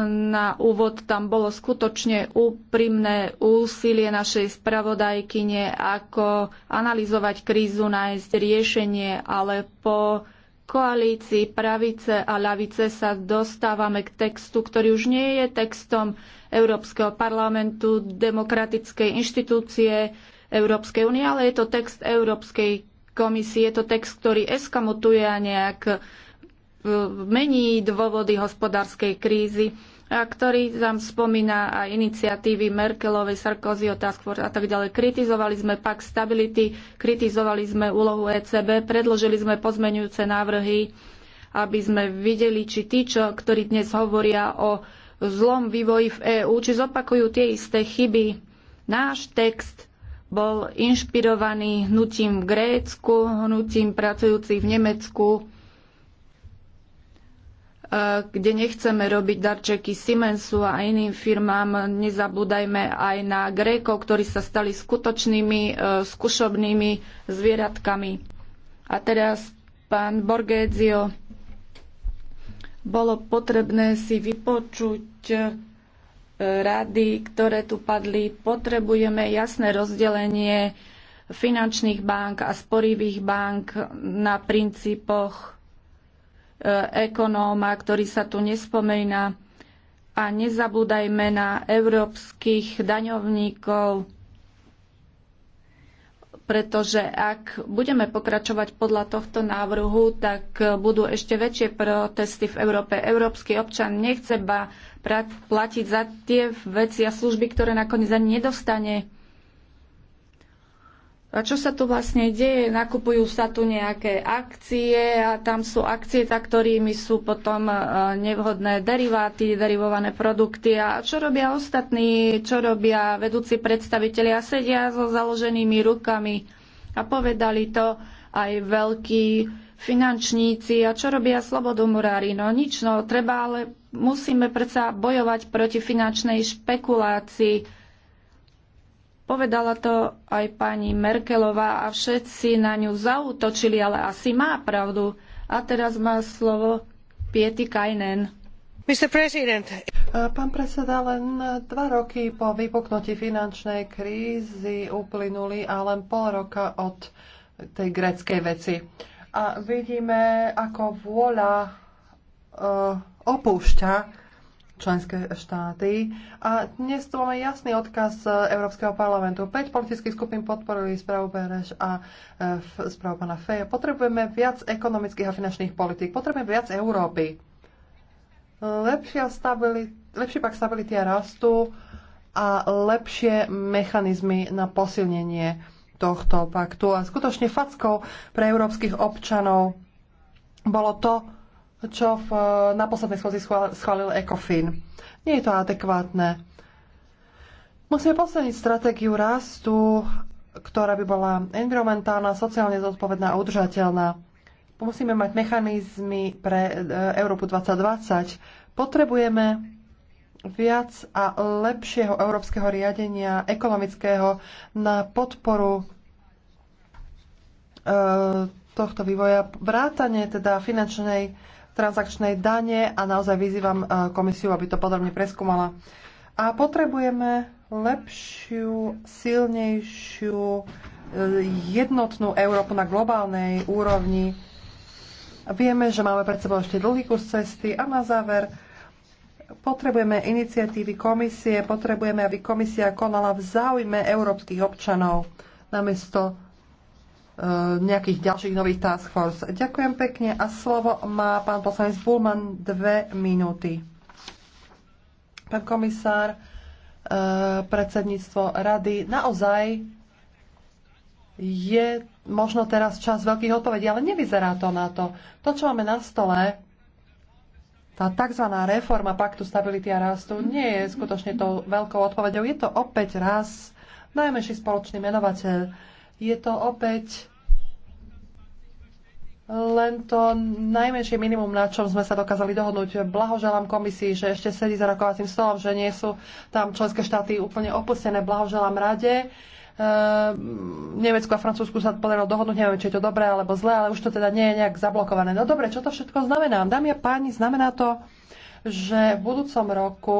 Na úvod tam bolo skutočne úprimné úsilie našej spravodajkyne, ako analyzovať krízu, nájsť riešenie, ale po koalícii pravice a ľavice sa dostávame k textu, ktorý už nie je textom Európskeho parlamentu, demokratickej inštitúcie Európskej únie, ale je to text Európskej komisie, je to text, ktorý eskamotuje a nejak e, mení dôvody hospodárskej krízy a ktorý tam spomína aj iniciatívy Merkelovej, Sarkozy, Task Force a tak ďalej. Kritizovali sme pak stability, kritizovali sme úlohu ECB, predložili sme pozmenujúce návrhy, aby sme videli, či tí, čo, ktorí dnes hovoria o zlom vývoji v EÚ, či zopakujú tie isté chyby. Náš text bol inšpirovaný hnutím v Grécku, hnutím pracujúcich v Nemecku, e, kde nechceme robiť darčeky Siemensu a iným firmám. Nezabúdajme aj na Grékov, ktorí sa stali skutočnými e, skúšobnými zvieratkami. A teraz pán Borgézio bolo potrebné si vypočuť e, rady, ktoré tu padli. Potrebujeme jasné rozdelenie finančných bank a sporivých bank na princípoch e, ekonóma, ktorý sa tu nespomína. A nezabúdajme na európskych daňovníkov, pretože ak budeme pokračovať podľa tohto návrhu, tak budú ešte väčšie protesty v Európe. Európsky občan nechce ba platiť za tie veci a služby, ktoré nakoniec ani nedostane. A čo sa tu vlastne deje? Nakupujú sa tu nejaké akcie a tam sú akcie, za ktorými sú potom e, nevhodné deriváty, derivované produkty. A čo robia ostatní? Čo robia vedúci predstavitelia? Sedia so založenými rukami a povedali to aj veľkí finančníci. A čo robia slobodomurári? No nič, no treba, ale musíme predsa bojovať proti finančnej špekulácii Povedala to aj pani Merkelová a všetci na ňu zautočili, ale asi má pravdu. A teraz má slovo Pieti Kajnen. Eh, pán predseda, len dva roky po vypuknutí finančnej krízy uplynuli a len pol roka od tej greckej veci. A vidíme, ako vôľa uh, opúšťa členské štáty. A dnes tu máme jasný odkaz Európskeho parlamentu. 5 politických skupín podporili správu Bereš a e, správu pana Feja. Potrebujeme viac ekonomických a finančných politík. Potrebujeme viac Európy. Lepšia lepší pak stability a rastu a lepšie mechanizmy na posilnenie tohto paktu. A skutočne fackou pre európskych občanov bolo to, čo v, eh, na poslednej schôdzi schválil ECOFIN. Nie je to adekvátne. Musíme posledniť stratégiu rastu, ktorá by bola environmentálna, sociálne zodpovedná a udržateľná. Musíme mať mechanizmy pre eh, Európu 2020. Potrebujeme viac a lepšieho európskeho riadenia ekonomického na podporu e, tohto vývoja, vrátane teda finančnej transakčnej dane a naozaj vyzývam e, komisiu, aby to podrobne preskúmala. A potrebujeme lepšiu, silnejšiu, e, jednotnú Európu na globálnej úrovni. Vieme, že máme pred sebou ešte dlhý kus cesty a na záver potrebujeme iniciatívy komisie, potrebujeme, aby komisia konala v záujme európskych občanov namiesto E, nejakých ďalších nových task force. Ďakujem pekne a slovo má pán poslanec Bulman dve minúty. Pán komisár, e, predsedníctvo rady, naozaj je možno teraz čas veľkých odpovedí, ale nevyzerá to na to. To, čo máme na stole, tá tzv. reforma paktu stability a rastu nie je skutočne tou veľkou odpovedou. Je to opäť raz najmenší spoločný menovateľ. Je to opäť len to najmenšie minimum, na čom sme sa dokázali dohodnúť. Blahoželám komisii, že ešte sedí za rokovacím stolom, že nie sú tam členské štáty úplne opustené. Blahoželám rade. Ehm, Nemecku a Francúzsku sa podarilo dohodnúť, neviem, či je to dobré alebo zlé, ale už to teda nie je nejak zablokované. No dobre, čo to všetko znamená? Dámy a páni, znamená to, že v budúcom roku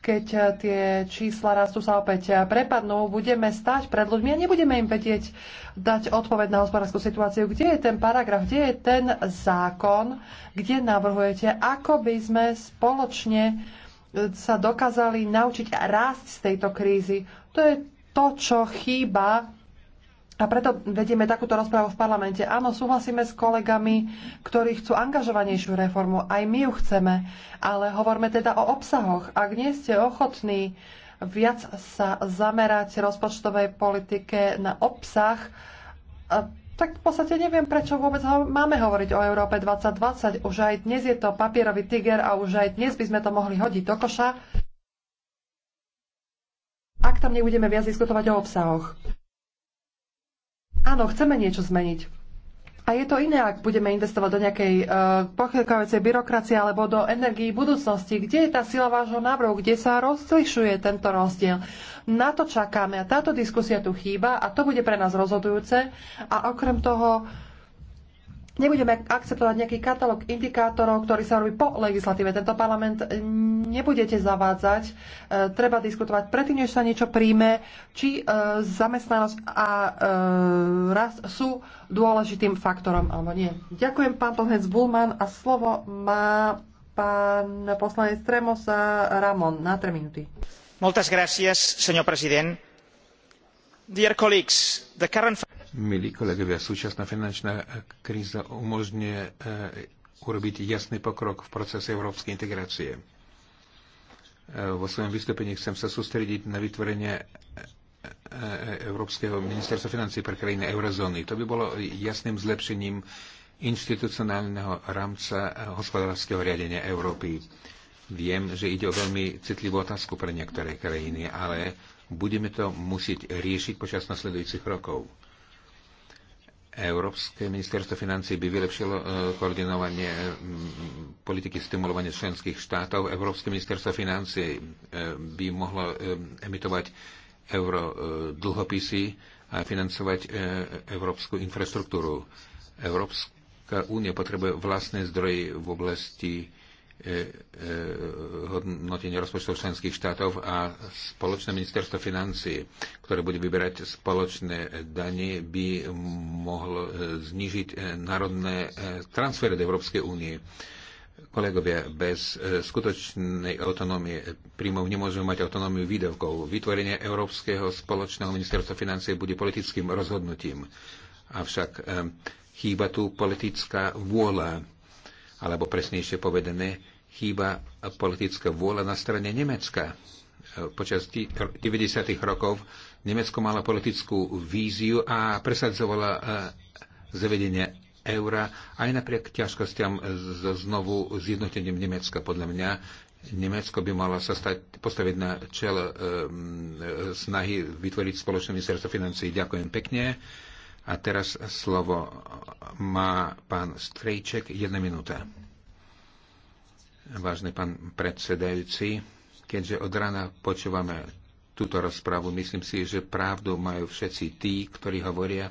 keď eh, tie čísla rastú sa opäť eh, prepadnú, budeme stať pred ľuďmi a nebudeme im vedieť dať odpoveď na hospodárskú situáciu. Kde je ten paragraf, kde je ten zákon, kde navrhujete, ako by sme spoločne eh, sa dokázali naučiť rásť z tejto krízy. To je to, čo chýba a preto vedieme takúto rozprávu v parlamente. Áno, súhlasíme s kolegami, ktorí chcú angažovanejšiu reformu. Aj my ju chceme. Ale hovorme teda o obsahoch. Ak nie ste ochotní viac sa zamerať rozpočtovej politike na obsah, tak v podstate neviem, prečo vôbec ho- máme hovoriť o Európe 2020. Už aj dnes je to papierový tiger a už aj dnes by sme to mohli hodiť do koša, ak tam nebudeme viac diskutovať o obsahoch. Áno, chceme niečo zmeniť. A je to iné, ak budeme investovať do nejakej uh, e, pochylkávacej byrokracie alebo do energií budúcnosti. Kde je tá sila vášho návrhu? Kde sa rozlišuje tento rozdiel? Na to čakáme a táto diskusia tu chýba a to bude pre nás rozhodujúce. A okrem toho Nebudeme akceptovať nejaký katalóg indikátorov, ktorý sa robí po legislatíve. Tento parlament nebudete zavádzať. E, treba diskutovať predtým, než sa niečo príjme, či e, zamestnanosť a e, rast sú dôležitým faktorom alebo nie. Ďakujem pán poslanec Bulman a slovo má pán poslanec Tremosa Ramon na 3 minúty. Moltes gracias, señor president. Dear colleagues, the current... Milí kolegovia, súčasná finančná kríza umožňuje eh, urobiť jasný pokrok v procese európskej integrácie. Eh, vo svojom vystúpení chcem sa sústrediť na vytvorenie eh, Európskeho ministerstva financí pre krajiny eurozóny. To by bolo jasným zlepšením institucionálneho rámca hospodárskeho riadenia Európy. Viem, že ide o veľmi citlivú otázku pre niektoré krajiny, ale budeme to musieť riešiť počas nasledujúcich rokov. Európske ministerstvo financí by vylepšilo e, koordinovanie politiky stimulovania členských štátov. Európske ministerstvo financí e, by mohlo e, emitovať euro dlhopisy a financovať európsku infraštruktúru. Európska únia potrebuje vlastné zdroje v oblasti E, e, hodnotenie rozpočtov členských štátov a spoločné ministerstvo financí, ktoré bude vyberať spoločné dane, by mohlo e, znižiť národné transfery do Európskej únie. Kolegovia, bez skutočnej autonómie príjmov nemôžeme mať autonómiu výdavkov. Vytvorenie Európskeho spoločného ministerstva financie bude politickým rozhodnutím. Avšak chýba tu politická vôľa alebo presnejšie povedané, chýba politická vôľa na strane Nemecka. E, počas 90. rokov Nemecko mala politickú víziu a presadzovala e, zavedenie eura aj napriek ťažkostiam so znovu zjednotením Nemecka. Podľa mňa Nemecko by malo sa stať, postaviť na čel e, e, snahy vytvoriť spoločné ministerstvo financí. Ďakujem pekne. A teraz slovo má pán Strejček, jedna minúta. Vážny pán predsedajúci, keďže od rána počúvame túto rozpravu, myslím si, že pravdu majú všetci tí, ktorí hovoria,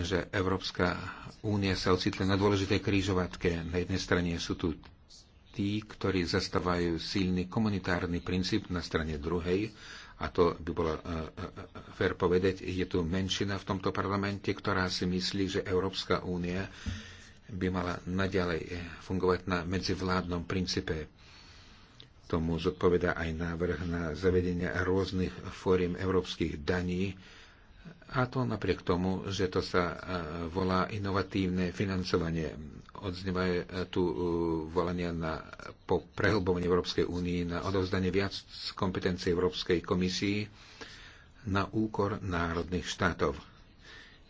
že Európska únia sa ocitla na dôležitej krížovatke. Na jednej strane sú tu tí, ktorí zastávajú silný komunitárny princíp, na strane druhej a to by bolo e, e, e, fér povedať, je tu menšina v tomto parlamente, ktorá si myslí, že Európska únia by mala naďalej fungovať na medzivládnom princípe. Tomu zodpoveda aj návrh na zavedenie rôznych fóriem európskych daní, a to napriek tomu, že to sa e, volá inovatívne financovanie. Odznievajú e, tu e, volania na, po prehlbovaní Európskej únii na odovzdanie viac kompetencií Európskej komisii na úkor národných štátov.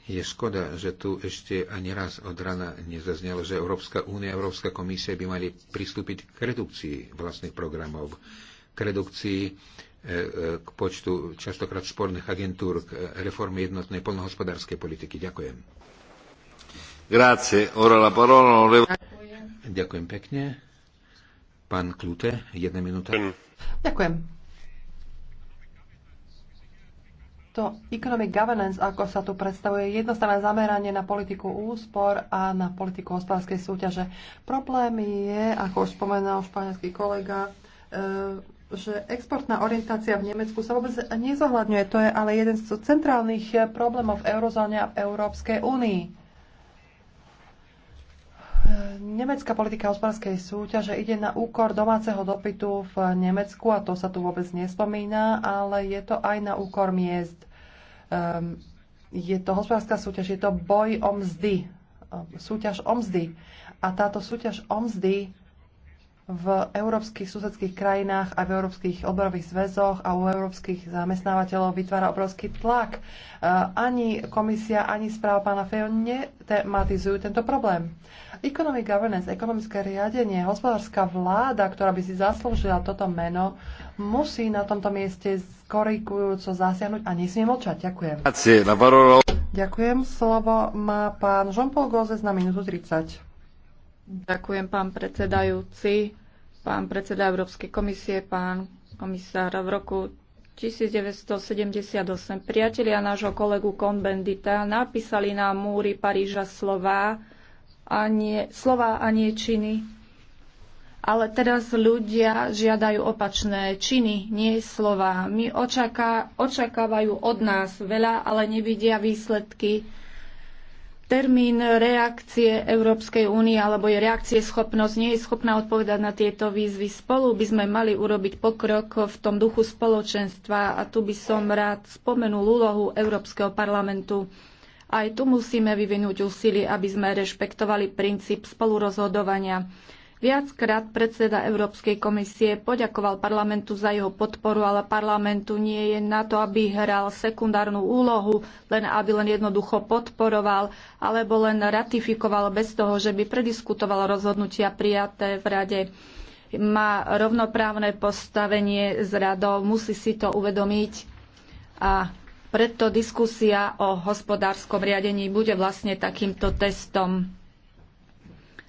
Je škoda, že tu ešte ani raz od rana nezaznelo, že Európska únia a Európska komisia by mali pristúpiť k redukcii vlastných programov, k redukcii E, k počtu častokrát sporných agentúr k e, reforme jednotnej polnohospodárskej politiky. Ďakujem. Grazie. Ora la parola. Ďakujem pekne. Pán Klute, jedna minúta. Ďakujem. To economic governance, ako sa tu predstavuje, je jednostavné zameranie na politiku úspor a na politiku hospodárskej súťaže. Problém je, ako už spomenal španielský kolega, e, že exportná orientácia v Nemecku sa vôbec nezohľadňuje. To je ale jeden z centrálnych problémov v eurozóne a v Európskej únii. Nemecká politika hospodárskej súťaže ide na úkor domáceho dopytu v Nemecku a to sa tu vôbec nespomína, ale je to aj na úkor miest. Ehm, je to hospodárska súťaž, je to boj o mzdy, ehm, súťaž o mzdy. A táto súťaž o mzdy v európskych susedských krajinách a v európskych odborových zväzoch a u európskych zamestnávateľov vytvára obrovský tlak. E, ani komisia, ani správa pána Fejo netematizujú tento problém. Economic governance, ekonomické riadenie, hospodárska vláda, ktorá by si zaslúžila toto meno, musí na tomto mieste skorikujúco zasiahnuť a nesmie močať. Ďakujem. Ďakujem. Slovo má pán Jean-Paul Gozes na minútu 30. Ďakujem, pán predsedajúci, pán predseda Európskej komisie, pán komisár. V roku 1978 priatelia nášho kolegu Konbendita napísali na múry Paríža slova a nie, slova a nie činy. Ale teraz ľudia žiadajú opačné činy, nie slova. My očaká, očakávajú od nás veľa, ale nevidia výsledky termín reakcie Európskej únie alebo je reakcie schopnosť nie je schopná odpovedať na tieto výzvy. Spolu by sme mali urobiť pokrok v tom duchu spoločenstva a tu by som rád spomenul úlohu Európskeho parlamentu. Aj tu musíme vyvinúť úsilie, aby sme rešpektovali princíp spolurozhodovania. Viackrát predseda Európskej komisie poďakoval parlamentu za jeho podporu, ale parlamentu nie je na to, aby hral sekundárnu úlohu, len aby len jednoducho podporoval alebo len ratifikoval bez toho, že by prediskutoval rozhodnutia prijaté v rade má rovnoprávne postavenie s radou, musí si to uvedomiť a preto diskusia o hospodárskom riadení bude vlastne takýmto testom.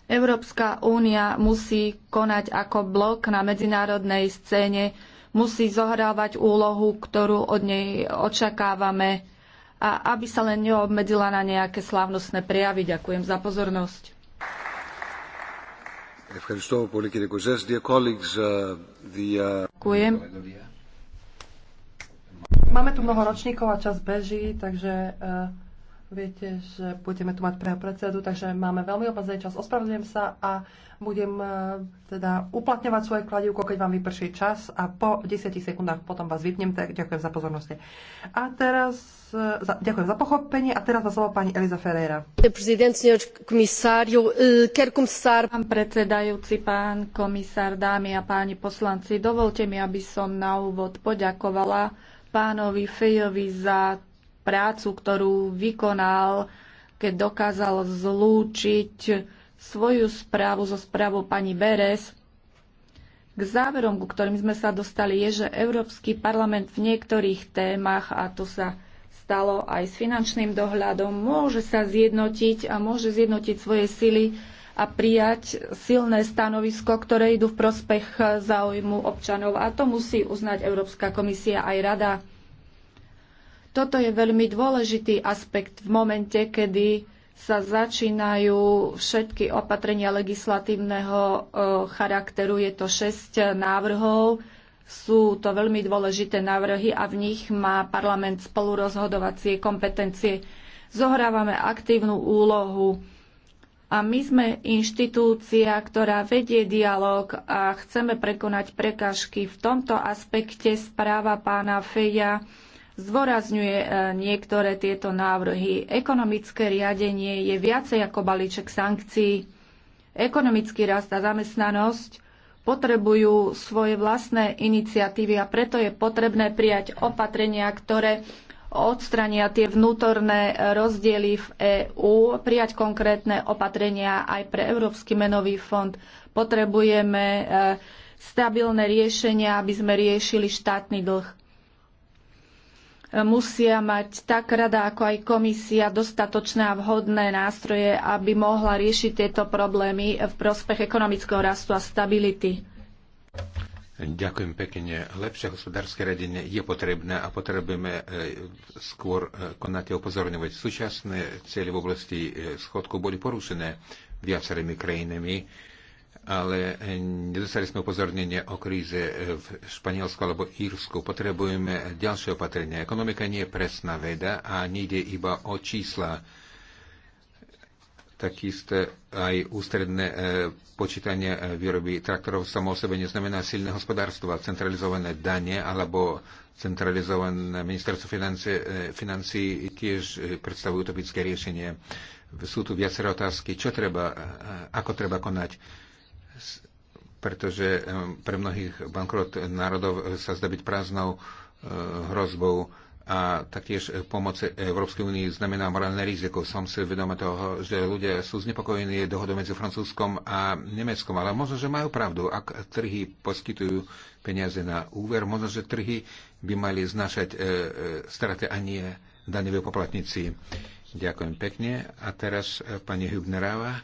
Európska únia musí konať ako blok na medzinárodnej scéne, musí zohrávať úlohu, ktorú od nej očakávame a aby sa len neobmedzila na nejaké slávnostné prejavy. Ďakujem za pozornosť. Uh, uh, ďakujem. Máme tu mnoho ročníkov a čas beží, takže uh, Viete, že budeme tu mať prvého predsedu, takže máme veľmi obmedzený čas. Ospravedlňujem sa a budem e, teda uplatňovať svoje kladivko, keď vám vyprší čas a po 10 sekundách potom vás vypnem. Tak ďakujem za pozornosť. A teraz e, za, ďakujem za pochopenie a teraz na slovo pani Eliza Ferreira. E, pán predsedajúci, pán komisár, dámy a páni poslanci, dovolte mi, aby som na úvod poďakovala pánovi Fejovi za prácu, ktorú vykonal, keď dokázal zlúčiť svoju správu so správou pani Beres. K záverom, ku ktorým sme sa dostali, je, že Európsky parlament v niektorých témach, a to sa stalo aj s finančným dohľadom, môže sa zjednotiť a môže zjednotiť svoje sily a prijať silné stanovisko, ktoré idú v prospech záujmu občanov. A to musí uznať Európska komisia aj Rada. Toto je veľmi dôležitý aspekt v momente, kedy sa začínajú všetky opatrenia legislatívneho e, charakteru. Je to 6 návrhov. Sú to veľmi dôležité návrhy a v nich má parlament spolurozhodovacie kompetencie. Zohrávame aktívnu úlohu a my sme inštitúcia, ktorá vedie dialog a chceme prekonať prekažky. V tomto aspekte správa pána Feja zdôrazňuje e, niektoré tieto návrhy. Ekonomické riadenie je viacej ako balíček sankcií. Ekonomický rast a zamestnanosť potrebujú svoje vlastné iniciatívy a preto je potrebné prijať opatrenia, ktoré odstrania tie vnútorné rozdiely v EÚ, prijať konkrétne opatrenia aj pre Európsky menový fond. Potrebujeme e, stabilné riešenia, aby sme riešili štátny dlh musia mať tak rada ako aj komisia dostatočné a vhodné nástroje, aby mohla riešiť tieto problémy v prospech ekonomického rastu a stability. Ďakujem pekne. Lepšie hospodárske radenie je potrebné a potrebujeme e, skôr e, konať a upozorňovať. Súčasné cieľe v oblasti e, schodku boli porušené viacerými krajinami ale eh, nedostali sme upozornenie o kríze eh, v Španielsku alebo Írsku. Potrebujeme ďalšie opatrenia. Ekonomika nie je presná veda a nejde iba o čísla. Takisto aj ústredné eh, počítanie výroby traktorov samo o sebe neznamená silné hospodárstvo a centralizované dane alebo centralizované ministerstvo financí tiež predstavujú utopické riešenie. Sú tu viaceré otázky, čo treba, ako treba konať pretože ehm, pre mnohých bankrot národov eh, sa zdá byť prázdnou eh, hrozbou a taktiež eh, pomoc Európskej únii znamená morálne riziko. Som si vedomý toho, že ľudia sú znepokojení dohodou medzi Francúzskom a Nemeckom, ale možno, že majú pravdu. Ak trhy poskytujú peniaze na úver, možno, že trhy by mali znašať e, e, straty a nie daňové poplatníci. Ďakujem pekne. A teraz pani Hübnerová.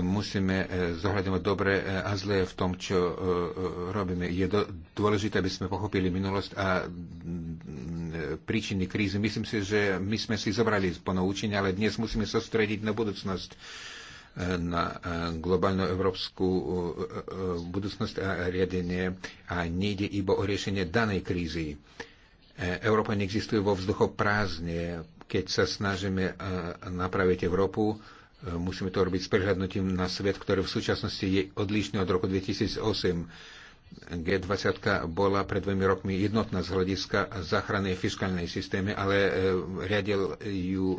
Musíme e, zohľadňovať dobre a zlé v tom, čo e, e, robíme. Je dôležité, aby sme pochopili minulosť a príčiny krízy. Myslím si, že my sme si zobrali ponaučenie, ale dnes musíme sa strediť na budúcnosť na globálnu európsku budúcnosť a riadenie a nejde iba o riešenie danej krízy. Európa neexistuje vo vzduchu prázdne. Keď sa snažíme napraviť Európu, Musíme to robiť s prehľadnutím na svet, ktorý v súčasnosti je odlišný od roku 2008. G20 bola pred dvomi rokmi jednotná z hľadiska záchrany fiskálnej systémy, ale e, riadil ju e,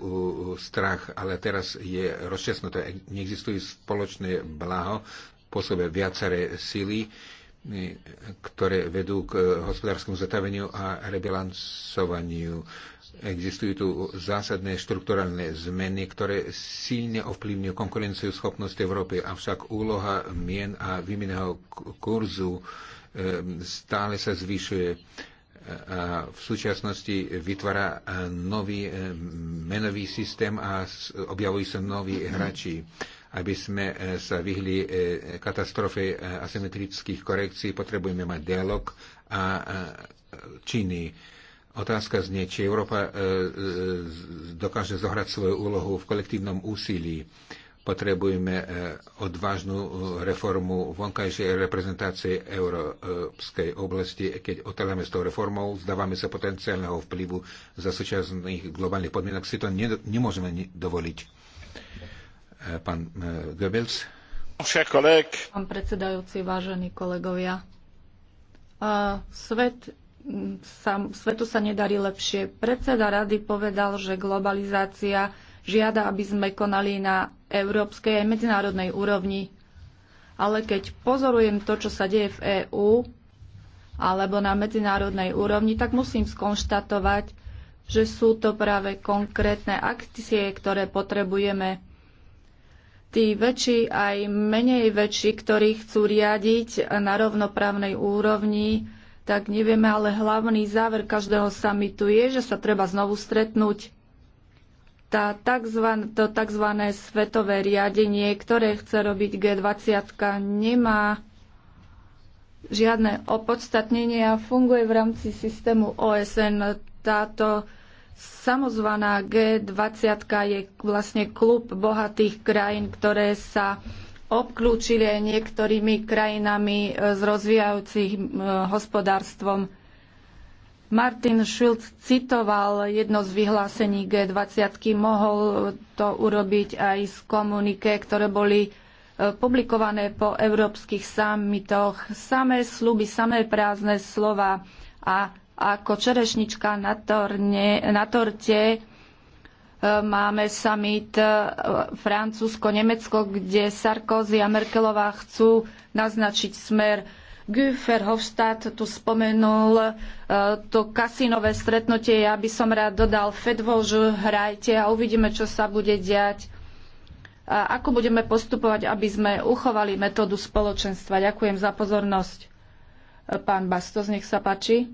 strach, ale teraz je rozčasnuté. Neexistuje spoločné blaho, pôsobe viaceré síly, e, ktoré vedú k hospodárskému zataveniu a rebilancovaniu. Existujú tu zásadné štrukturálne zmeny, ktoré silne ovplyvňujú konkurenciu schopnosti Európy, avšak úloha mien a výmenného kurzu e, stále sa zvyšuje a v súčasnosti vytvára e, nový e, menový systém a objavujú sa noví hráči. Aby sme sa vyhli katastrofe asymetrických korekcií, potrebujeme mať dialog a činy Otázka znie, či Európa e, e, dokáže zohrať svoju úlohu v kolektívnom úsilí. Potrebujeme e, odvážnu reformu vonkajšej reprezentácie európskej oblasti. Keď otáľame s tou reformou, zdávame sa potenciálneho vplyvu za súčasných globálnych podmienok. Si to nemôžeme dovoliť. Pán Goebbels. Pán predsedajúci, vážení kolegovia, svet sa, svetu sa nedarí lepšie. Predseda rady povedal, že globalizácia žiada, aby sme konali na európskej aj medzinárodnej úrovni. Ale keď pozorujem to, čo sa deje v EÚ alebo na medzinárodnej úrovni, tak musím skonštatovať, že sú to práve konkrétne akcie, ktoré potrebujeme tí väčší aj menej väčší, ktorí chcú riadiť na rovnoprávnej úrovni tak nevieme, ale hlavný záver každého samitu je, že sa treba znovu stretnúť. Tá tzv, to tzv. svetové riadenie, ktoré chce robiť G20, nemá žiadne opodstatnenie a funguje v rámci systému OSN. Táto samozvaná G20 je vlastne klub bohatých krajín, ktoré sa obklúčili aj niektorými krajinami e, s rozvíjajúcich e, hospodárstvom. Martin Schulz citoval jedno z vyhlásení G20, mohol to urobiť aj z komuniké, ktoré boli e, publikované po európskych samitoch. Samé sluby, samé prázdne slova a ako čerešnička na, torne, na torte máme summit e, Francúzsko-Nemecko, kde Sarkozy a Merkelová chcú naznačiť smer. Güfer Hofstadt tu spomenul e, to kasinové stretnutie. Ja by som rád dodal Fedvož, hrajte a uvidíme, čo sa bude diať. A ako budeme postupovať, aby sme uchovali metódu spoločenstva. Ďakujem za pozornosť. E, pán Bastos, nech sa páči.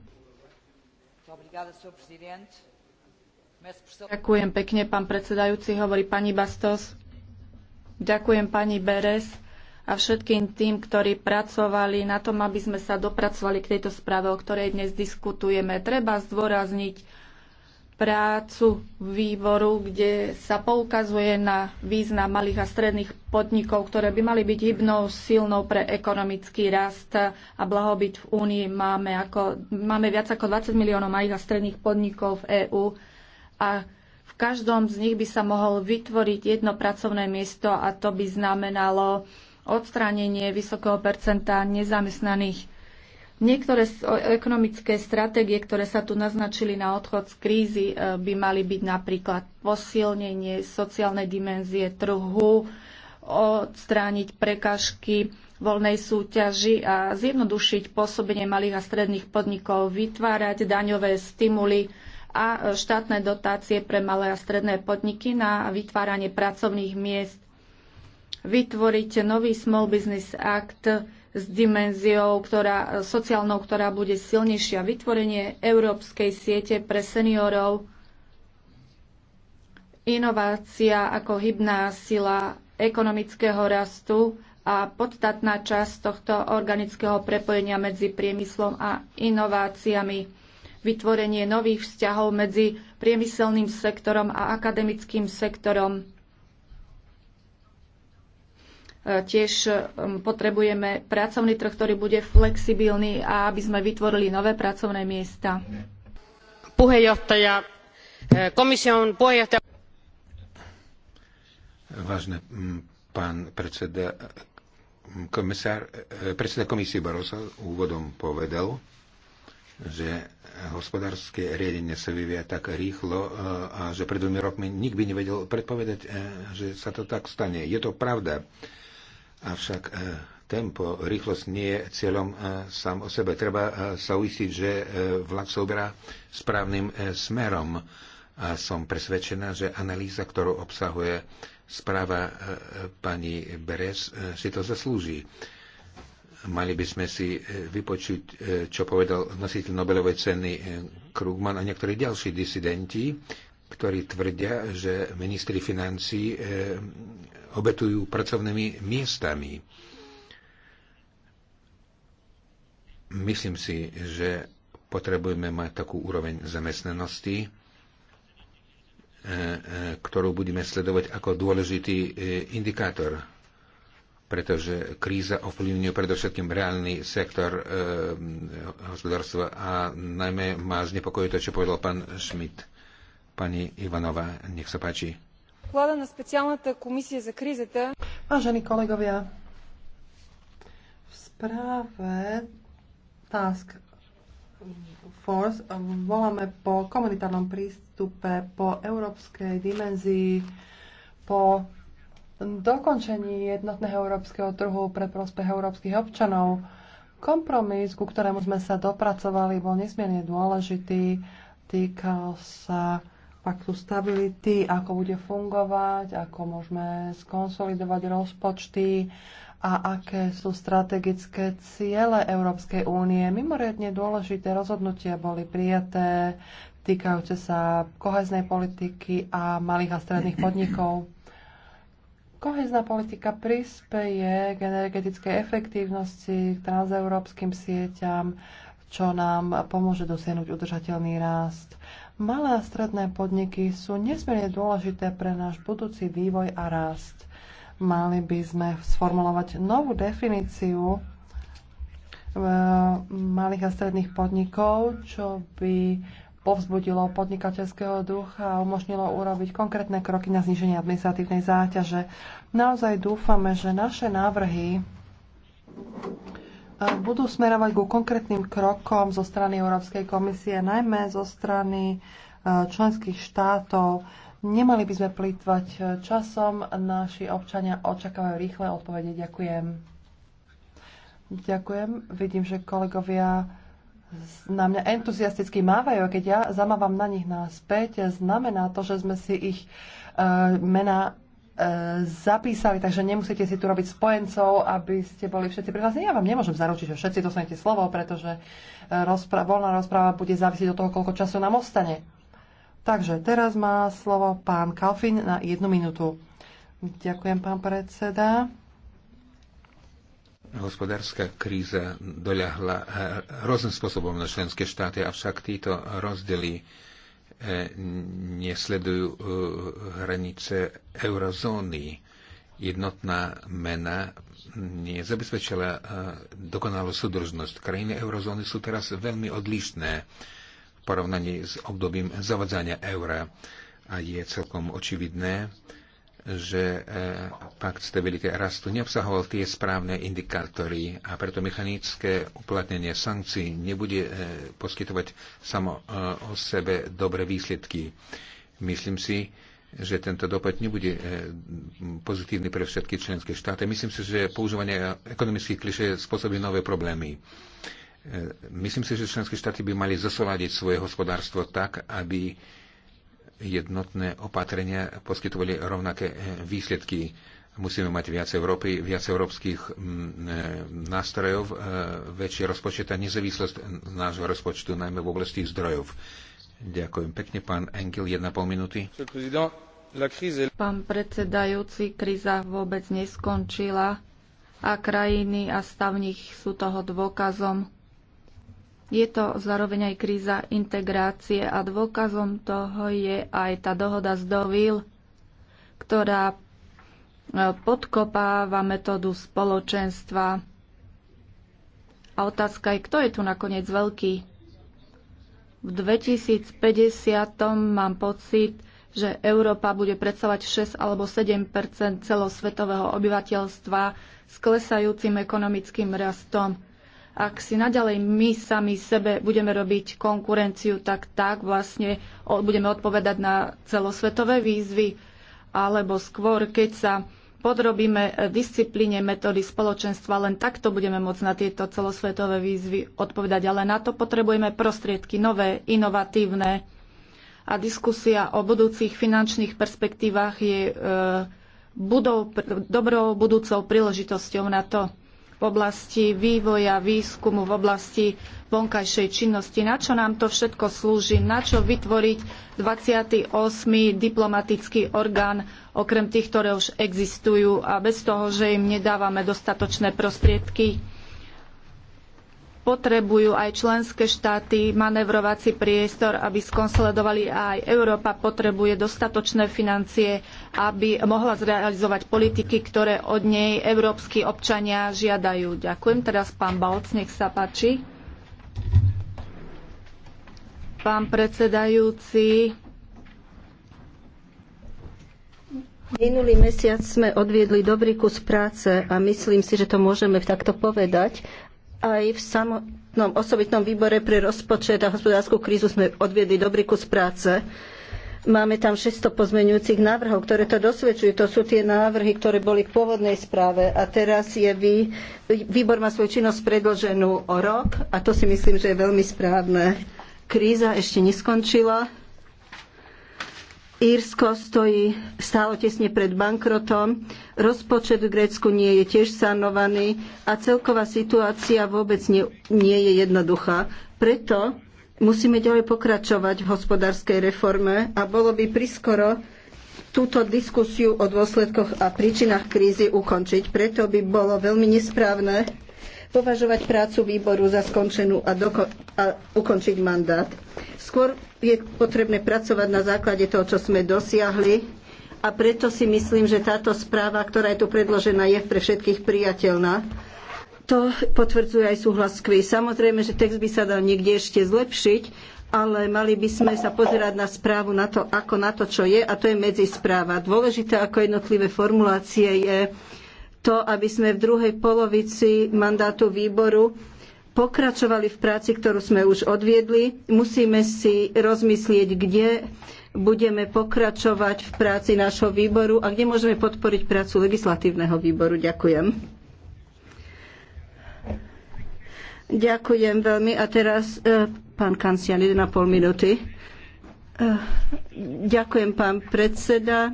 Ďakujem pekne, pán predsedajúci, hovorí pani Bastos. Ďakujem pani Beres a všetkým tým, ktorí pracovali na tom, aby sme sa dopracovali k tejto správe, o ktorej dnes diskutujeme. Treba zdôrazniť, prácu výboru, kde sa poukazuje na význam malých a stredných podnikov, ktoré by mali byť hybnou silnou pre ekonomický rast a blahobyt v Únii. Máme, ako, máme viac ako 20 miliónov malých a stredných podnikov v EÚ a v každom z nich by sa mohol vytvoriť jedno pracovné miesto a to by znamenalo odstránenie vysokého percenta nezamestnaných. Niektoré ekonomické stratégie, ktoré sa tu naznačili na odchod z krízy, e, by mali byť napríklad posilnenie sociálnej dimenzie trhu, odstrániť prekažky voľnej súťaži a zjednodušiť pôsobenie malých a stredných podnikov, vytvárať daňové stimuly, a e, štátne dotácie pre malé a stredné podniky na vytváranie pracovných miest. Vytvoriť nový Small Business Act s dimenziou ktorá, e, sociálnou, ktorá bude silnejšia. Vytvorenie európskej siete pre seniorov, inovácia ako hybná sila ekonomického rastu a podstatná časť tohto organického prepojenia medzi priemyslom a inováciami vytvorenie nových vzťahov medzi priemyselným sektorom a akademickým sektorom. E, tiež e, potrebujeme pracovný trh, ktorý bude flexibilný a aby sme vytvorili nové pracovné miesta. E, Vážne pán predseda, komisár, predseda komisie Barosa úvodom povedal, že hospodárske riadenie sa vyvíja tak rýchlo e, a že pred dvomi rokmi nik by nevedel predpovedať, e, že sa to tak stane. Je to pravda. Avšak e, tempo, rýchlosť nie je cieľom sám o sebe. Treba sa uistiť, že vlak sa uberá správnym smerom. A som presvedčená, že analýza, ktorú obsahuje správa pani Beres, si to zaslúži. Mali by sme si e, vypočuť, e, čo povedal nositeľ Nobelovej ceny e, Krugman a niektorí ďalší disidenti, ktorí tvrdia, že ministri financí obetujú pracovnými miestami. Myslím si, že potrebujeme mať takú úroveň zamestnanosti, ktorú budeme sledovať ako dôležitý indikátor pretože kríza ovplyvňuje predovšetkým reálny sektor e, hospodárstva a najmä má znepokojuje to, čo povedal pán Schmidt. Pani Ivanová, nech sa páči. Vláda na špeciálna komisie za krízete. Vážení kolegovia, v správe Task Force voláme po komunitárnom prístupe, po európskej dimenzii, po dokončení jednotného európskeho trhu pre prospech európskych občanov. Kompromis, ku ktorému sme sa dopracovali, bol nesmierne dôležitý. Týkal sa paktu stability, ako bude fungovať, ako môžeme skonsolidovať rozpočty a aké sú strategické ciele Európskej únie. Mimoriadne dôležité rozhodnutia boli prijaté týkajúce sa koheznej politiky a malých a stredných podnikov Kohezná politika prispeje k energetickej efektívnosti, k transeurópskym sieťam, čo nám pomôže dosiahnuť udržateľný rast. Malé a stredné podniky sú nesmierne dôležité pre náš budúci vývoj a rast. Mali by sme sformulovať novú definíciu e, malých a stredných podnikov, čo by povzbudilo podnikateľského ducha a umožnilo urobiť konkrétne kroky na zniženie administratívnej záťaže. Naozaj dúfame, že naše návrhy eh, budú smerovať ku konkrétnym krokom zo strany Európskej komisie, najmä zo strany eh, členských štátov. Nemali by sme plýtvať eh, časom, naši občania očakávajú rýchle odpovede. Ďakujem. Ďakujem. Vidím, že kolegovia na mňa entuziasticky mávajú keď ja zamávam na nich náspäť, znamená to, že sme si ich uh, mená e, zapísali, takže nemusíte si tu robiť spojencov, aby ste boli všetci prihlásení. Ja vám nemôžem zaručiť, že všetci dostanete slovo, pretože e, rozpra- voľná rozpráva bude závisieť od toho, koľko času nám ostane. Takže teraz má slovo pán Kalfin na jednu minútu. Ďakujem, pán predseda hospodárska kríza doľahla eh, rôznym spôsobom na členské štáty, avšak títo rozdely eh, nesledujú eh, hranice eurozóny. Jednotná mena nezabezpečila dokonalú súdržnosť. Krajiny eurozóny sú teraz veľmi odlišné v porovnaní s obdobím zavadzania eura a je celkom očividné, že e, pakt stability a rastu neobsahoval tie správne indikátory a preto mechanické uplatnenie sankcií nebude e, poskytovať samo e, o sebe dobré výsledky. Myslím si, že tento dopad nebude pozitívny pre všetky členské štáty. Myslím si, že používanie ekonomických klišé spôsobí nové problémy. Myslím si, že členské štáty by mali zosúľadiť svoje hospodárstvo tak, aby jednotné opatrenia poskytovali rovnaké eh, výsledky. Musíme mať viac Európy, viac európskych mm, eh, nástrojov, eh, väčšie rozpočet a nezávislosť nášho rozpočtu, najmä v oblasti zdrojov. Ďakujem pekne, pán Engel, jedna pol minúty. Pán predsedajúci, kríza vôbec neskončila a krajiny a stavných sú toho dôkazom. Je to zároveň aj kríza integrácie a dôkazom toho je aj tá dohoda z Dovil, ktorá e, podkopáva metódu spoločenstva. A otázka je, kto je tu nakoniec veľký. V 2050 mám pocit, že Európa bude predstavať 6 alebo 7 celosvetového obyvateľstva s klesajúcim ekonomickým rastom ak si naďalej my sami sebe budeme robiť konkurenciu, tak tak vlastne budeme odpovedať na celosvetové výzvy, alebo skôr, keď sa podrobíme disciplíne metódy spoločenstva, len takto budeme môcť na tieto celosvetové výzvy odpovedať. Ale na to potrebujeme prostriedky nové, inovatívne. A diskusia o budúcich finančných perspektívach je e, budou, dobrou budúcou príležitosťou na to v oblasti vývoja, výskumu, v oblasti vonkajšej činnosti. Na čo nám to všetko slúži? Na čo vytvoriť 28. diplomatický orgán, okrem tých, ktoré už existujú a bez toho, že im nedávame dostatočné prostriedky? potrebujú aj členské štáty manevrovací priestor, aby skonsolidovali a aj Európa potrebuje dostatočné financie, aby mohla zrealizovať politiky, ktoré od nej európsky občania žiadajú. Ďakujem. Teraz pán Balc, nech sa páči. Pán predsedajúci, Minulý mesiac sme odviedli dobrý kus práce a myslím si, že to môžeme takto povedať. Aj v samotnom osobitnom výbore pre rozpočet a hospodárskú krízu sme odviedli dobrý kus práce. Máme tam 600 pozmeňujúcich návrhov, ktoré to dosvedčujú. To sú tie návrhy, ktoré boli v pôvodnej správe. A teraz je vý... výbor má svoju činnosť predloženú o rok a to si myslím, že je veľmi správne. Kríza ešte neskončila Írsko stojí stále tesne pred bankrotom, rozpočet v Grécku nie je tiež sanovaný a celková situácia vôbec nie, nie je jednoduchá. Preto musíme ďalej pokračovať v hospodárskej reforme a bolo by priskoro túto diskusiu o dôsledkoch a príčinách krízy ukončiť. Preto by bolo veľmi nesprávne považovať prácu výboru za skončenú a, doko- a ukončiť mandát. Skôr je potrebné pracovať na základe toho, čo sme dosiahli a preto si myslím, že táto správa, ktorá je tu predložená, je pre všetkých priateľná. To potvrdzuje aj súhlas KVI. Samozrejme, že text by sa dal niekde ešte zlepšiť, ale mali by sme sa pozerať na správu na to, ako na to, čo je, a to je medzisspráva. Dôležité ako jednotlivé formulácie je, to, aby sme v druhej polovici mandátu výboru pokračovali v práci, ktorú sme už odviedli. Musíme si rozmyslieť, kde budeme pokračovať v práci nášho výboru a kde môžeme podporiť prácu legislatívneho výboru. Ďakujem. Ďakujem veľmi. A teraz e, pán Kancian, 1,5 minúty. E, ďakujem, pán predseda.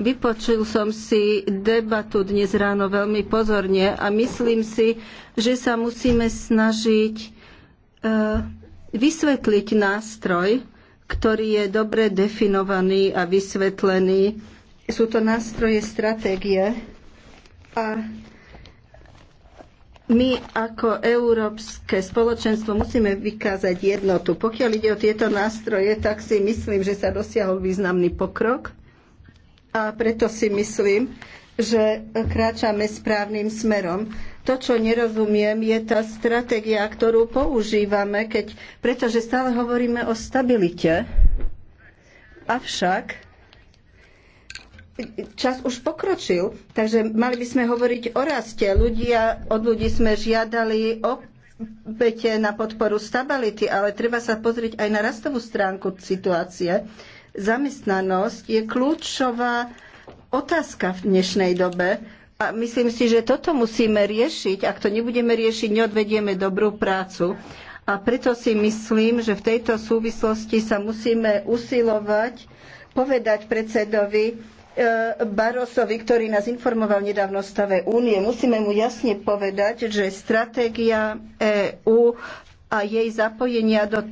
Vypočul som si debatu dnes ráno veľmi pozorne a myslím si, že sa musíme snažiť e, vysvetliť nástroj, ktorý je dobre definovaný a vysvetlený. Sú to nástroje stratégie a my ako európske spoločenstvo musíme vykázať jednotu. Pokiaľ ide o tieto nástroje, tak si myslím, že sa dosiahol významný pokrok a preto si myslím, že kráčame správnym smerom. To, čo nerozumiem, je tá stratégia, ktorú používame, keď, pretože stále hovoríme o stabilite. Avšak čas už pokročil, takže mali by sme hovoriť o raste. Ľudia, od ľudí sme žiadali o na podporu stability, ale treba sa pozrieť aj na rastovú stránku situácie Zamestnanosť je kľúčová otázka v dnešnej dobe a myslím si, že toto musíme riešiť. Ak to nebudeme riešiť, neodvedieme dobrú prácu. A preto si myslím, že v tejto súvislosti sa musíme usilovať povedať predsedovi e, Barosovi, ktorý nás informoval nedávno o stave únie, musíme mu jasne povedať, že stratégia EÚ a jej zapojenia do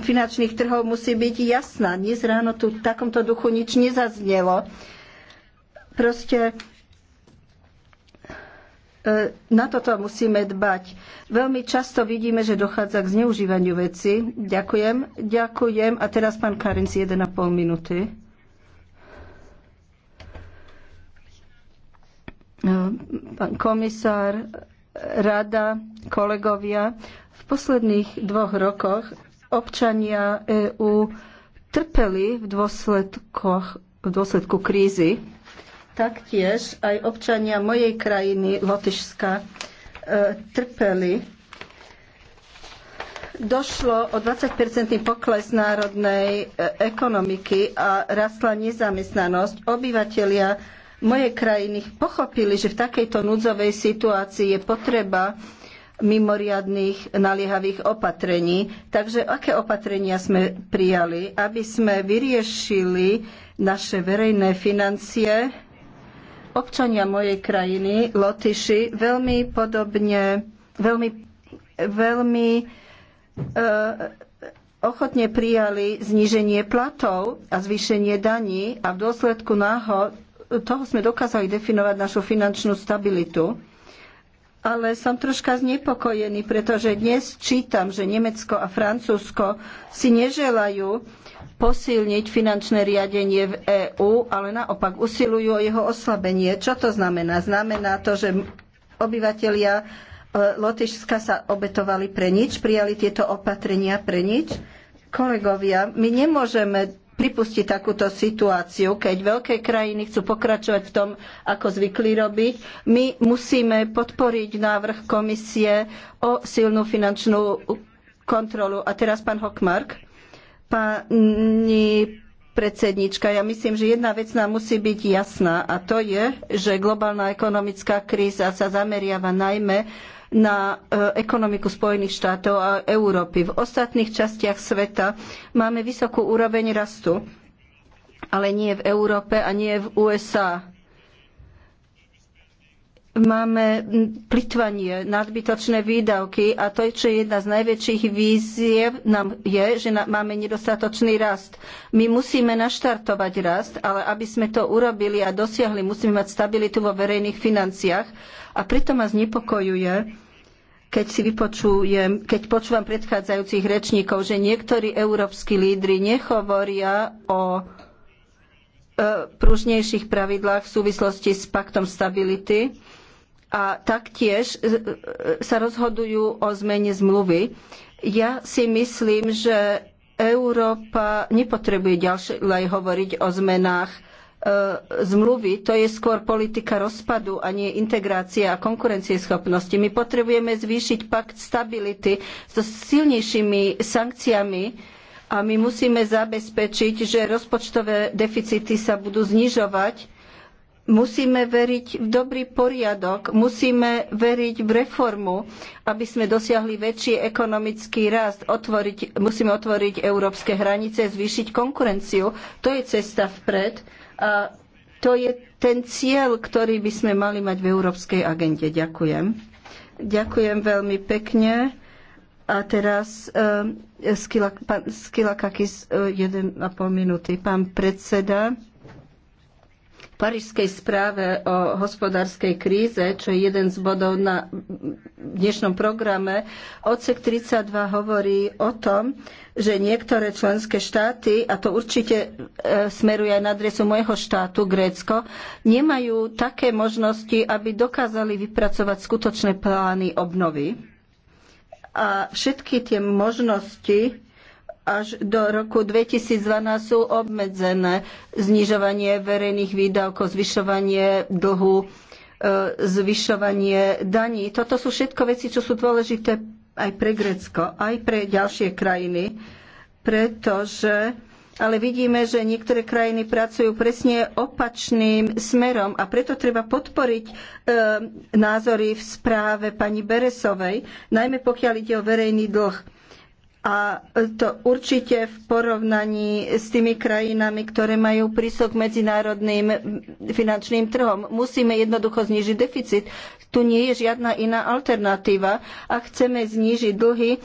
finančných trhov musí byť jasná. Dnes ráno tu v takomto duchu nič nezaznelo. Proste e, na toto musíme dbať. Veľmi často vidíme, že dochádza k zneužívaniu veci. Ďakujem, ďakujem. A teraz pán Karin z 1,5 minúty. E, pán komisár, rada, kolegovia. V posledných dvoch rokoch občania EÚ trpeli v, v dôsledku krízy. Taktiež aj občania mojej krajiny, Lotyšska, e, trpeli. Došlo o 20-percentný pokles národnej e, ekonomiky a rastla nezamestnanosť. Obyvatelia mojej krajiny pochopili, že v takejto núdzovej situácii je potreba mimoriadných naliehavých opatrení. Takže aké opatrenia sme prijali, aby sme vyriešili naše verejné financie? Občania mojej krajiny, Lotyši, veľmi podobne, veľmi, veľmi e, ochotne prijali zníženie platov a zvýšenie daní a v dôsledku náho toho sme dokázali definovať našu finančnú stabilitu ale som troška znepokojený, pretože dnes čítam, že Nemecko a Francúzsko si neželajú posilniť finančné riadenie v EÚ, ale naopak usilujú o jeho oslabenie. Čo to znamená? Znamená to, že obyvatelia e, Lotyšska sa obetovali pre nič, prijali tieto opatrenia pre nič. Kolegovia, my nemôžeme pripustiť takúto situáciu, keď veľké krajiny chcú pokračovať v tom, ako zvykli robiť. My musíme podporiť návrh komisie o silnú finančnú kontrolu. A teraz pán Hockmark. Pani predsednička, ja myslím, že jedna vec nám musí byť jasná a to je, že globálna ekonomická kríza sa zameriava najmä na e, ekonomiku Spojených štátov a Európy. V ostatných častiach sveta máme vysokú úroveň rastu, ale nie v Európe a nie v USA. Máme plitvanie, nadbytočné výdavky a to, čo je jedna z najväčších víziev nám je, že máme nedostatočný rast. My musíme naštartovať rast, ale aby sme to urobili a dosiahli, musíme mať stabilitu vo verejných financiách. A preto ma znepokojuje, keď si vypočujem, keď počúvam predchádzajúcich rečníkov, že niektorí európski lídry nehovoria o e, pružnejších pravidlách v súvislosti s paktom stability a taktiež e, e, sa rozhodujú o zmene zmluvy. Ja si myslím, že Európa nepotrebuje ďalej hovoriť o zmenách E, zmluvy, to je skôr politika rozpadu a nie integrácie a konkurencieschopnosti. My potrebujeme zvýšiť pakt stability so silnejšími sankciami a my musíme zabezpečiť, že rozpočtové deficity sa budú znižovať. Musíme veriť v dobrý poriadok, musíme veriť v reformu, aby sme dosiahli väčší ekonomický rast. Otvoriť, musíme otvoriť európske hranice, zvýšiť konkurenciu. To je cesta vpred a to je ten cieľ, ktorý by sme mali mať v európskej agende. Ďakujem. Ďakujem veľmi pekne. A teraz uh, Kakis, uh, pol minúty. Pán predseda, parížskej správe o hospodárskej kríze, čo je jeden z bodov na dnešnom programe, odsek 32 hovorí o tom, že niektoré členské štáty, a to určite e, smeruje aj na adresu môjho štátu, Grécko, nemajú také možnosti, aby dokázali vypracovať skutočné plány obnovy. A všetky tie možnosti až do roku 2012 sú obmedzené znižovanie verejných výdavkov, zvyšovanie dlhu, e, zvyšovanie daní. Toto sú všetko veci, čo sú dôležité aj pre Grécko, aj pre ďalšie krajiny, pretože ale vidíme, že niektoré krajiny pracujú presne opačným smerom a preto treba podporiť e, názory v správe pani Beresovej, najmä pokiaľ ide o verejný dlh a to určite v porovnaní s tými krajinami, ktoré majú prísok medzinárodným finančným trhom. Musíme jednoducho znížiť deficit. Tu nie je žiadna iná alternatíva. Ak chceme znížiť dlhy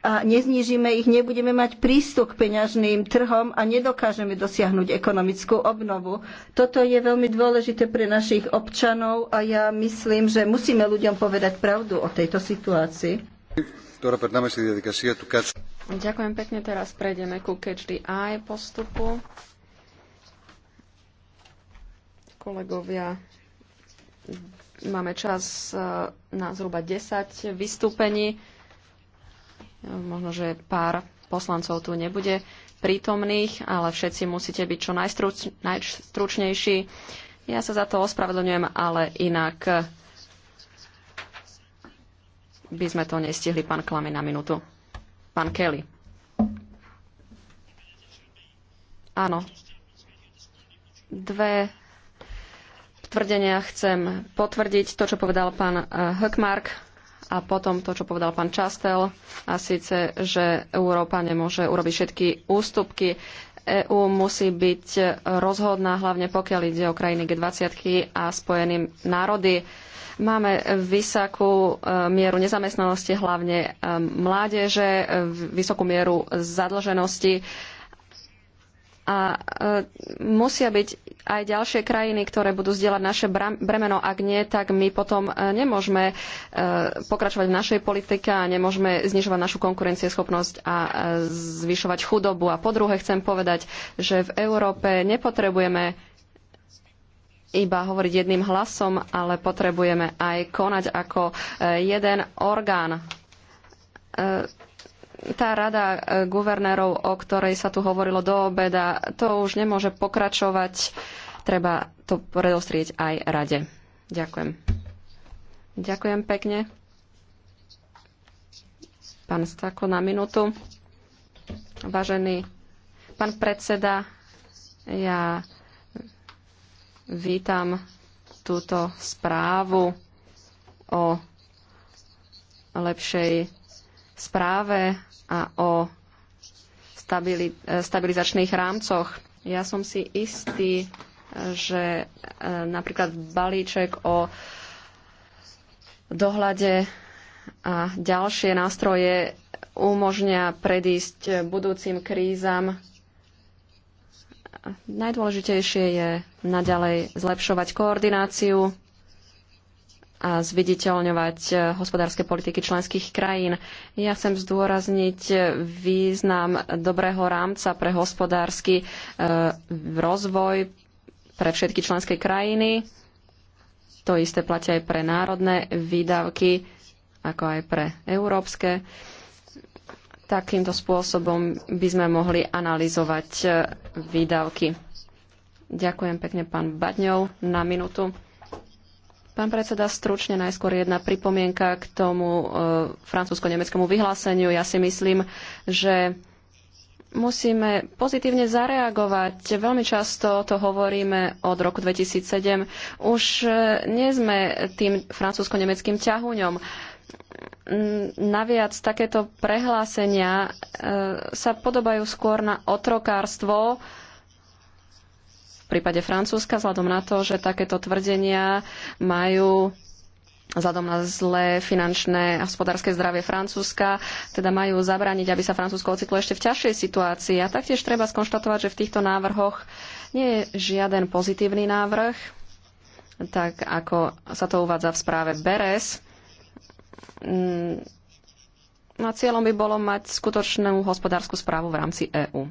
a neznížime ich, nebudeme mať prístup k peňažným trhom a nedokážeme dosiahnuť ekonomickú obnovu. Toto je veľmi dôležité pre našich občanov a ja myslím, že musíme ľuďom povedať pravdu o tejto situácii. Ďakujem pekne, teraz prejdeme ku Catch postupu. Kolegovia, máme čas e, na zhruba 10 vystúpení. E, možno, že pár poslancov tu nebude prítomných, ale všetci musíte byť čo najstručnejší. Ja sa za to ospravedlňujem, ale inak by sme to nestihli, pán Klame, na minútu. Pán Kelly. Áno. Dve tvrdenia chcem potvrdiť. To, čo povedal pán eh, Hökmark a potom to, čo povedal pán Častel, a síce, že Európa nemôže urobiť všetky ústupky. EÚ musí byť rozhodná, hlavne pokiaľ ide o krajiny G20 a Spojené národy Máme vysokú e, mieru nezamestnanosti, hlavne e, mládeže, e, vysokú mieru zadlženosti a musia byť aj ďalšie krajiny, ktoré budú zdieľať naše bremeno. Ak nie, tak my potom nemôžeme pokračovať v našej politike a nemôžeme znižovať našu konkurencieschopnosť a zvyšovať chudobu. A po druhé chcem povedať, že v Európe nepotrebujeme iba hovoriť jedným hlasom, ale potrebujeme aj konať ako e, jeden orgán. E, tá rada e, guvernérov, o ktorej sa tu hovorilo do obeda, to už nemôže pokračovať. Treba to predostrieť aj rade. Ďakujem. Ďakujem pekne. Pán Stako na minútu. Vážený pán predseda, ja Vítam túto správu o lepšej správe a o e, stabilizačných rámcoch. Ja som si istý, že e, napríklad balíček o dohľade a ďalšie nástroje umožňa predísť budúcim krízam. Najdôležitejšie je naďalej zlepšovať koordináciu a zviditeľňovať eh, hospodárske politiky členských krajín. Ja chcem zdôrazniť eh, význam dobrého rámca pre hospodársky eh, rozvoj pre všetky členské krajiny. To isté platia aj pre národné výdavky, ako aj pre európske. Takýmto spôsobom by sme mohli analyzovať výdavky Ďakujem pekne, pán Badňov, na minútu. Pán predseda, stručne najskôr jedna pripomienka k tomu e, francúzsko-nemeckému vyhláseniu. Ja si myslím, že musíme pozitívne zareagovať. Veľmi často to hovoríme od roku 2007. Už e, nie sme tým francúzsko-nemeckým ťahuňom. Naviac takéto prehlásenia e, sa podobajú skôr na otrokárstvo, e, prípade Francúzska, vzhľadom na to, že takéto tvrdenia majú vzhľadom na zlé finančné a hospodárske zdravie Francúzska, teda majú zabrániť, aby sa Francúzsko ocitlo ešte v ťažšej situácii. A taktiež treba skonštatovať, že v týchto návrhoch nie je žiaden pozitívny návrh, tak ako sa to uvádza v správe Beres. Mm, a cieľom by bolo mať skutočnú hospodárskú správu v rámci EÚ.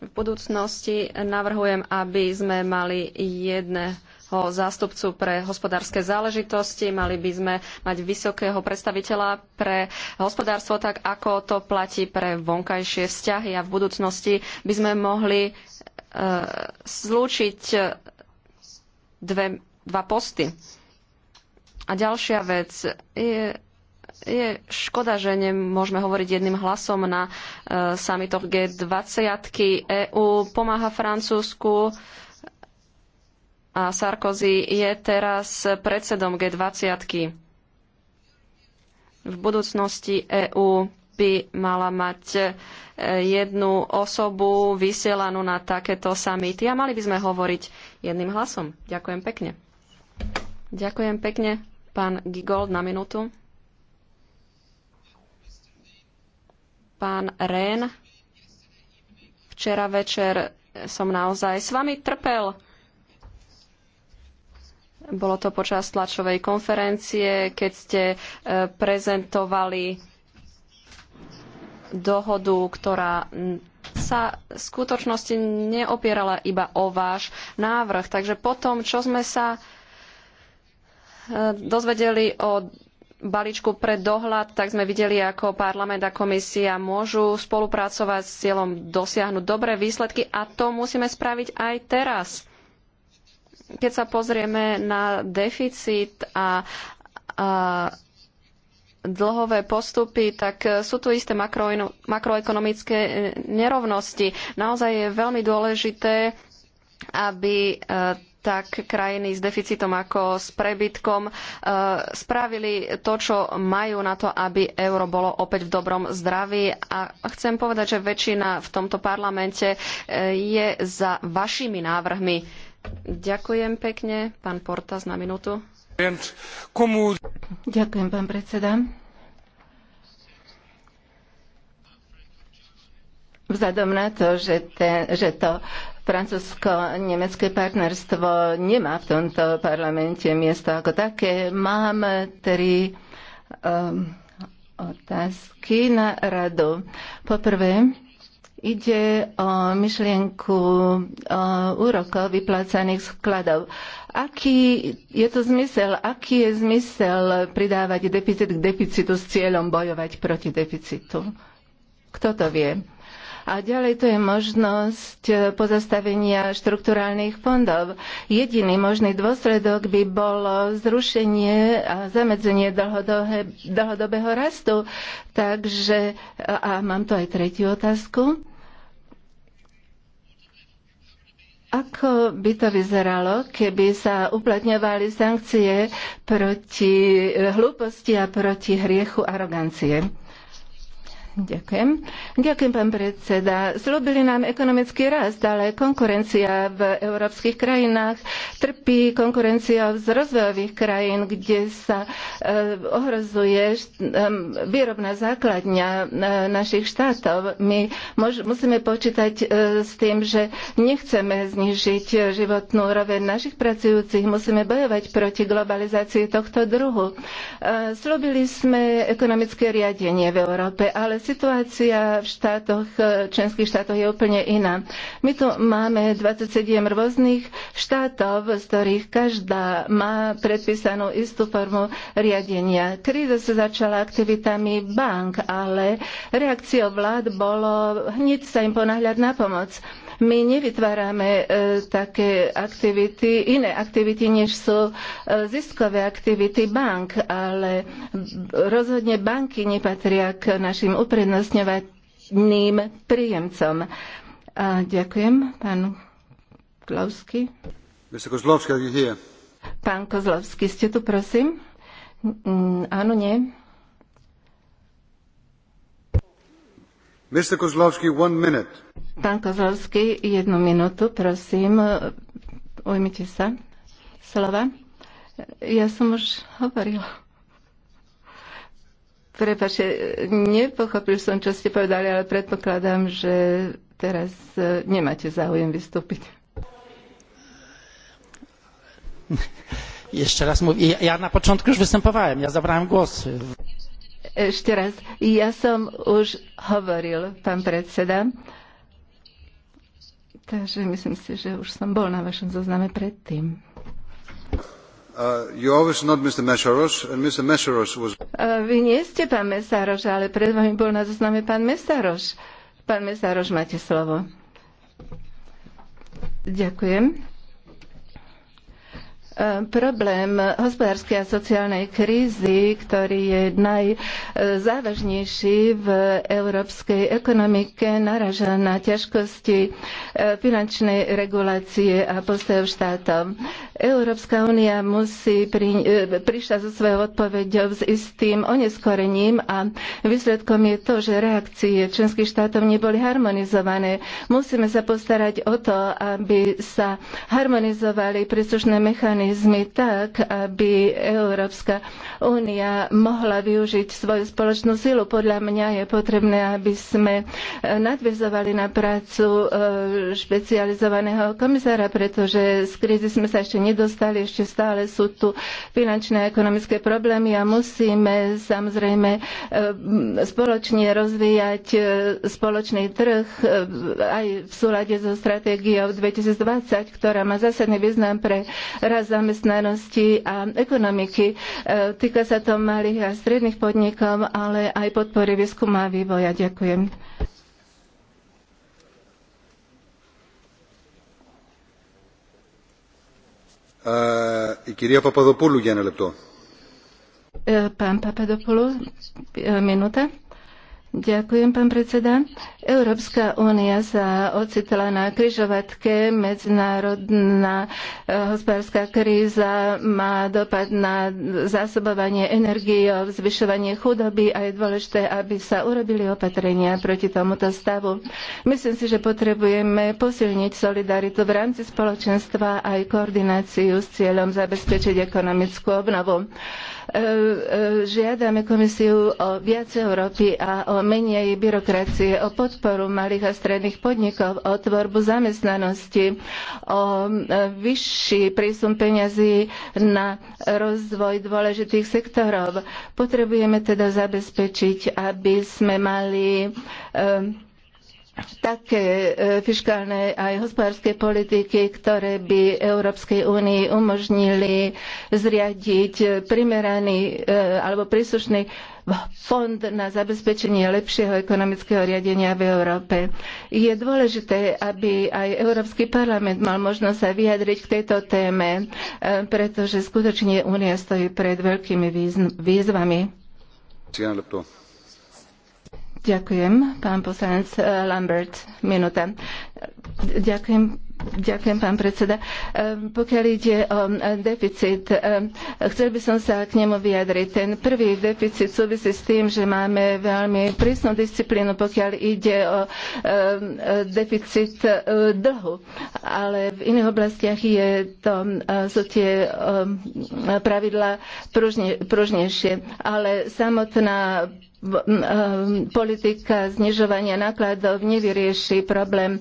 V budúcnosti navrhujem, aby sme mali jedného zástupcu pre hospodárske záležitosti, mali by sme mať vysokého predstaviteľa pre hospodárstvo, tak ako to platí pre vonkajšie vzťahy a v budúcnosti by sme mohli e, zlúčiť dve, dva posty. A ďalšia vec je je škoda, že nemôžeme hovoriť jedným hlasom na uh, samitoch G20. EU pomáha Francúzsku a Sarkozy je teraz predsedom G20. V budúcnosti EÚ by mala mať e, jednu osobu vysielanú na takéto samity a mali by sme hovoriť jedným hlasom. Ďakujem pekne. Ďakujem pekne, pán Gigold, na minútu. Pán Ren. včera večer som naozaj s vami trpel. Bolo to počas tlačovej konferencie, keď ste e, prezentovali dohodu, ktorá sa v skutočnosti neopierala iba o váš návrh. Takže potom, čo sme sa e, dozvedeli o balíčku pre dohľad, tak sme videli, ako parlament a komisia môžu spolupracovať s cieľom dosiahnuť dobré výsledky a to musíme spraviť aj teraz. Keď sa pozrieme na deficit a, a dlhové postupy, tak sú tu isté makro, makroekonomické e, nerovnosti. Naozaj je veľmi dôležité, aby e, tak krajiny s deficitom ako s prebytkom e, spravili to, čo majú na to, aby euro bolo opäť v dobrom zdraví. A chcem povedať, že väčšina v tomto parlamente e, je za vašimi návrhmi. Ďakujem pekne. Pán Portas na minútu. Ďakujem, pán predseda. Vzhľadom na to, že, ten, že to francúzsko-nemecké partnerstvo nemá v tomto parlamente miesto ako také. Mám tri um, otázky na radu. Poprvé, ide o myšlienku o úrokov vyplácaných skladov. Aký je to zmysel? Aký je zmysel pridávať deficit k deficitu s cieľom bojovať proti deficitu? Kto to vie? A ďalej to je možnosť e, pozastavenia štrukturálnych fondov. Jediný možný dôsledok by bolo zrušenie a zamedzenie dlhodobého rastu. Takže, a mám tu aj tretiu otázku. Ako by to vyzeralo, keby sa uplatňovali sankcie proti e, hlúposti a proti hriechu arogancie? Ďakujem. Ďakujem, pán predseda. Slúbili nám ekonomický rast, ale konkurencia v európskych krajinách trpí konkurencia z rozvojových krajín, kde sa e, ohrozuje e, výrobná základňa e, našich štátov. My musíme počítať s tým, že nechceme znižiť životnú roveň našich pracujúcich, musíme bojovať proti globalizácii tohto druhu. Slúbili sme ekonomické riadenie v Európe, ale situácia v štátoch, eh, členských štátoch je úplne iná. My tu máme 27 rôznych štátov, z ktorých každá má predpísanú istú formu riadenia. Kríza sa začala aktivitami bank, ale reakciou vlád bolo hneď sa im ponáhľať na pomoc. My nevytvárame e, také aktivity, iné aktivity, než sú e, ziskové aktivity bank, ale rozhodne banky nepatria k našim uprednostňovaným príjemcom. A ďakujem, pán Klausky. Pán Kozlovský, ste tu, prosím? Áno, nie. Kozlovský, Pán Kozlovský, jednu minútu, prosím, ujmite sa slova. Ja som už hovorila. Prepačte, nepochopil som, čo ste povedali, ale predpokladám, že teraz e, nemáte záujem vystúpiť. Jeszcze raz mówię, ja, ja na początku już występowałem, ja zabrałem głos. Ešte raz, ja som už hovoril, pán predseda. Takže myslím si, že už som bol na vašom zozname predtým. Uh, Mesharos, Mesharos was... uh, vy nie ste pán Mesaroš, ale pred vami bol na zozname pán Mesaroš. Pán Mesaroš, máte slovo. Ďakujem. Ehm, problém hospodárskej a sociálnej krízy, ktorý je najzávažnejší v európskej ekonomike, naraža na ťažkosti ehm, finančnej regulácie a postojov štátov. Európska únia musí pri, ehm, prišla so svojou odpoveďou s istým oneskorením a výsledkom je to, že reakcie členských štátov neboli harmonizované. Musíme sa postarať o to, aby sa harmonizovali príslušné mechanizmy mechanizmy tak, aby Európska únia mohla využiť svoju spoločnú silu. Podľa mňa je potrebné, aby sme nadvezovali na prácu eh, špecializovaného komisára, pretože z krízy sme sa ešte nedostali, ešte stále sú tu finančné a ekonomické problémy a musíme samozrejme eh, spoločne rozvíjať eh, spoločný trh aj v súlade so stratégiou 2020, ktorá má zásadný význam pre RAZ zamestnanosti a ekonomiky. E, týka sa to malých a stredných podnikov, ale aj podpory výskumu a vývoja. Ďakujem. Pán Papadopoulou, minúta. Ďakujem, pán predseda. Európska únia sa ocitla na križovatke, Medzinárodná eh, hospodárska kríza má dopad na zásobovanie energiou, zvyšovanie chudoby a je dôležité, aby sa urobili opatrenia proti tomuto stavu. Myslím si, že potrebujeme posilniť solidaritu v rámci spoločenstva aj koordináciu s cieľom zabezpečiť ekonomickú obnovu. E, e, žiadame komisiu o viac Európy a o menej byrokracie, o podporu malých a stredných podnikov, o tvorbu zamestnanosti, o e, vyšší prísun peňazí na rozvoj dôležitých sektorov. Potrebujeme teda zabezpečiť, aby sme mali také e, fiskálne aj hospodárske politiky, ktoré by Európskej únii umožnili zriadiť primeraný e, alebo príslušný fond na zabezpečenie lepšieho ekonomického riadenia v Európe. Je dôležité, aby aj Európsky parlament mal možnosť sa vyjadriť k tejto téme, e, pretože skutočne Únia stojí pred veľkými výzvami. Ďakujem, pán poslanec eh, Lambert, minúta. Ďakujem, Ďakujem, pán predseda. Eh, pokiaľ ide o eh, deficit, chcel by som sa k nemu vyjadriť. Ten prvý deficit súvisí s tým, že máme veľmi prísnu disciplínu, pokiaľ ide o deficit dlhu. Ale v iných oblastiach je to, sú tie pravidla pružne, pružnejšie. Ale samotná E, politika znižovania nákladov nevyrieši problém e,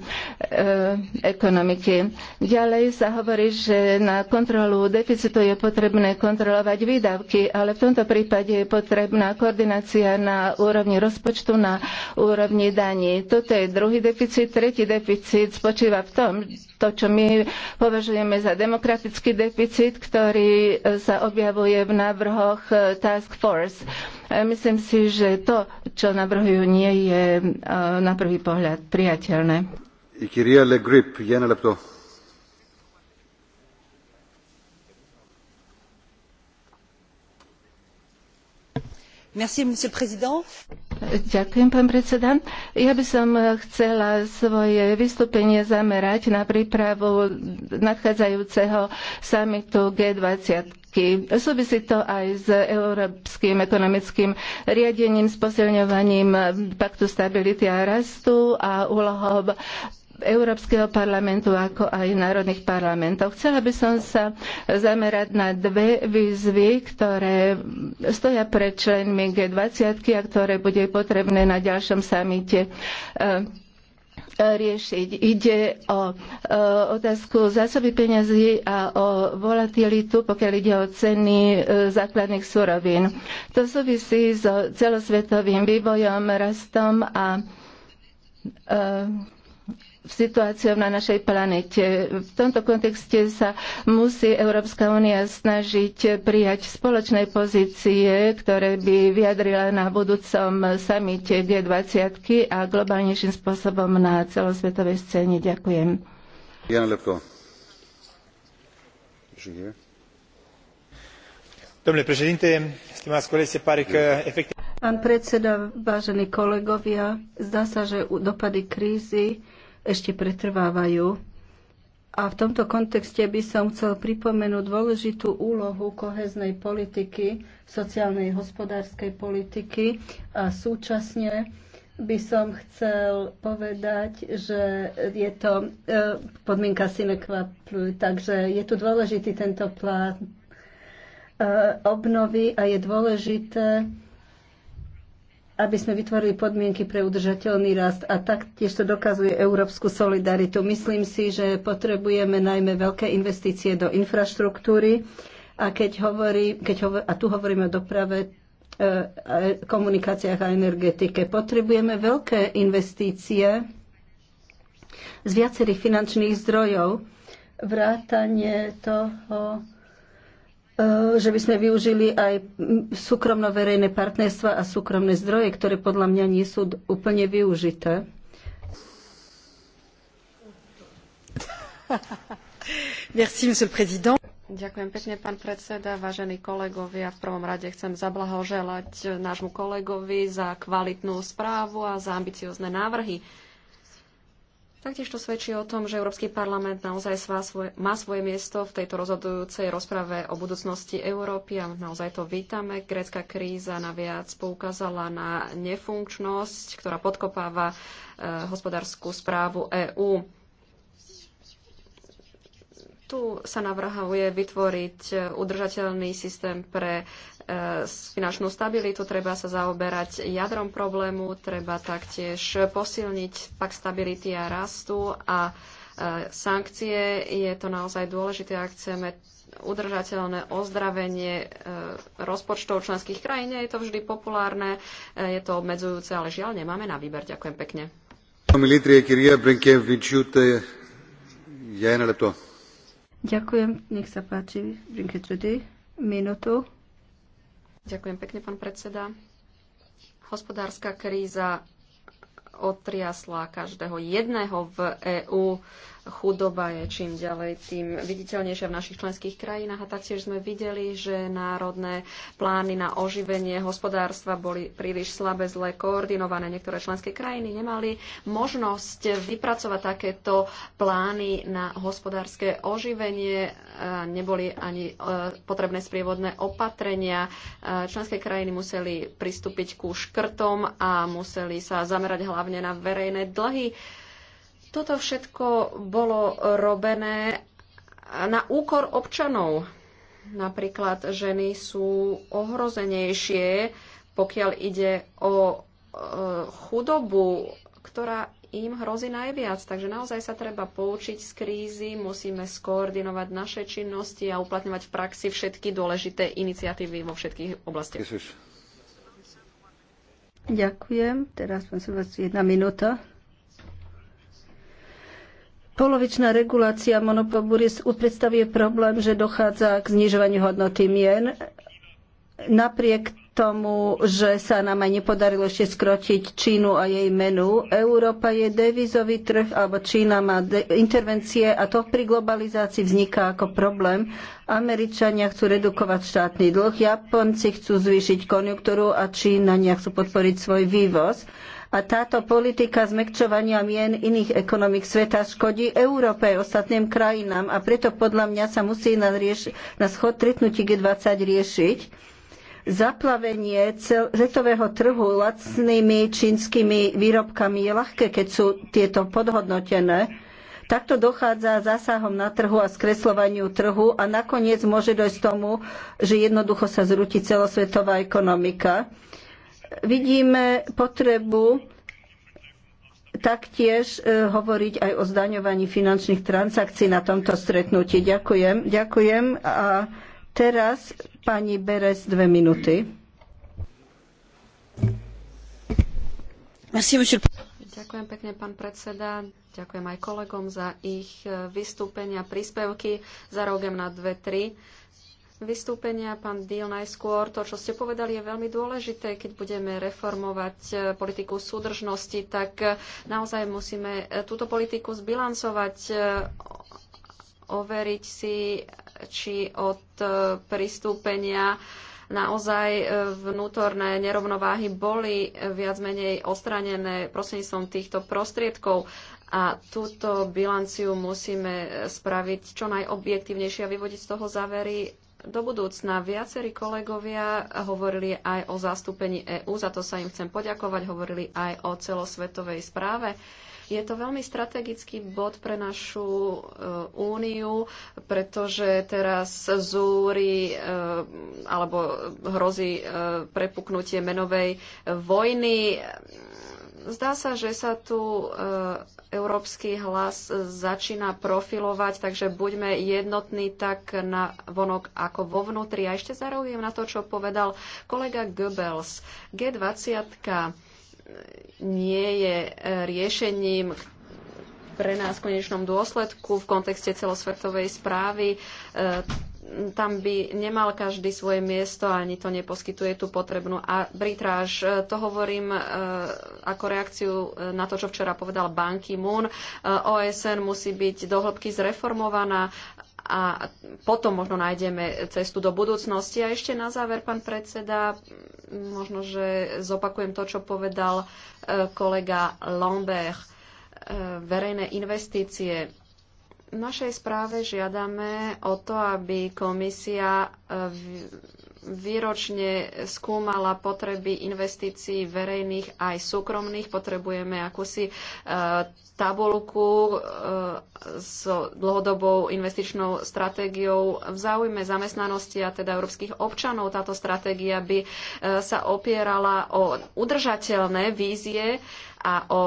ekonomiky. Ďalej sa hovorí, že na kontrolu deficitu je potrebné kontrolovať výdavky, ale v tomto prípade je potrebná koordinácia na úrovni rozpočtu, na úrovni daní. Toto je druhý deficit. Tretí deficit spočíva v tom, to, čo my považujeme za demokratický deficit, ktorý sa objavuje v návrhoch e, Task Force. Myslím si, že to, čo navrhujú, nie je e, na prvý pohľad priateľné. Merci, Ďakujem, pán predseda. Ja by som chcela svoje vystúpenie zamerať na prípravu nadchádzajúceho samitu G20 výsledky. Súvisí to aj s európskym ekonomickým riadením, s posilňovaním paktu stability a rastu a úlohou Európskeho parlamentu, ako aj národných parlamentov. Chcela by som sa zamerať na dve výzvy, ktoré stoja pred členmi G20 a ktoré bude potrebné na ďalšom samite riešiť. Ide o e, otázku zásoby peňazí a o volatilitu, pokiaľ ide o ceny e, základných surovín. To súvisí s so celosvetovým vývojom, rastom a e, situáciou na našej planete. V tomto kontexte sa musí Európska únia snažiť prijať spoločné pozície, ktoré by vyjadrila na budúcom samite G20 a globálnejším spôsobom na celosvetovej scéne. Ďakujem. Jan Lepko. Domnule se pare că efectiv... Pán predseda, vážení kolegovia, zdá sa, že dopady krízy ešte pretrvávajú. A v tomto kontexte by som chcel pripomenúť dôležitú úlohu koheznej politiky, sociálnej hospodárskej politiky a súčasne by som chcel povedať, že je to e, podmienka sine qua takže je tu dôležitý tento plán e, obnovy a je dôležité aby sme vytvorili podmienky pre udržateľný rast a taktiež to dokazuje európsku solidaritu. Myslím si, že potrebujeme najmä veľké investície do infraštruktúry a, keď hovorí, keď hovor, a tu hovoríme o doprave, e, komunikáciách a energetike. Potrebujeme veľké investície z viacerých finančných zdrojov, vrátanie toho, Eh, že by sme využili aj súkromno-verejné partnerstva a súkromné zdroje, ktoré podľa mňa nie sú úplne využité. Merci, monsieur le président. Ďakujem pekne, pán predseda, vážení kolegovia. V prvom rade chcem zablahoželať nášmu kolegovi za kvalitnú správu a za ambiciozne návrhy. Taktiež to svedčí o tom, že Európsky parlament naozaj má svoje miesto v tejto rozhodujúcej rozprave o budúcnosti Európy a naozaj to vítame. Grécka kríza naviac poukázala na nefunkčnosť, ktorá podkopáva eh, hospodárskú správu EÚ. Tu sa navrhuje vytvoriť eh, udržateľný systém pre finančnú stabilitu, treba sa zaoberať jadrom problému, treba taktiež posilniť pak stability a rastu a e, sankcie. Je to naozaj dôležité, ak chceme udržateľné ozdravenie e, rozpočtov členských krajín. Je to vždy populárne, e, je to obmedzujúce, ale žiaľ nemáme na výber. Ďakujem pekne. Ďakujem, nech sa páči, minútu. Ďakujem pekne, pán predseda. Hospodárska kríza otriasla každého jedného v EÚ. Chudoba je čím ďalej tým viditeľnejšia v našich členských krajinách a taktiež sme videli, že národné plány na oživenie hospodárstva boli príliš slabé, zle koordinované. Niektoré členské krajiny nemali možnosť vypracovať takéto plány na hospodárske oživenie, e, neboli ani e, potrebné sprievodné opatrenia. E, členské krajiny museli pristúpiť ku škrtom a museli sa zamerať hlavne na verejné dlhy toto všetko bolo robené na úkor občanov. Napríklad ženy sú ohrozenejšie, pokiaľ ide o e, chudobu, ktorá im hrozí najviac. Takže naozaj sa treba poučiť z krízy, musíme skoordinovať naše činnosti a uplatňovať v praxi všetky dôležité iniciatívy vo všetkých oblastiach. Ďakujem. Teraz som sa vás jedna minúta. Polovičná regulácia monopoburis predstavuje problém, že dochádza k znižovaniu hodnoty mien. Napriek tomu, že sa nám aj nepodarilo ešte skrotiť Čínu a jej menu. Európa je devizový trh, alebo Čína má intervencie a to pri globalizácii vzniká ako problém. Američania chcú redukovať štátny dlh, Japonci chcú zvýšiť konjunktúru a Čína chcú podporiť svoj vývoz. A táto politika zmekčovania mien iných ekonomik sveta škodí Európe a ostatným krajinám a preto podľa mňa sa musí na, rieš- na stretnutí G20 riešiť zaplavenie cel- svetového trhu lacnými čínskymi výrobkami je ľahké, keď sú tieto podhodnotené. Takto dochádza zásahom na trhu a skresľovaniu trhu a nakoniec môže dojsť tomu, že jednoducho sa zrúti celosvetová ekonomika. Vidíme potrebu taktiež e, hovoriť aj o zdaňovaní finančných transakcií na tomto stretnutí. Ďakujem. Ďakujem. A teraz pani Beres dve minúty. Ďakujem pekne, pán predseda. Ďakujem aj kolegom za ich e, vystúpenia, príspevky. Zarobím na dve, tri vystúpenia. Pán Díl, najskôr to, čo ste povedali, je veľmi dôležité. Keď budeme reformovať e, politiku súdržnosti, tak e, naozaj musíme e, túto politiku zbilancovať, overiť si, či od pristúpenia naozaj vnútorné nerovnováhy boli viac menej odstranené prostredníctvom týchto prostriedkov a túto bilanciu musíme spraviť čo najobjektívnejšie a vyvodiť z toho závery do budúcna. Viacerí kolegovia hovorili aj o zastúpení EÚ, za to sa im chcem poďakovať, hovorili aj o celosvetovej správe. Je to veľmi strategický bod pre našu e, úniu, pretože teraz zúri e, alebo hrozí e, prepuknutie menovej vojny. Zdá sa, že sa tu e, európsky hlas začína profilovať, takže buďme jednotní tak na vonok ako vo vnútri. A ešte zarovujem na to, čo povedal kolega Goebbels. G20 nie je e, riešením pre nás v konečnom dôsledku v kontexte celosvetovej správy. E, tam by nemal každý svoje miesto a ani to neposkytuje tú potrebnú arbitráž. E, to hovorím e, ako reakciu e, na to, čo včera povedal Banky moon OSN musí byť dohlbky zreformovaná a potom možno nájdeme cestu do budúcnosti. A ešte na záver, pán predseda, možno, že zopakujem to, čo povedal kolega Lambert. Verejné investície v našej správe žiadame o to, aby komisia e, výročne skúmala potreby investícií verejných aj súkromných. Potrebujeme akúsi e, tabulku e, s dlhodobou investičnou stratégiou v záujme zamestnanosti a teda európskych občanov. Táto stratégia by sa opierala o udržateľné vízie a o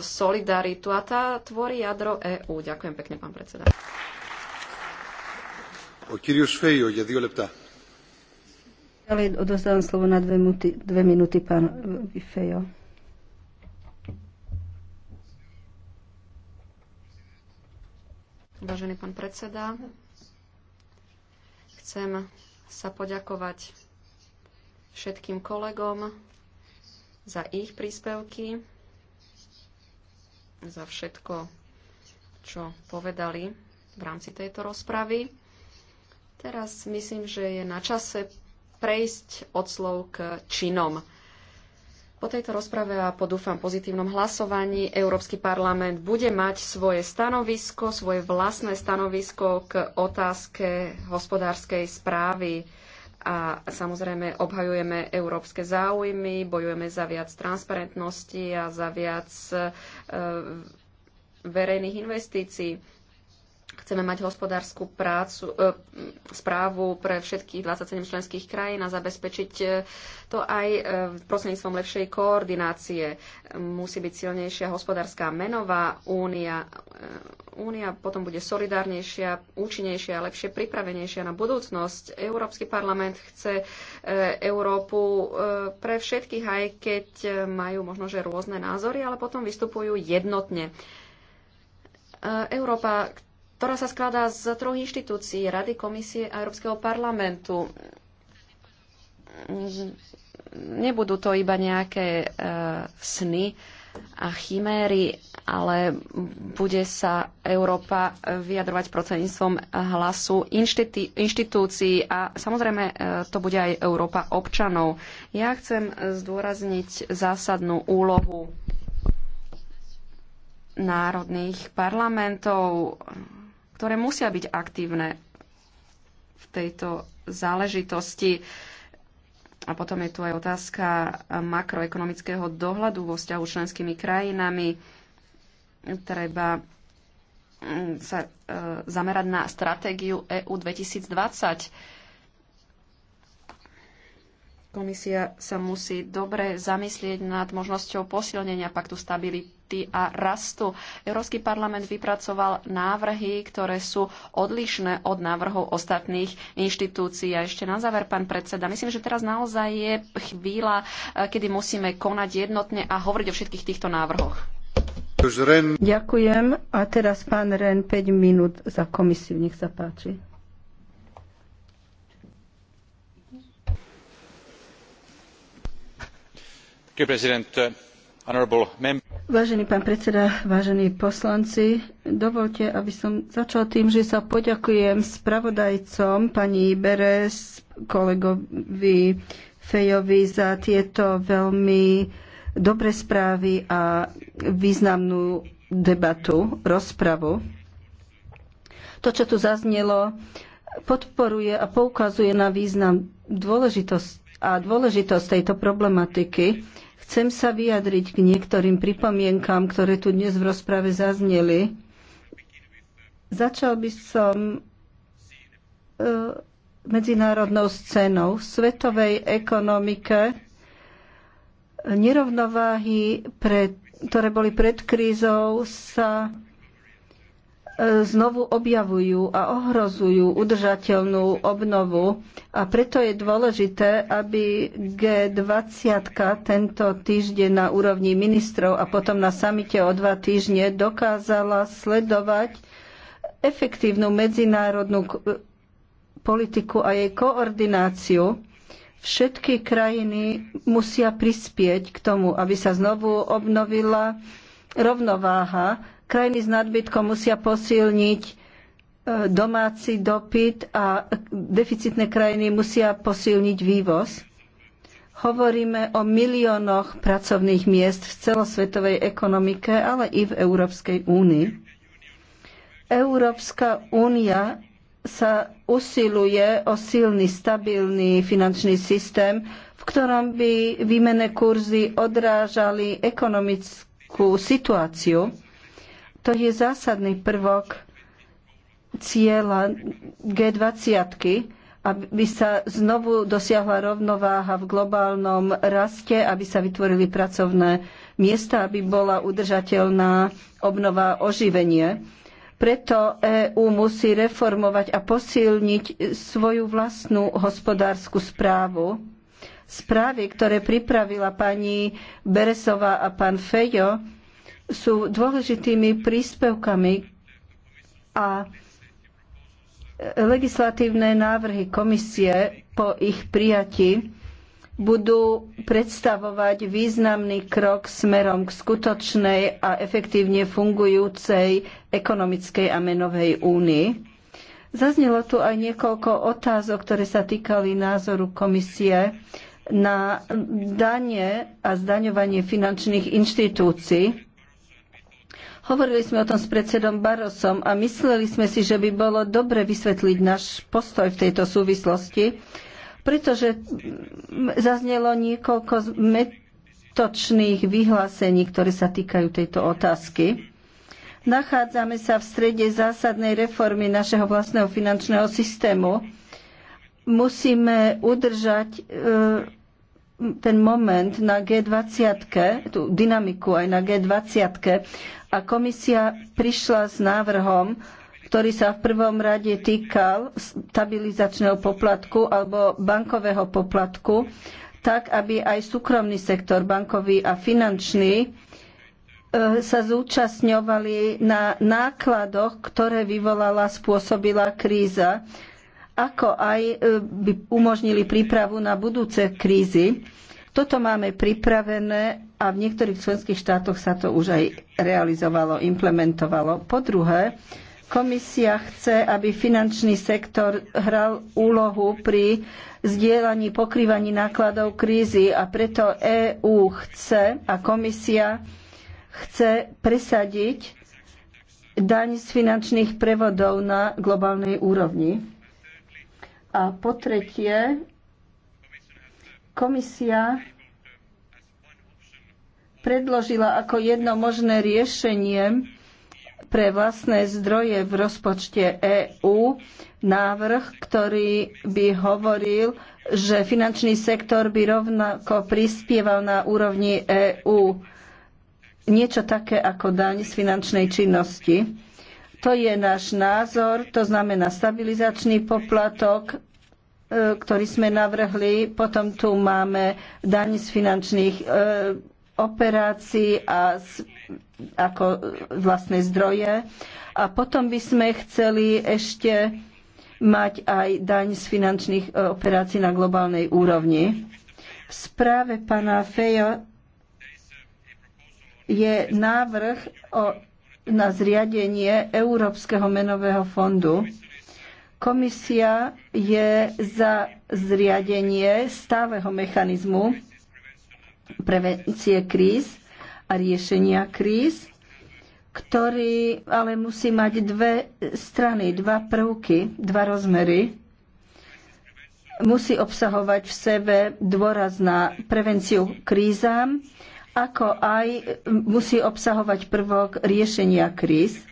solidaritu a tá tvorí jadro EÚ. Ďakujem pekne, pán predseda. O Fejo, je dio lepta. Ďalej odozdávam slovo na dve, muty, dve minúty, pán Fejo. Vážený pán predseda, chcem sa poďakovať všetkým kolegom za ich príspevky za všetko, čo povedali v rámci tejto rozpravy. Teraz myslím, že je na čase prejsť od slov k činom. Po tejto rozprave a po dúfam, pozitívnom hlasovaní Európsky parlament bude mať svoje stanovisko, svoje vlastné stanovisko k otázke hospodárskej správy a samozrejme obhajujeme európske záujmy, bojujeme za viac transparentnosti a za viac e, verejných investícií Chceme mať hospodárskú prácu, e, správu pre všetkých 27 členských krajín a zabezpečiť e, to aj e, prostredníctvom lepšej koordinácie. Musí byť silnejšia hospodárska menová únia. E, únia potom bude solidárnejšia, účinnejšia a lepšie pripravenejšia na budúcnosť. Európsky parlament chce Európu pre všetkých, aj keď majú možno rôzne názory, ale potom vystupujú jednotne. Európa, ktorá sa skladá z troch inštitúcií, Rady, Komisie a Európskeho parlamentu. Nebudú to iba nejaké e, sny a chiméry, ale bude sa Európa vyjadrovať prostredníctvom hlasu inštitú- inštitúcií a samozrejme e, to bude aj Európa občanov. Ja chcem zdôrazniť zásadnú úlohu národných parlamentov ktoré musia byť aktívne v tejto záležitosti. A potom je tu aj otázka makroekonomického dohľadu vo vzťahu členskými krajinami. Treba mm, sa e, zamerať na stratégiu EU 2020 komisia sa musí dobre zamyslieť nad možnosťou posilnenia paktu stability stability a rastu. Európsky parlament vypracoval návrhy, ktoré sú odlišné od návrhov ostatných inštitúcií. A ešte na záver, pán predseda, myslím, že teraz naozaj je chvíľa, eh, kedy musíme konať jednotne a hovoriť o všetkých týchto návrhoch. Ďakujem. A teraz pán Ren, 5 minút za komisiu. Nech sa páči. Ďakujem, prezident. Vážený pán predseda, vážení poslanci, dovolte, aby som začal tým, že sa poďakujem spravodajcom pani Beres, kolegovi Fejovi za tieto veľmi dobré správy a významnú debatu, rozpravu. To, čo tu zaznelo, podporuje a poukazuje na význam dôležitosť a dôležitosť tejto problematiky Chcem sa vyjadriť k niektorým pripomienkám, ktoré tu dnes v rozprave zazneli. Začal by som e, medzinárodnou scénou. V svetovej ekonomike nerovnováhy, pre, ktoré boli pred krízou, sa znovu objavujú a ohrozujú udržateľnú obnovu. A preto je dôležité, aby G20 tento týždeň na úrovni ministrov a potom na samite o dva týždne dokázala sledovať efektívnu medzinárodnú politiku a jej koordináciu. Všetky krajiny musia prispieť k tomu, aby sa znovu obnovila rovnováha Krajiny s nadbytkom musia posilniť e, domáci dopyt a deficitné krajiny musia posilniť vývoz. Hovoríme o miliónoch pracovných miest v celosvetovej ekonomike, ale i v Európskej únii. Európska únia sa usiluje o silný, stabilný finančný systém, v ktorom by výmené kurzy odrážali ekonomickú situáciu to je zásadný prvok cieľa G20, aby sa znovu dosiahla rovnováha v globálnom raste, aby sa vytvorili pracovné miesta, aby bola udržateľná obnova oživenie. Preto EÚ musí reformovať a posilniť svoju vlastnú hospodársku správu. Správy, ktoré pripravila pani Beresová a pán Fejo, sú dôležitými príspevkami a legislatívne návrhy komisie po ich prijatí budú predstavovať významný krok smerom k skutočnej a efektívne fungujúcej ekonomickej a menovej únii. Zaznelo tu aj niekoľko otázok, ktoré sa týkali názoru komisie na dane a zdaňovanie finančných inštitúcií. Hovorili sme o tom s predsedom Barosom a mysleli sme si, že by bolo dobre vysvetliť náš postoj v tejto súvislosti, pretože zaznelo niekoľko metočných vyhlásení, ktoré sa týkajú tejto otázky. Nachádzame sa v strede zásadnej reformy našeho vlastného finančného systému. Musíme udržať e, ten moment na G20, tú dynamiku aj na G20, a komisia prišla s návrhom, ktorý sa v prvom rade týkal stabilizačného poplatku alebo bankového poplatku, tak aby aj súkromný sektor, bankový a finančný, e, sa zúčastňovali na nákladoch, ktoré vyvolala spôsobila kríza, ako aj e, by umožnili prípravu na budúce krízy. Toto máme pripravené a v niektorých členských štátoch sa to už aj realizovalo, implementovalo. Po druhé, komisia chce, aby finančný sektor hral úlohu pri zdieľaní, pokrývaní nákladov krízy a preto EÚ chce a komisia chce presadiť daň z finančných prevodov na globálnej úrovni. A po tretie, Komisia predložila ako jedno možné riešenie pre vlastné zdroje v rozpočte EÚ návrh, ktorý by hovoril, že finančný sektor by rovnako prispieval na úrovni EÚ niečo také ako daň z finančnej činnosti. To je náš názor, to znamená stabilizačný poplatok, E, ktorý sme navrhli. Potom tu máme daň z finančných e, operácií a ako vlastné zdroje. A potom by sme chceli ešte mať aj daň z finančných e, operácií na globálnej úrovni. V správe pána Fejo je návrh o, na zriadenie Európskeho menového fondu. Komisia je za zriadenie stáleho mechanizmu prevencie kríz a riešenia kríz, ktorý ale musí mať dve strany, dva prvky, dva rozmery. Musí obsahovať v sebe dôraz na prevenciu krízám, ako aj musí obsahovať prvok riešenia kríz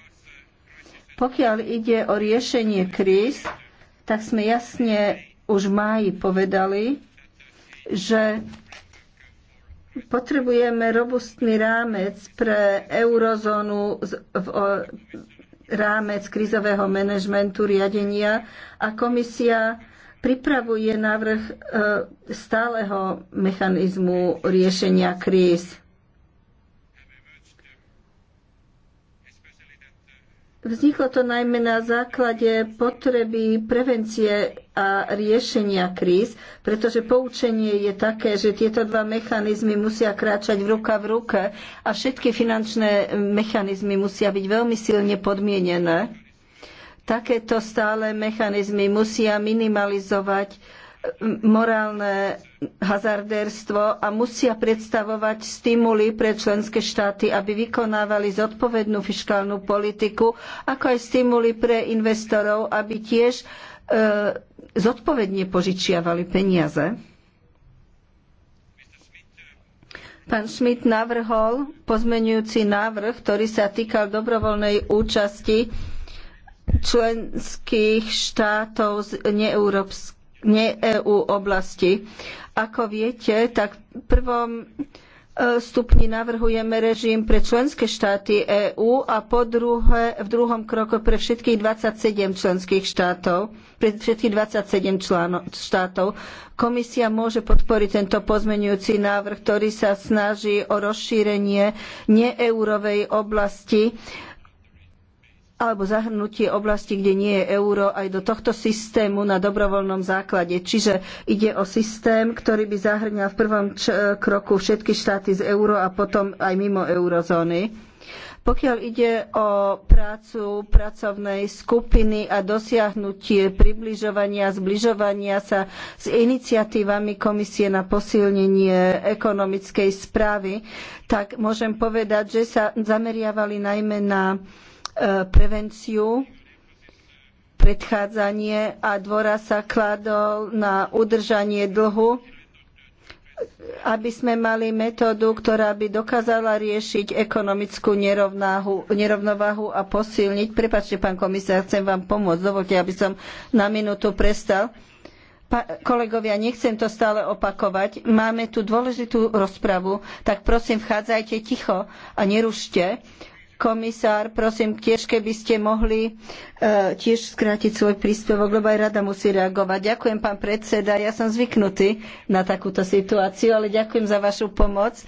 pokiaľ ide o riešenie kríz, tak sme jasne už v máji povedali, že potrebujeme robustný rámec pre eurozónu v rámec krizového manažmentu riadenia a komisia pripravuje návrh e, stáleho mechanizmu riešenia kríz. Vzniklo to najmä na základe potreby prevencie a riešenia kríz, pretože poučenie je také, že tieto dva mechanizmy musia kráčať v ruka v ruke a všetky finančné mechanizmy musia byť veľmi silne podmienené. Takéto stále mechanizmy musia minimalizovať morálne hazardérstvo a musia predstavovať stimuly pre členské štáty, aby vykonávali zodpovednú fiškálnu politiku, ako aj stimuly pre investorov, aby tiež e, zodpovedne požičiavali peniaze. Pán Schmidt navrhol pozmenujúci návrh, ktorý sa týkal dobrovoľnej účasti členských štátov z neeurópskych ne EU oblasti. Ako viete, tak v prvom e, stupni navrhujeme režim pre členské štáty EÚ a po druhé, v druhom kroku pre všetkých 27 členských štátov, pre všetkých 27 článo, štátov. Komisia môže podporiť tento pozmenujúci návrh, ktorý sa snaží o rozšírenie neeurovej oblasti alebo zahrnutie oblasti, kde nie je euro, aj do tohto systému na dobrovoľnom základe. Čiže ide o systém, ktorý by zahrňal v prvom kroku všetky štáty z euro a potom aj mimo eurozóny. Pokiaľ ide o prácu pracovnej skupiny a dosiahnutie približovania, zbližovania sa s iniciatívami Komisie na posilnenie ekonomickej správy, tak môžem povedať, že sa zameriavali najmä na E, prevenciu, predchádzanie a dvora sa kladol na udržanie dlhu, aby sme mali metódu, ktorá by dokázala riešiť ekonomickú nerovnováhu a posilniť. Prepačte, pán komisár, chcem vám pomôcť. Dovolte, aby som na minútu prestal. Pa, kolegovia, nechcem to stále opakovať. Máme tu dôležitú rozpravu, tak prosím, vchádzajte ticho a nerušte komisár, prosím tiež, keby ste mohli e, tiež skrátiť svoj príspevok, lebo aj rada musí reagovať. Ďakujem, pán predseda, ja som zvyknutý na takúto situáciu, ale ďakujem za vašu pomoc.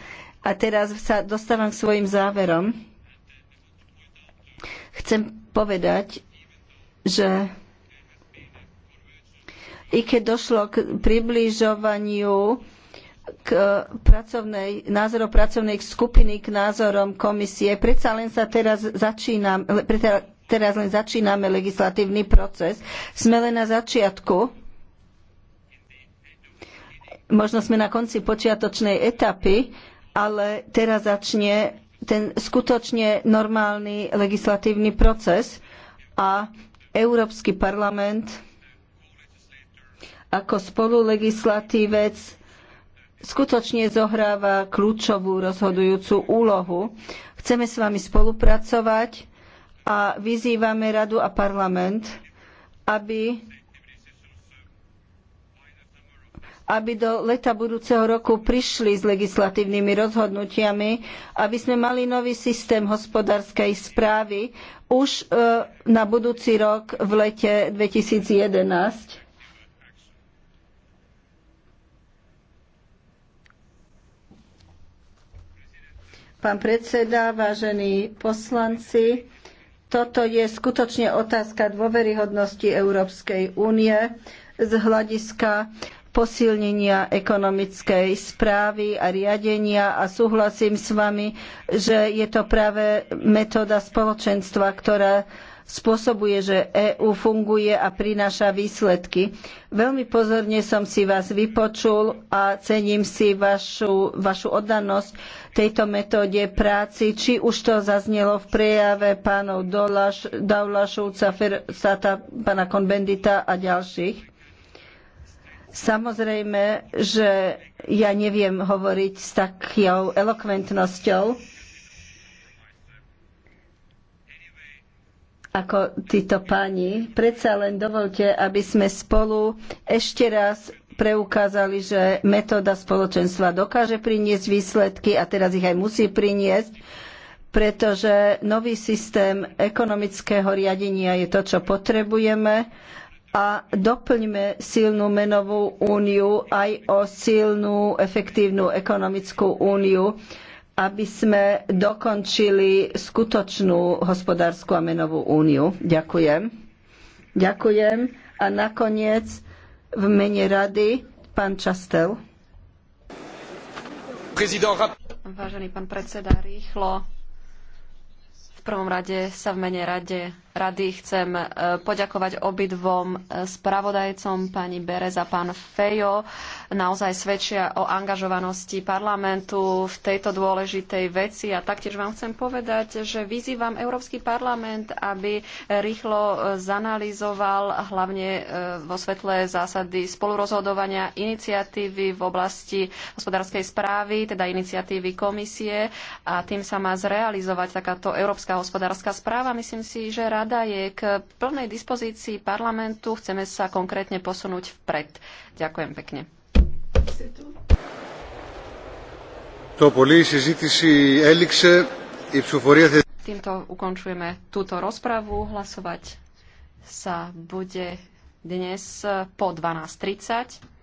A teraz sa dostávam k svojim záverom. Chcem povedať, že i keď došlo k približovaniu k pracovnej, názorov pracovnej skupiny k názorom komisie. Predsa len sa teraz začínam, teraz len začíname legislatívny proces. Sme len na začiatku. Možno sme na konci počiatočnej etapy, ale teraz začne ten skutočne normálny legislatívny proces a Európsky parlament ako spolulegislatívec skutočne zohráva kľúčovú rozhodujúcu úlohu. Chceme s vami spolupracovať a vyzývame Radu a parlament, aby aby do leta budúceho roku prišli s legislatívnymi rozhodnutiami, aby sme mali nový systém hospodárskej správy už e, na budúci rok v lete 2011 Pán predseda, vážení poslanci, toto je skutočne otázka dôveryhodnosti Európskej únie z hľadiska posilnenia ekonomickej správy a riadenia a súhlasím s vami, že je to práve metóda spoločenstva, ktorá spôsobuje, že EÚ funguje a prináša výsledky. Veľmi pozorne som si vás vypočul a cením si vašu, vašu oddanosť tejto metóde práci, či už to zaznelo v prejave pánov Dolaš, Daulašovca, Fersata, pána Konbendita a ďalších. Samozrejme, že ja neviem hovoriť s takou elokventnosťou, ako títo páni. Predsa len dovolte, aby sme spolu ešte raz preukázali, že metóda spoločenstva dokáže priniesť výsledky a teraz ich aj musí priniesť, pretože nový systém ekonomického riadenia je to, čo potrebujeme a doplňme silnú menovú úniu aj o silnú efektívnu ekonomickú úniu aby sme dokončili skutočnú hospodárskú a menovú úniu. Ďakujem. Ďakujem. A nakoniec v mene rady pán Častel. Vážený pán predseda, rýchlo. V prvom rade sa v mene rade rady chcem e, poďakovať obidvom e, spravodajcom, pani Berez a pán Fejo. Naozaj svedčia o angažovanosti parlamentu v tejto dôležitej veci a taktiež vám chcem povedať, že vyzývam Európsky parlament, aby rýchlo e, zanalizoval hlavne vo svetle zásady spolurozhodovania iniciatívy v oblasti hospodárskej správy, teda iniciatívy komisie a tým sa má zrealizovať takáto európska hospodárska správa. Myslím si, že rada rada je k plnej dispozícii parlamentu. Chceme sa konkrétne posunúť vpred. Ďakujem pekne. Týmto ukončujeme túto rozpravu. Hlasovať sa bude dnes po 12.30.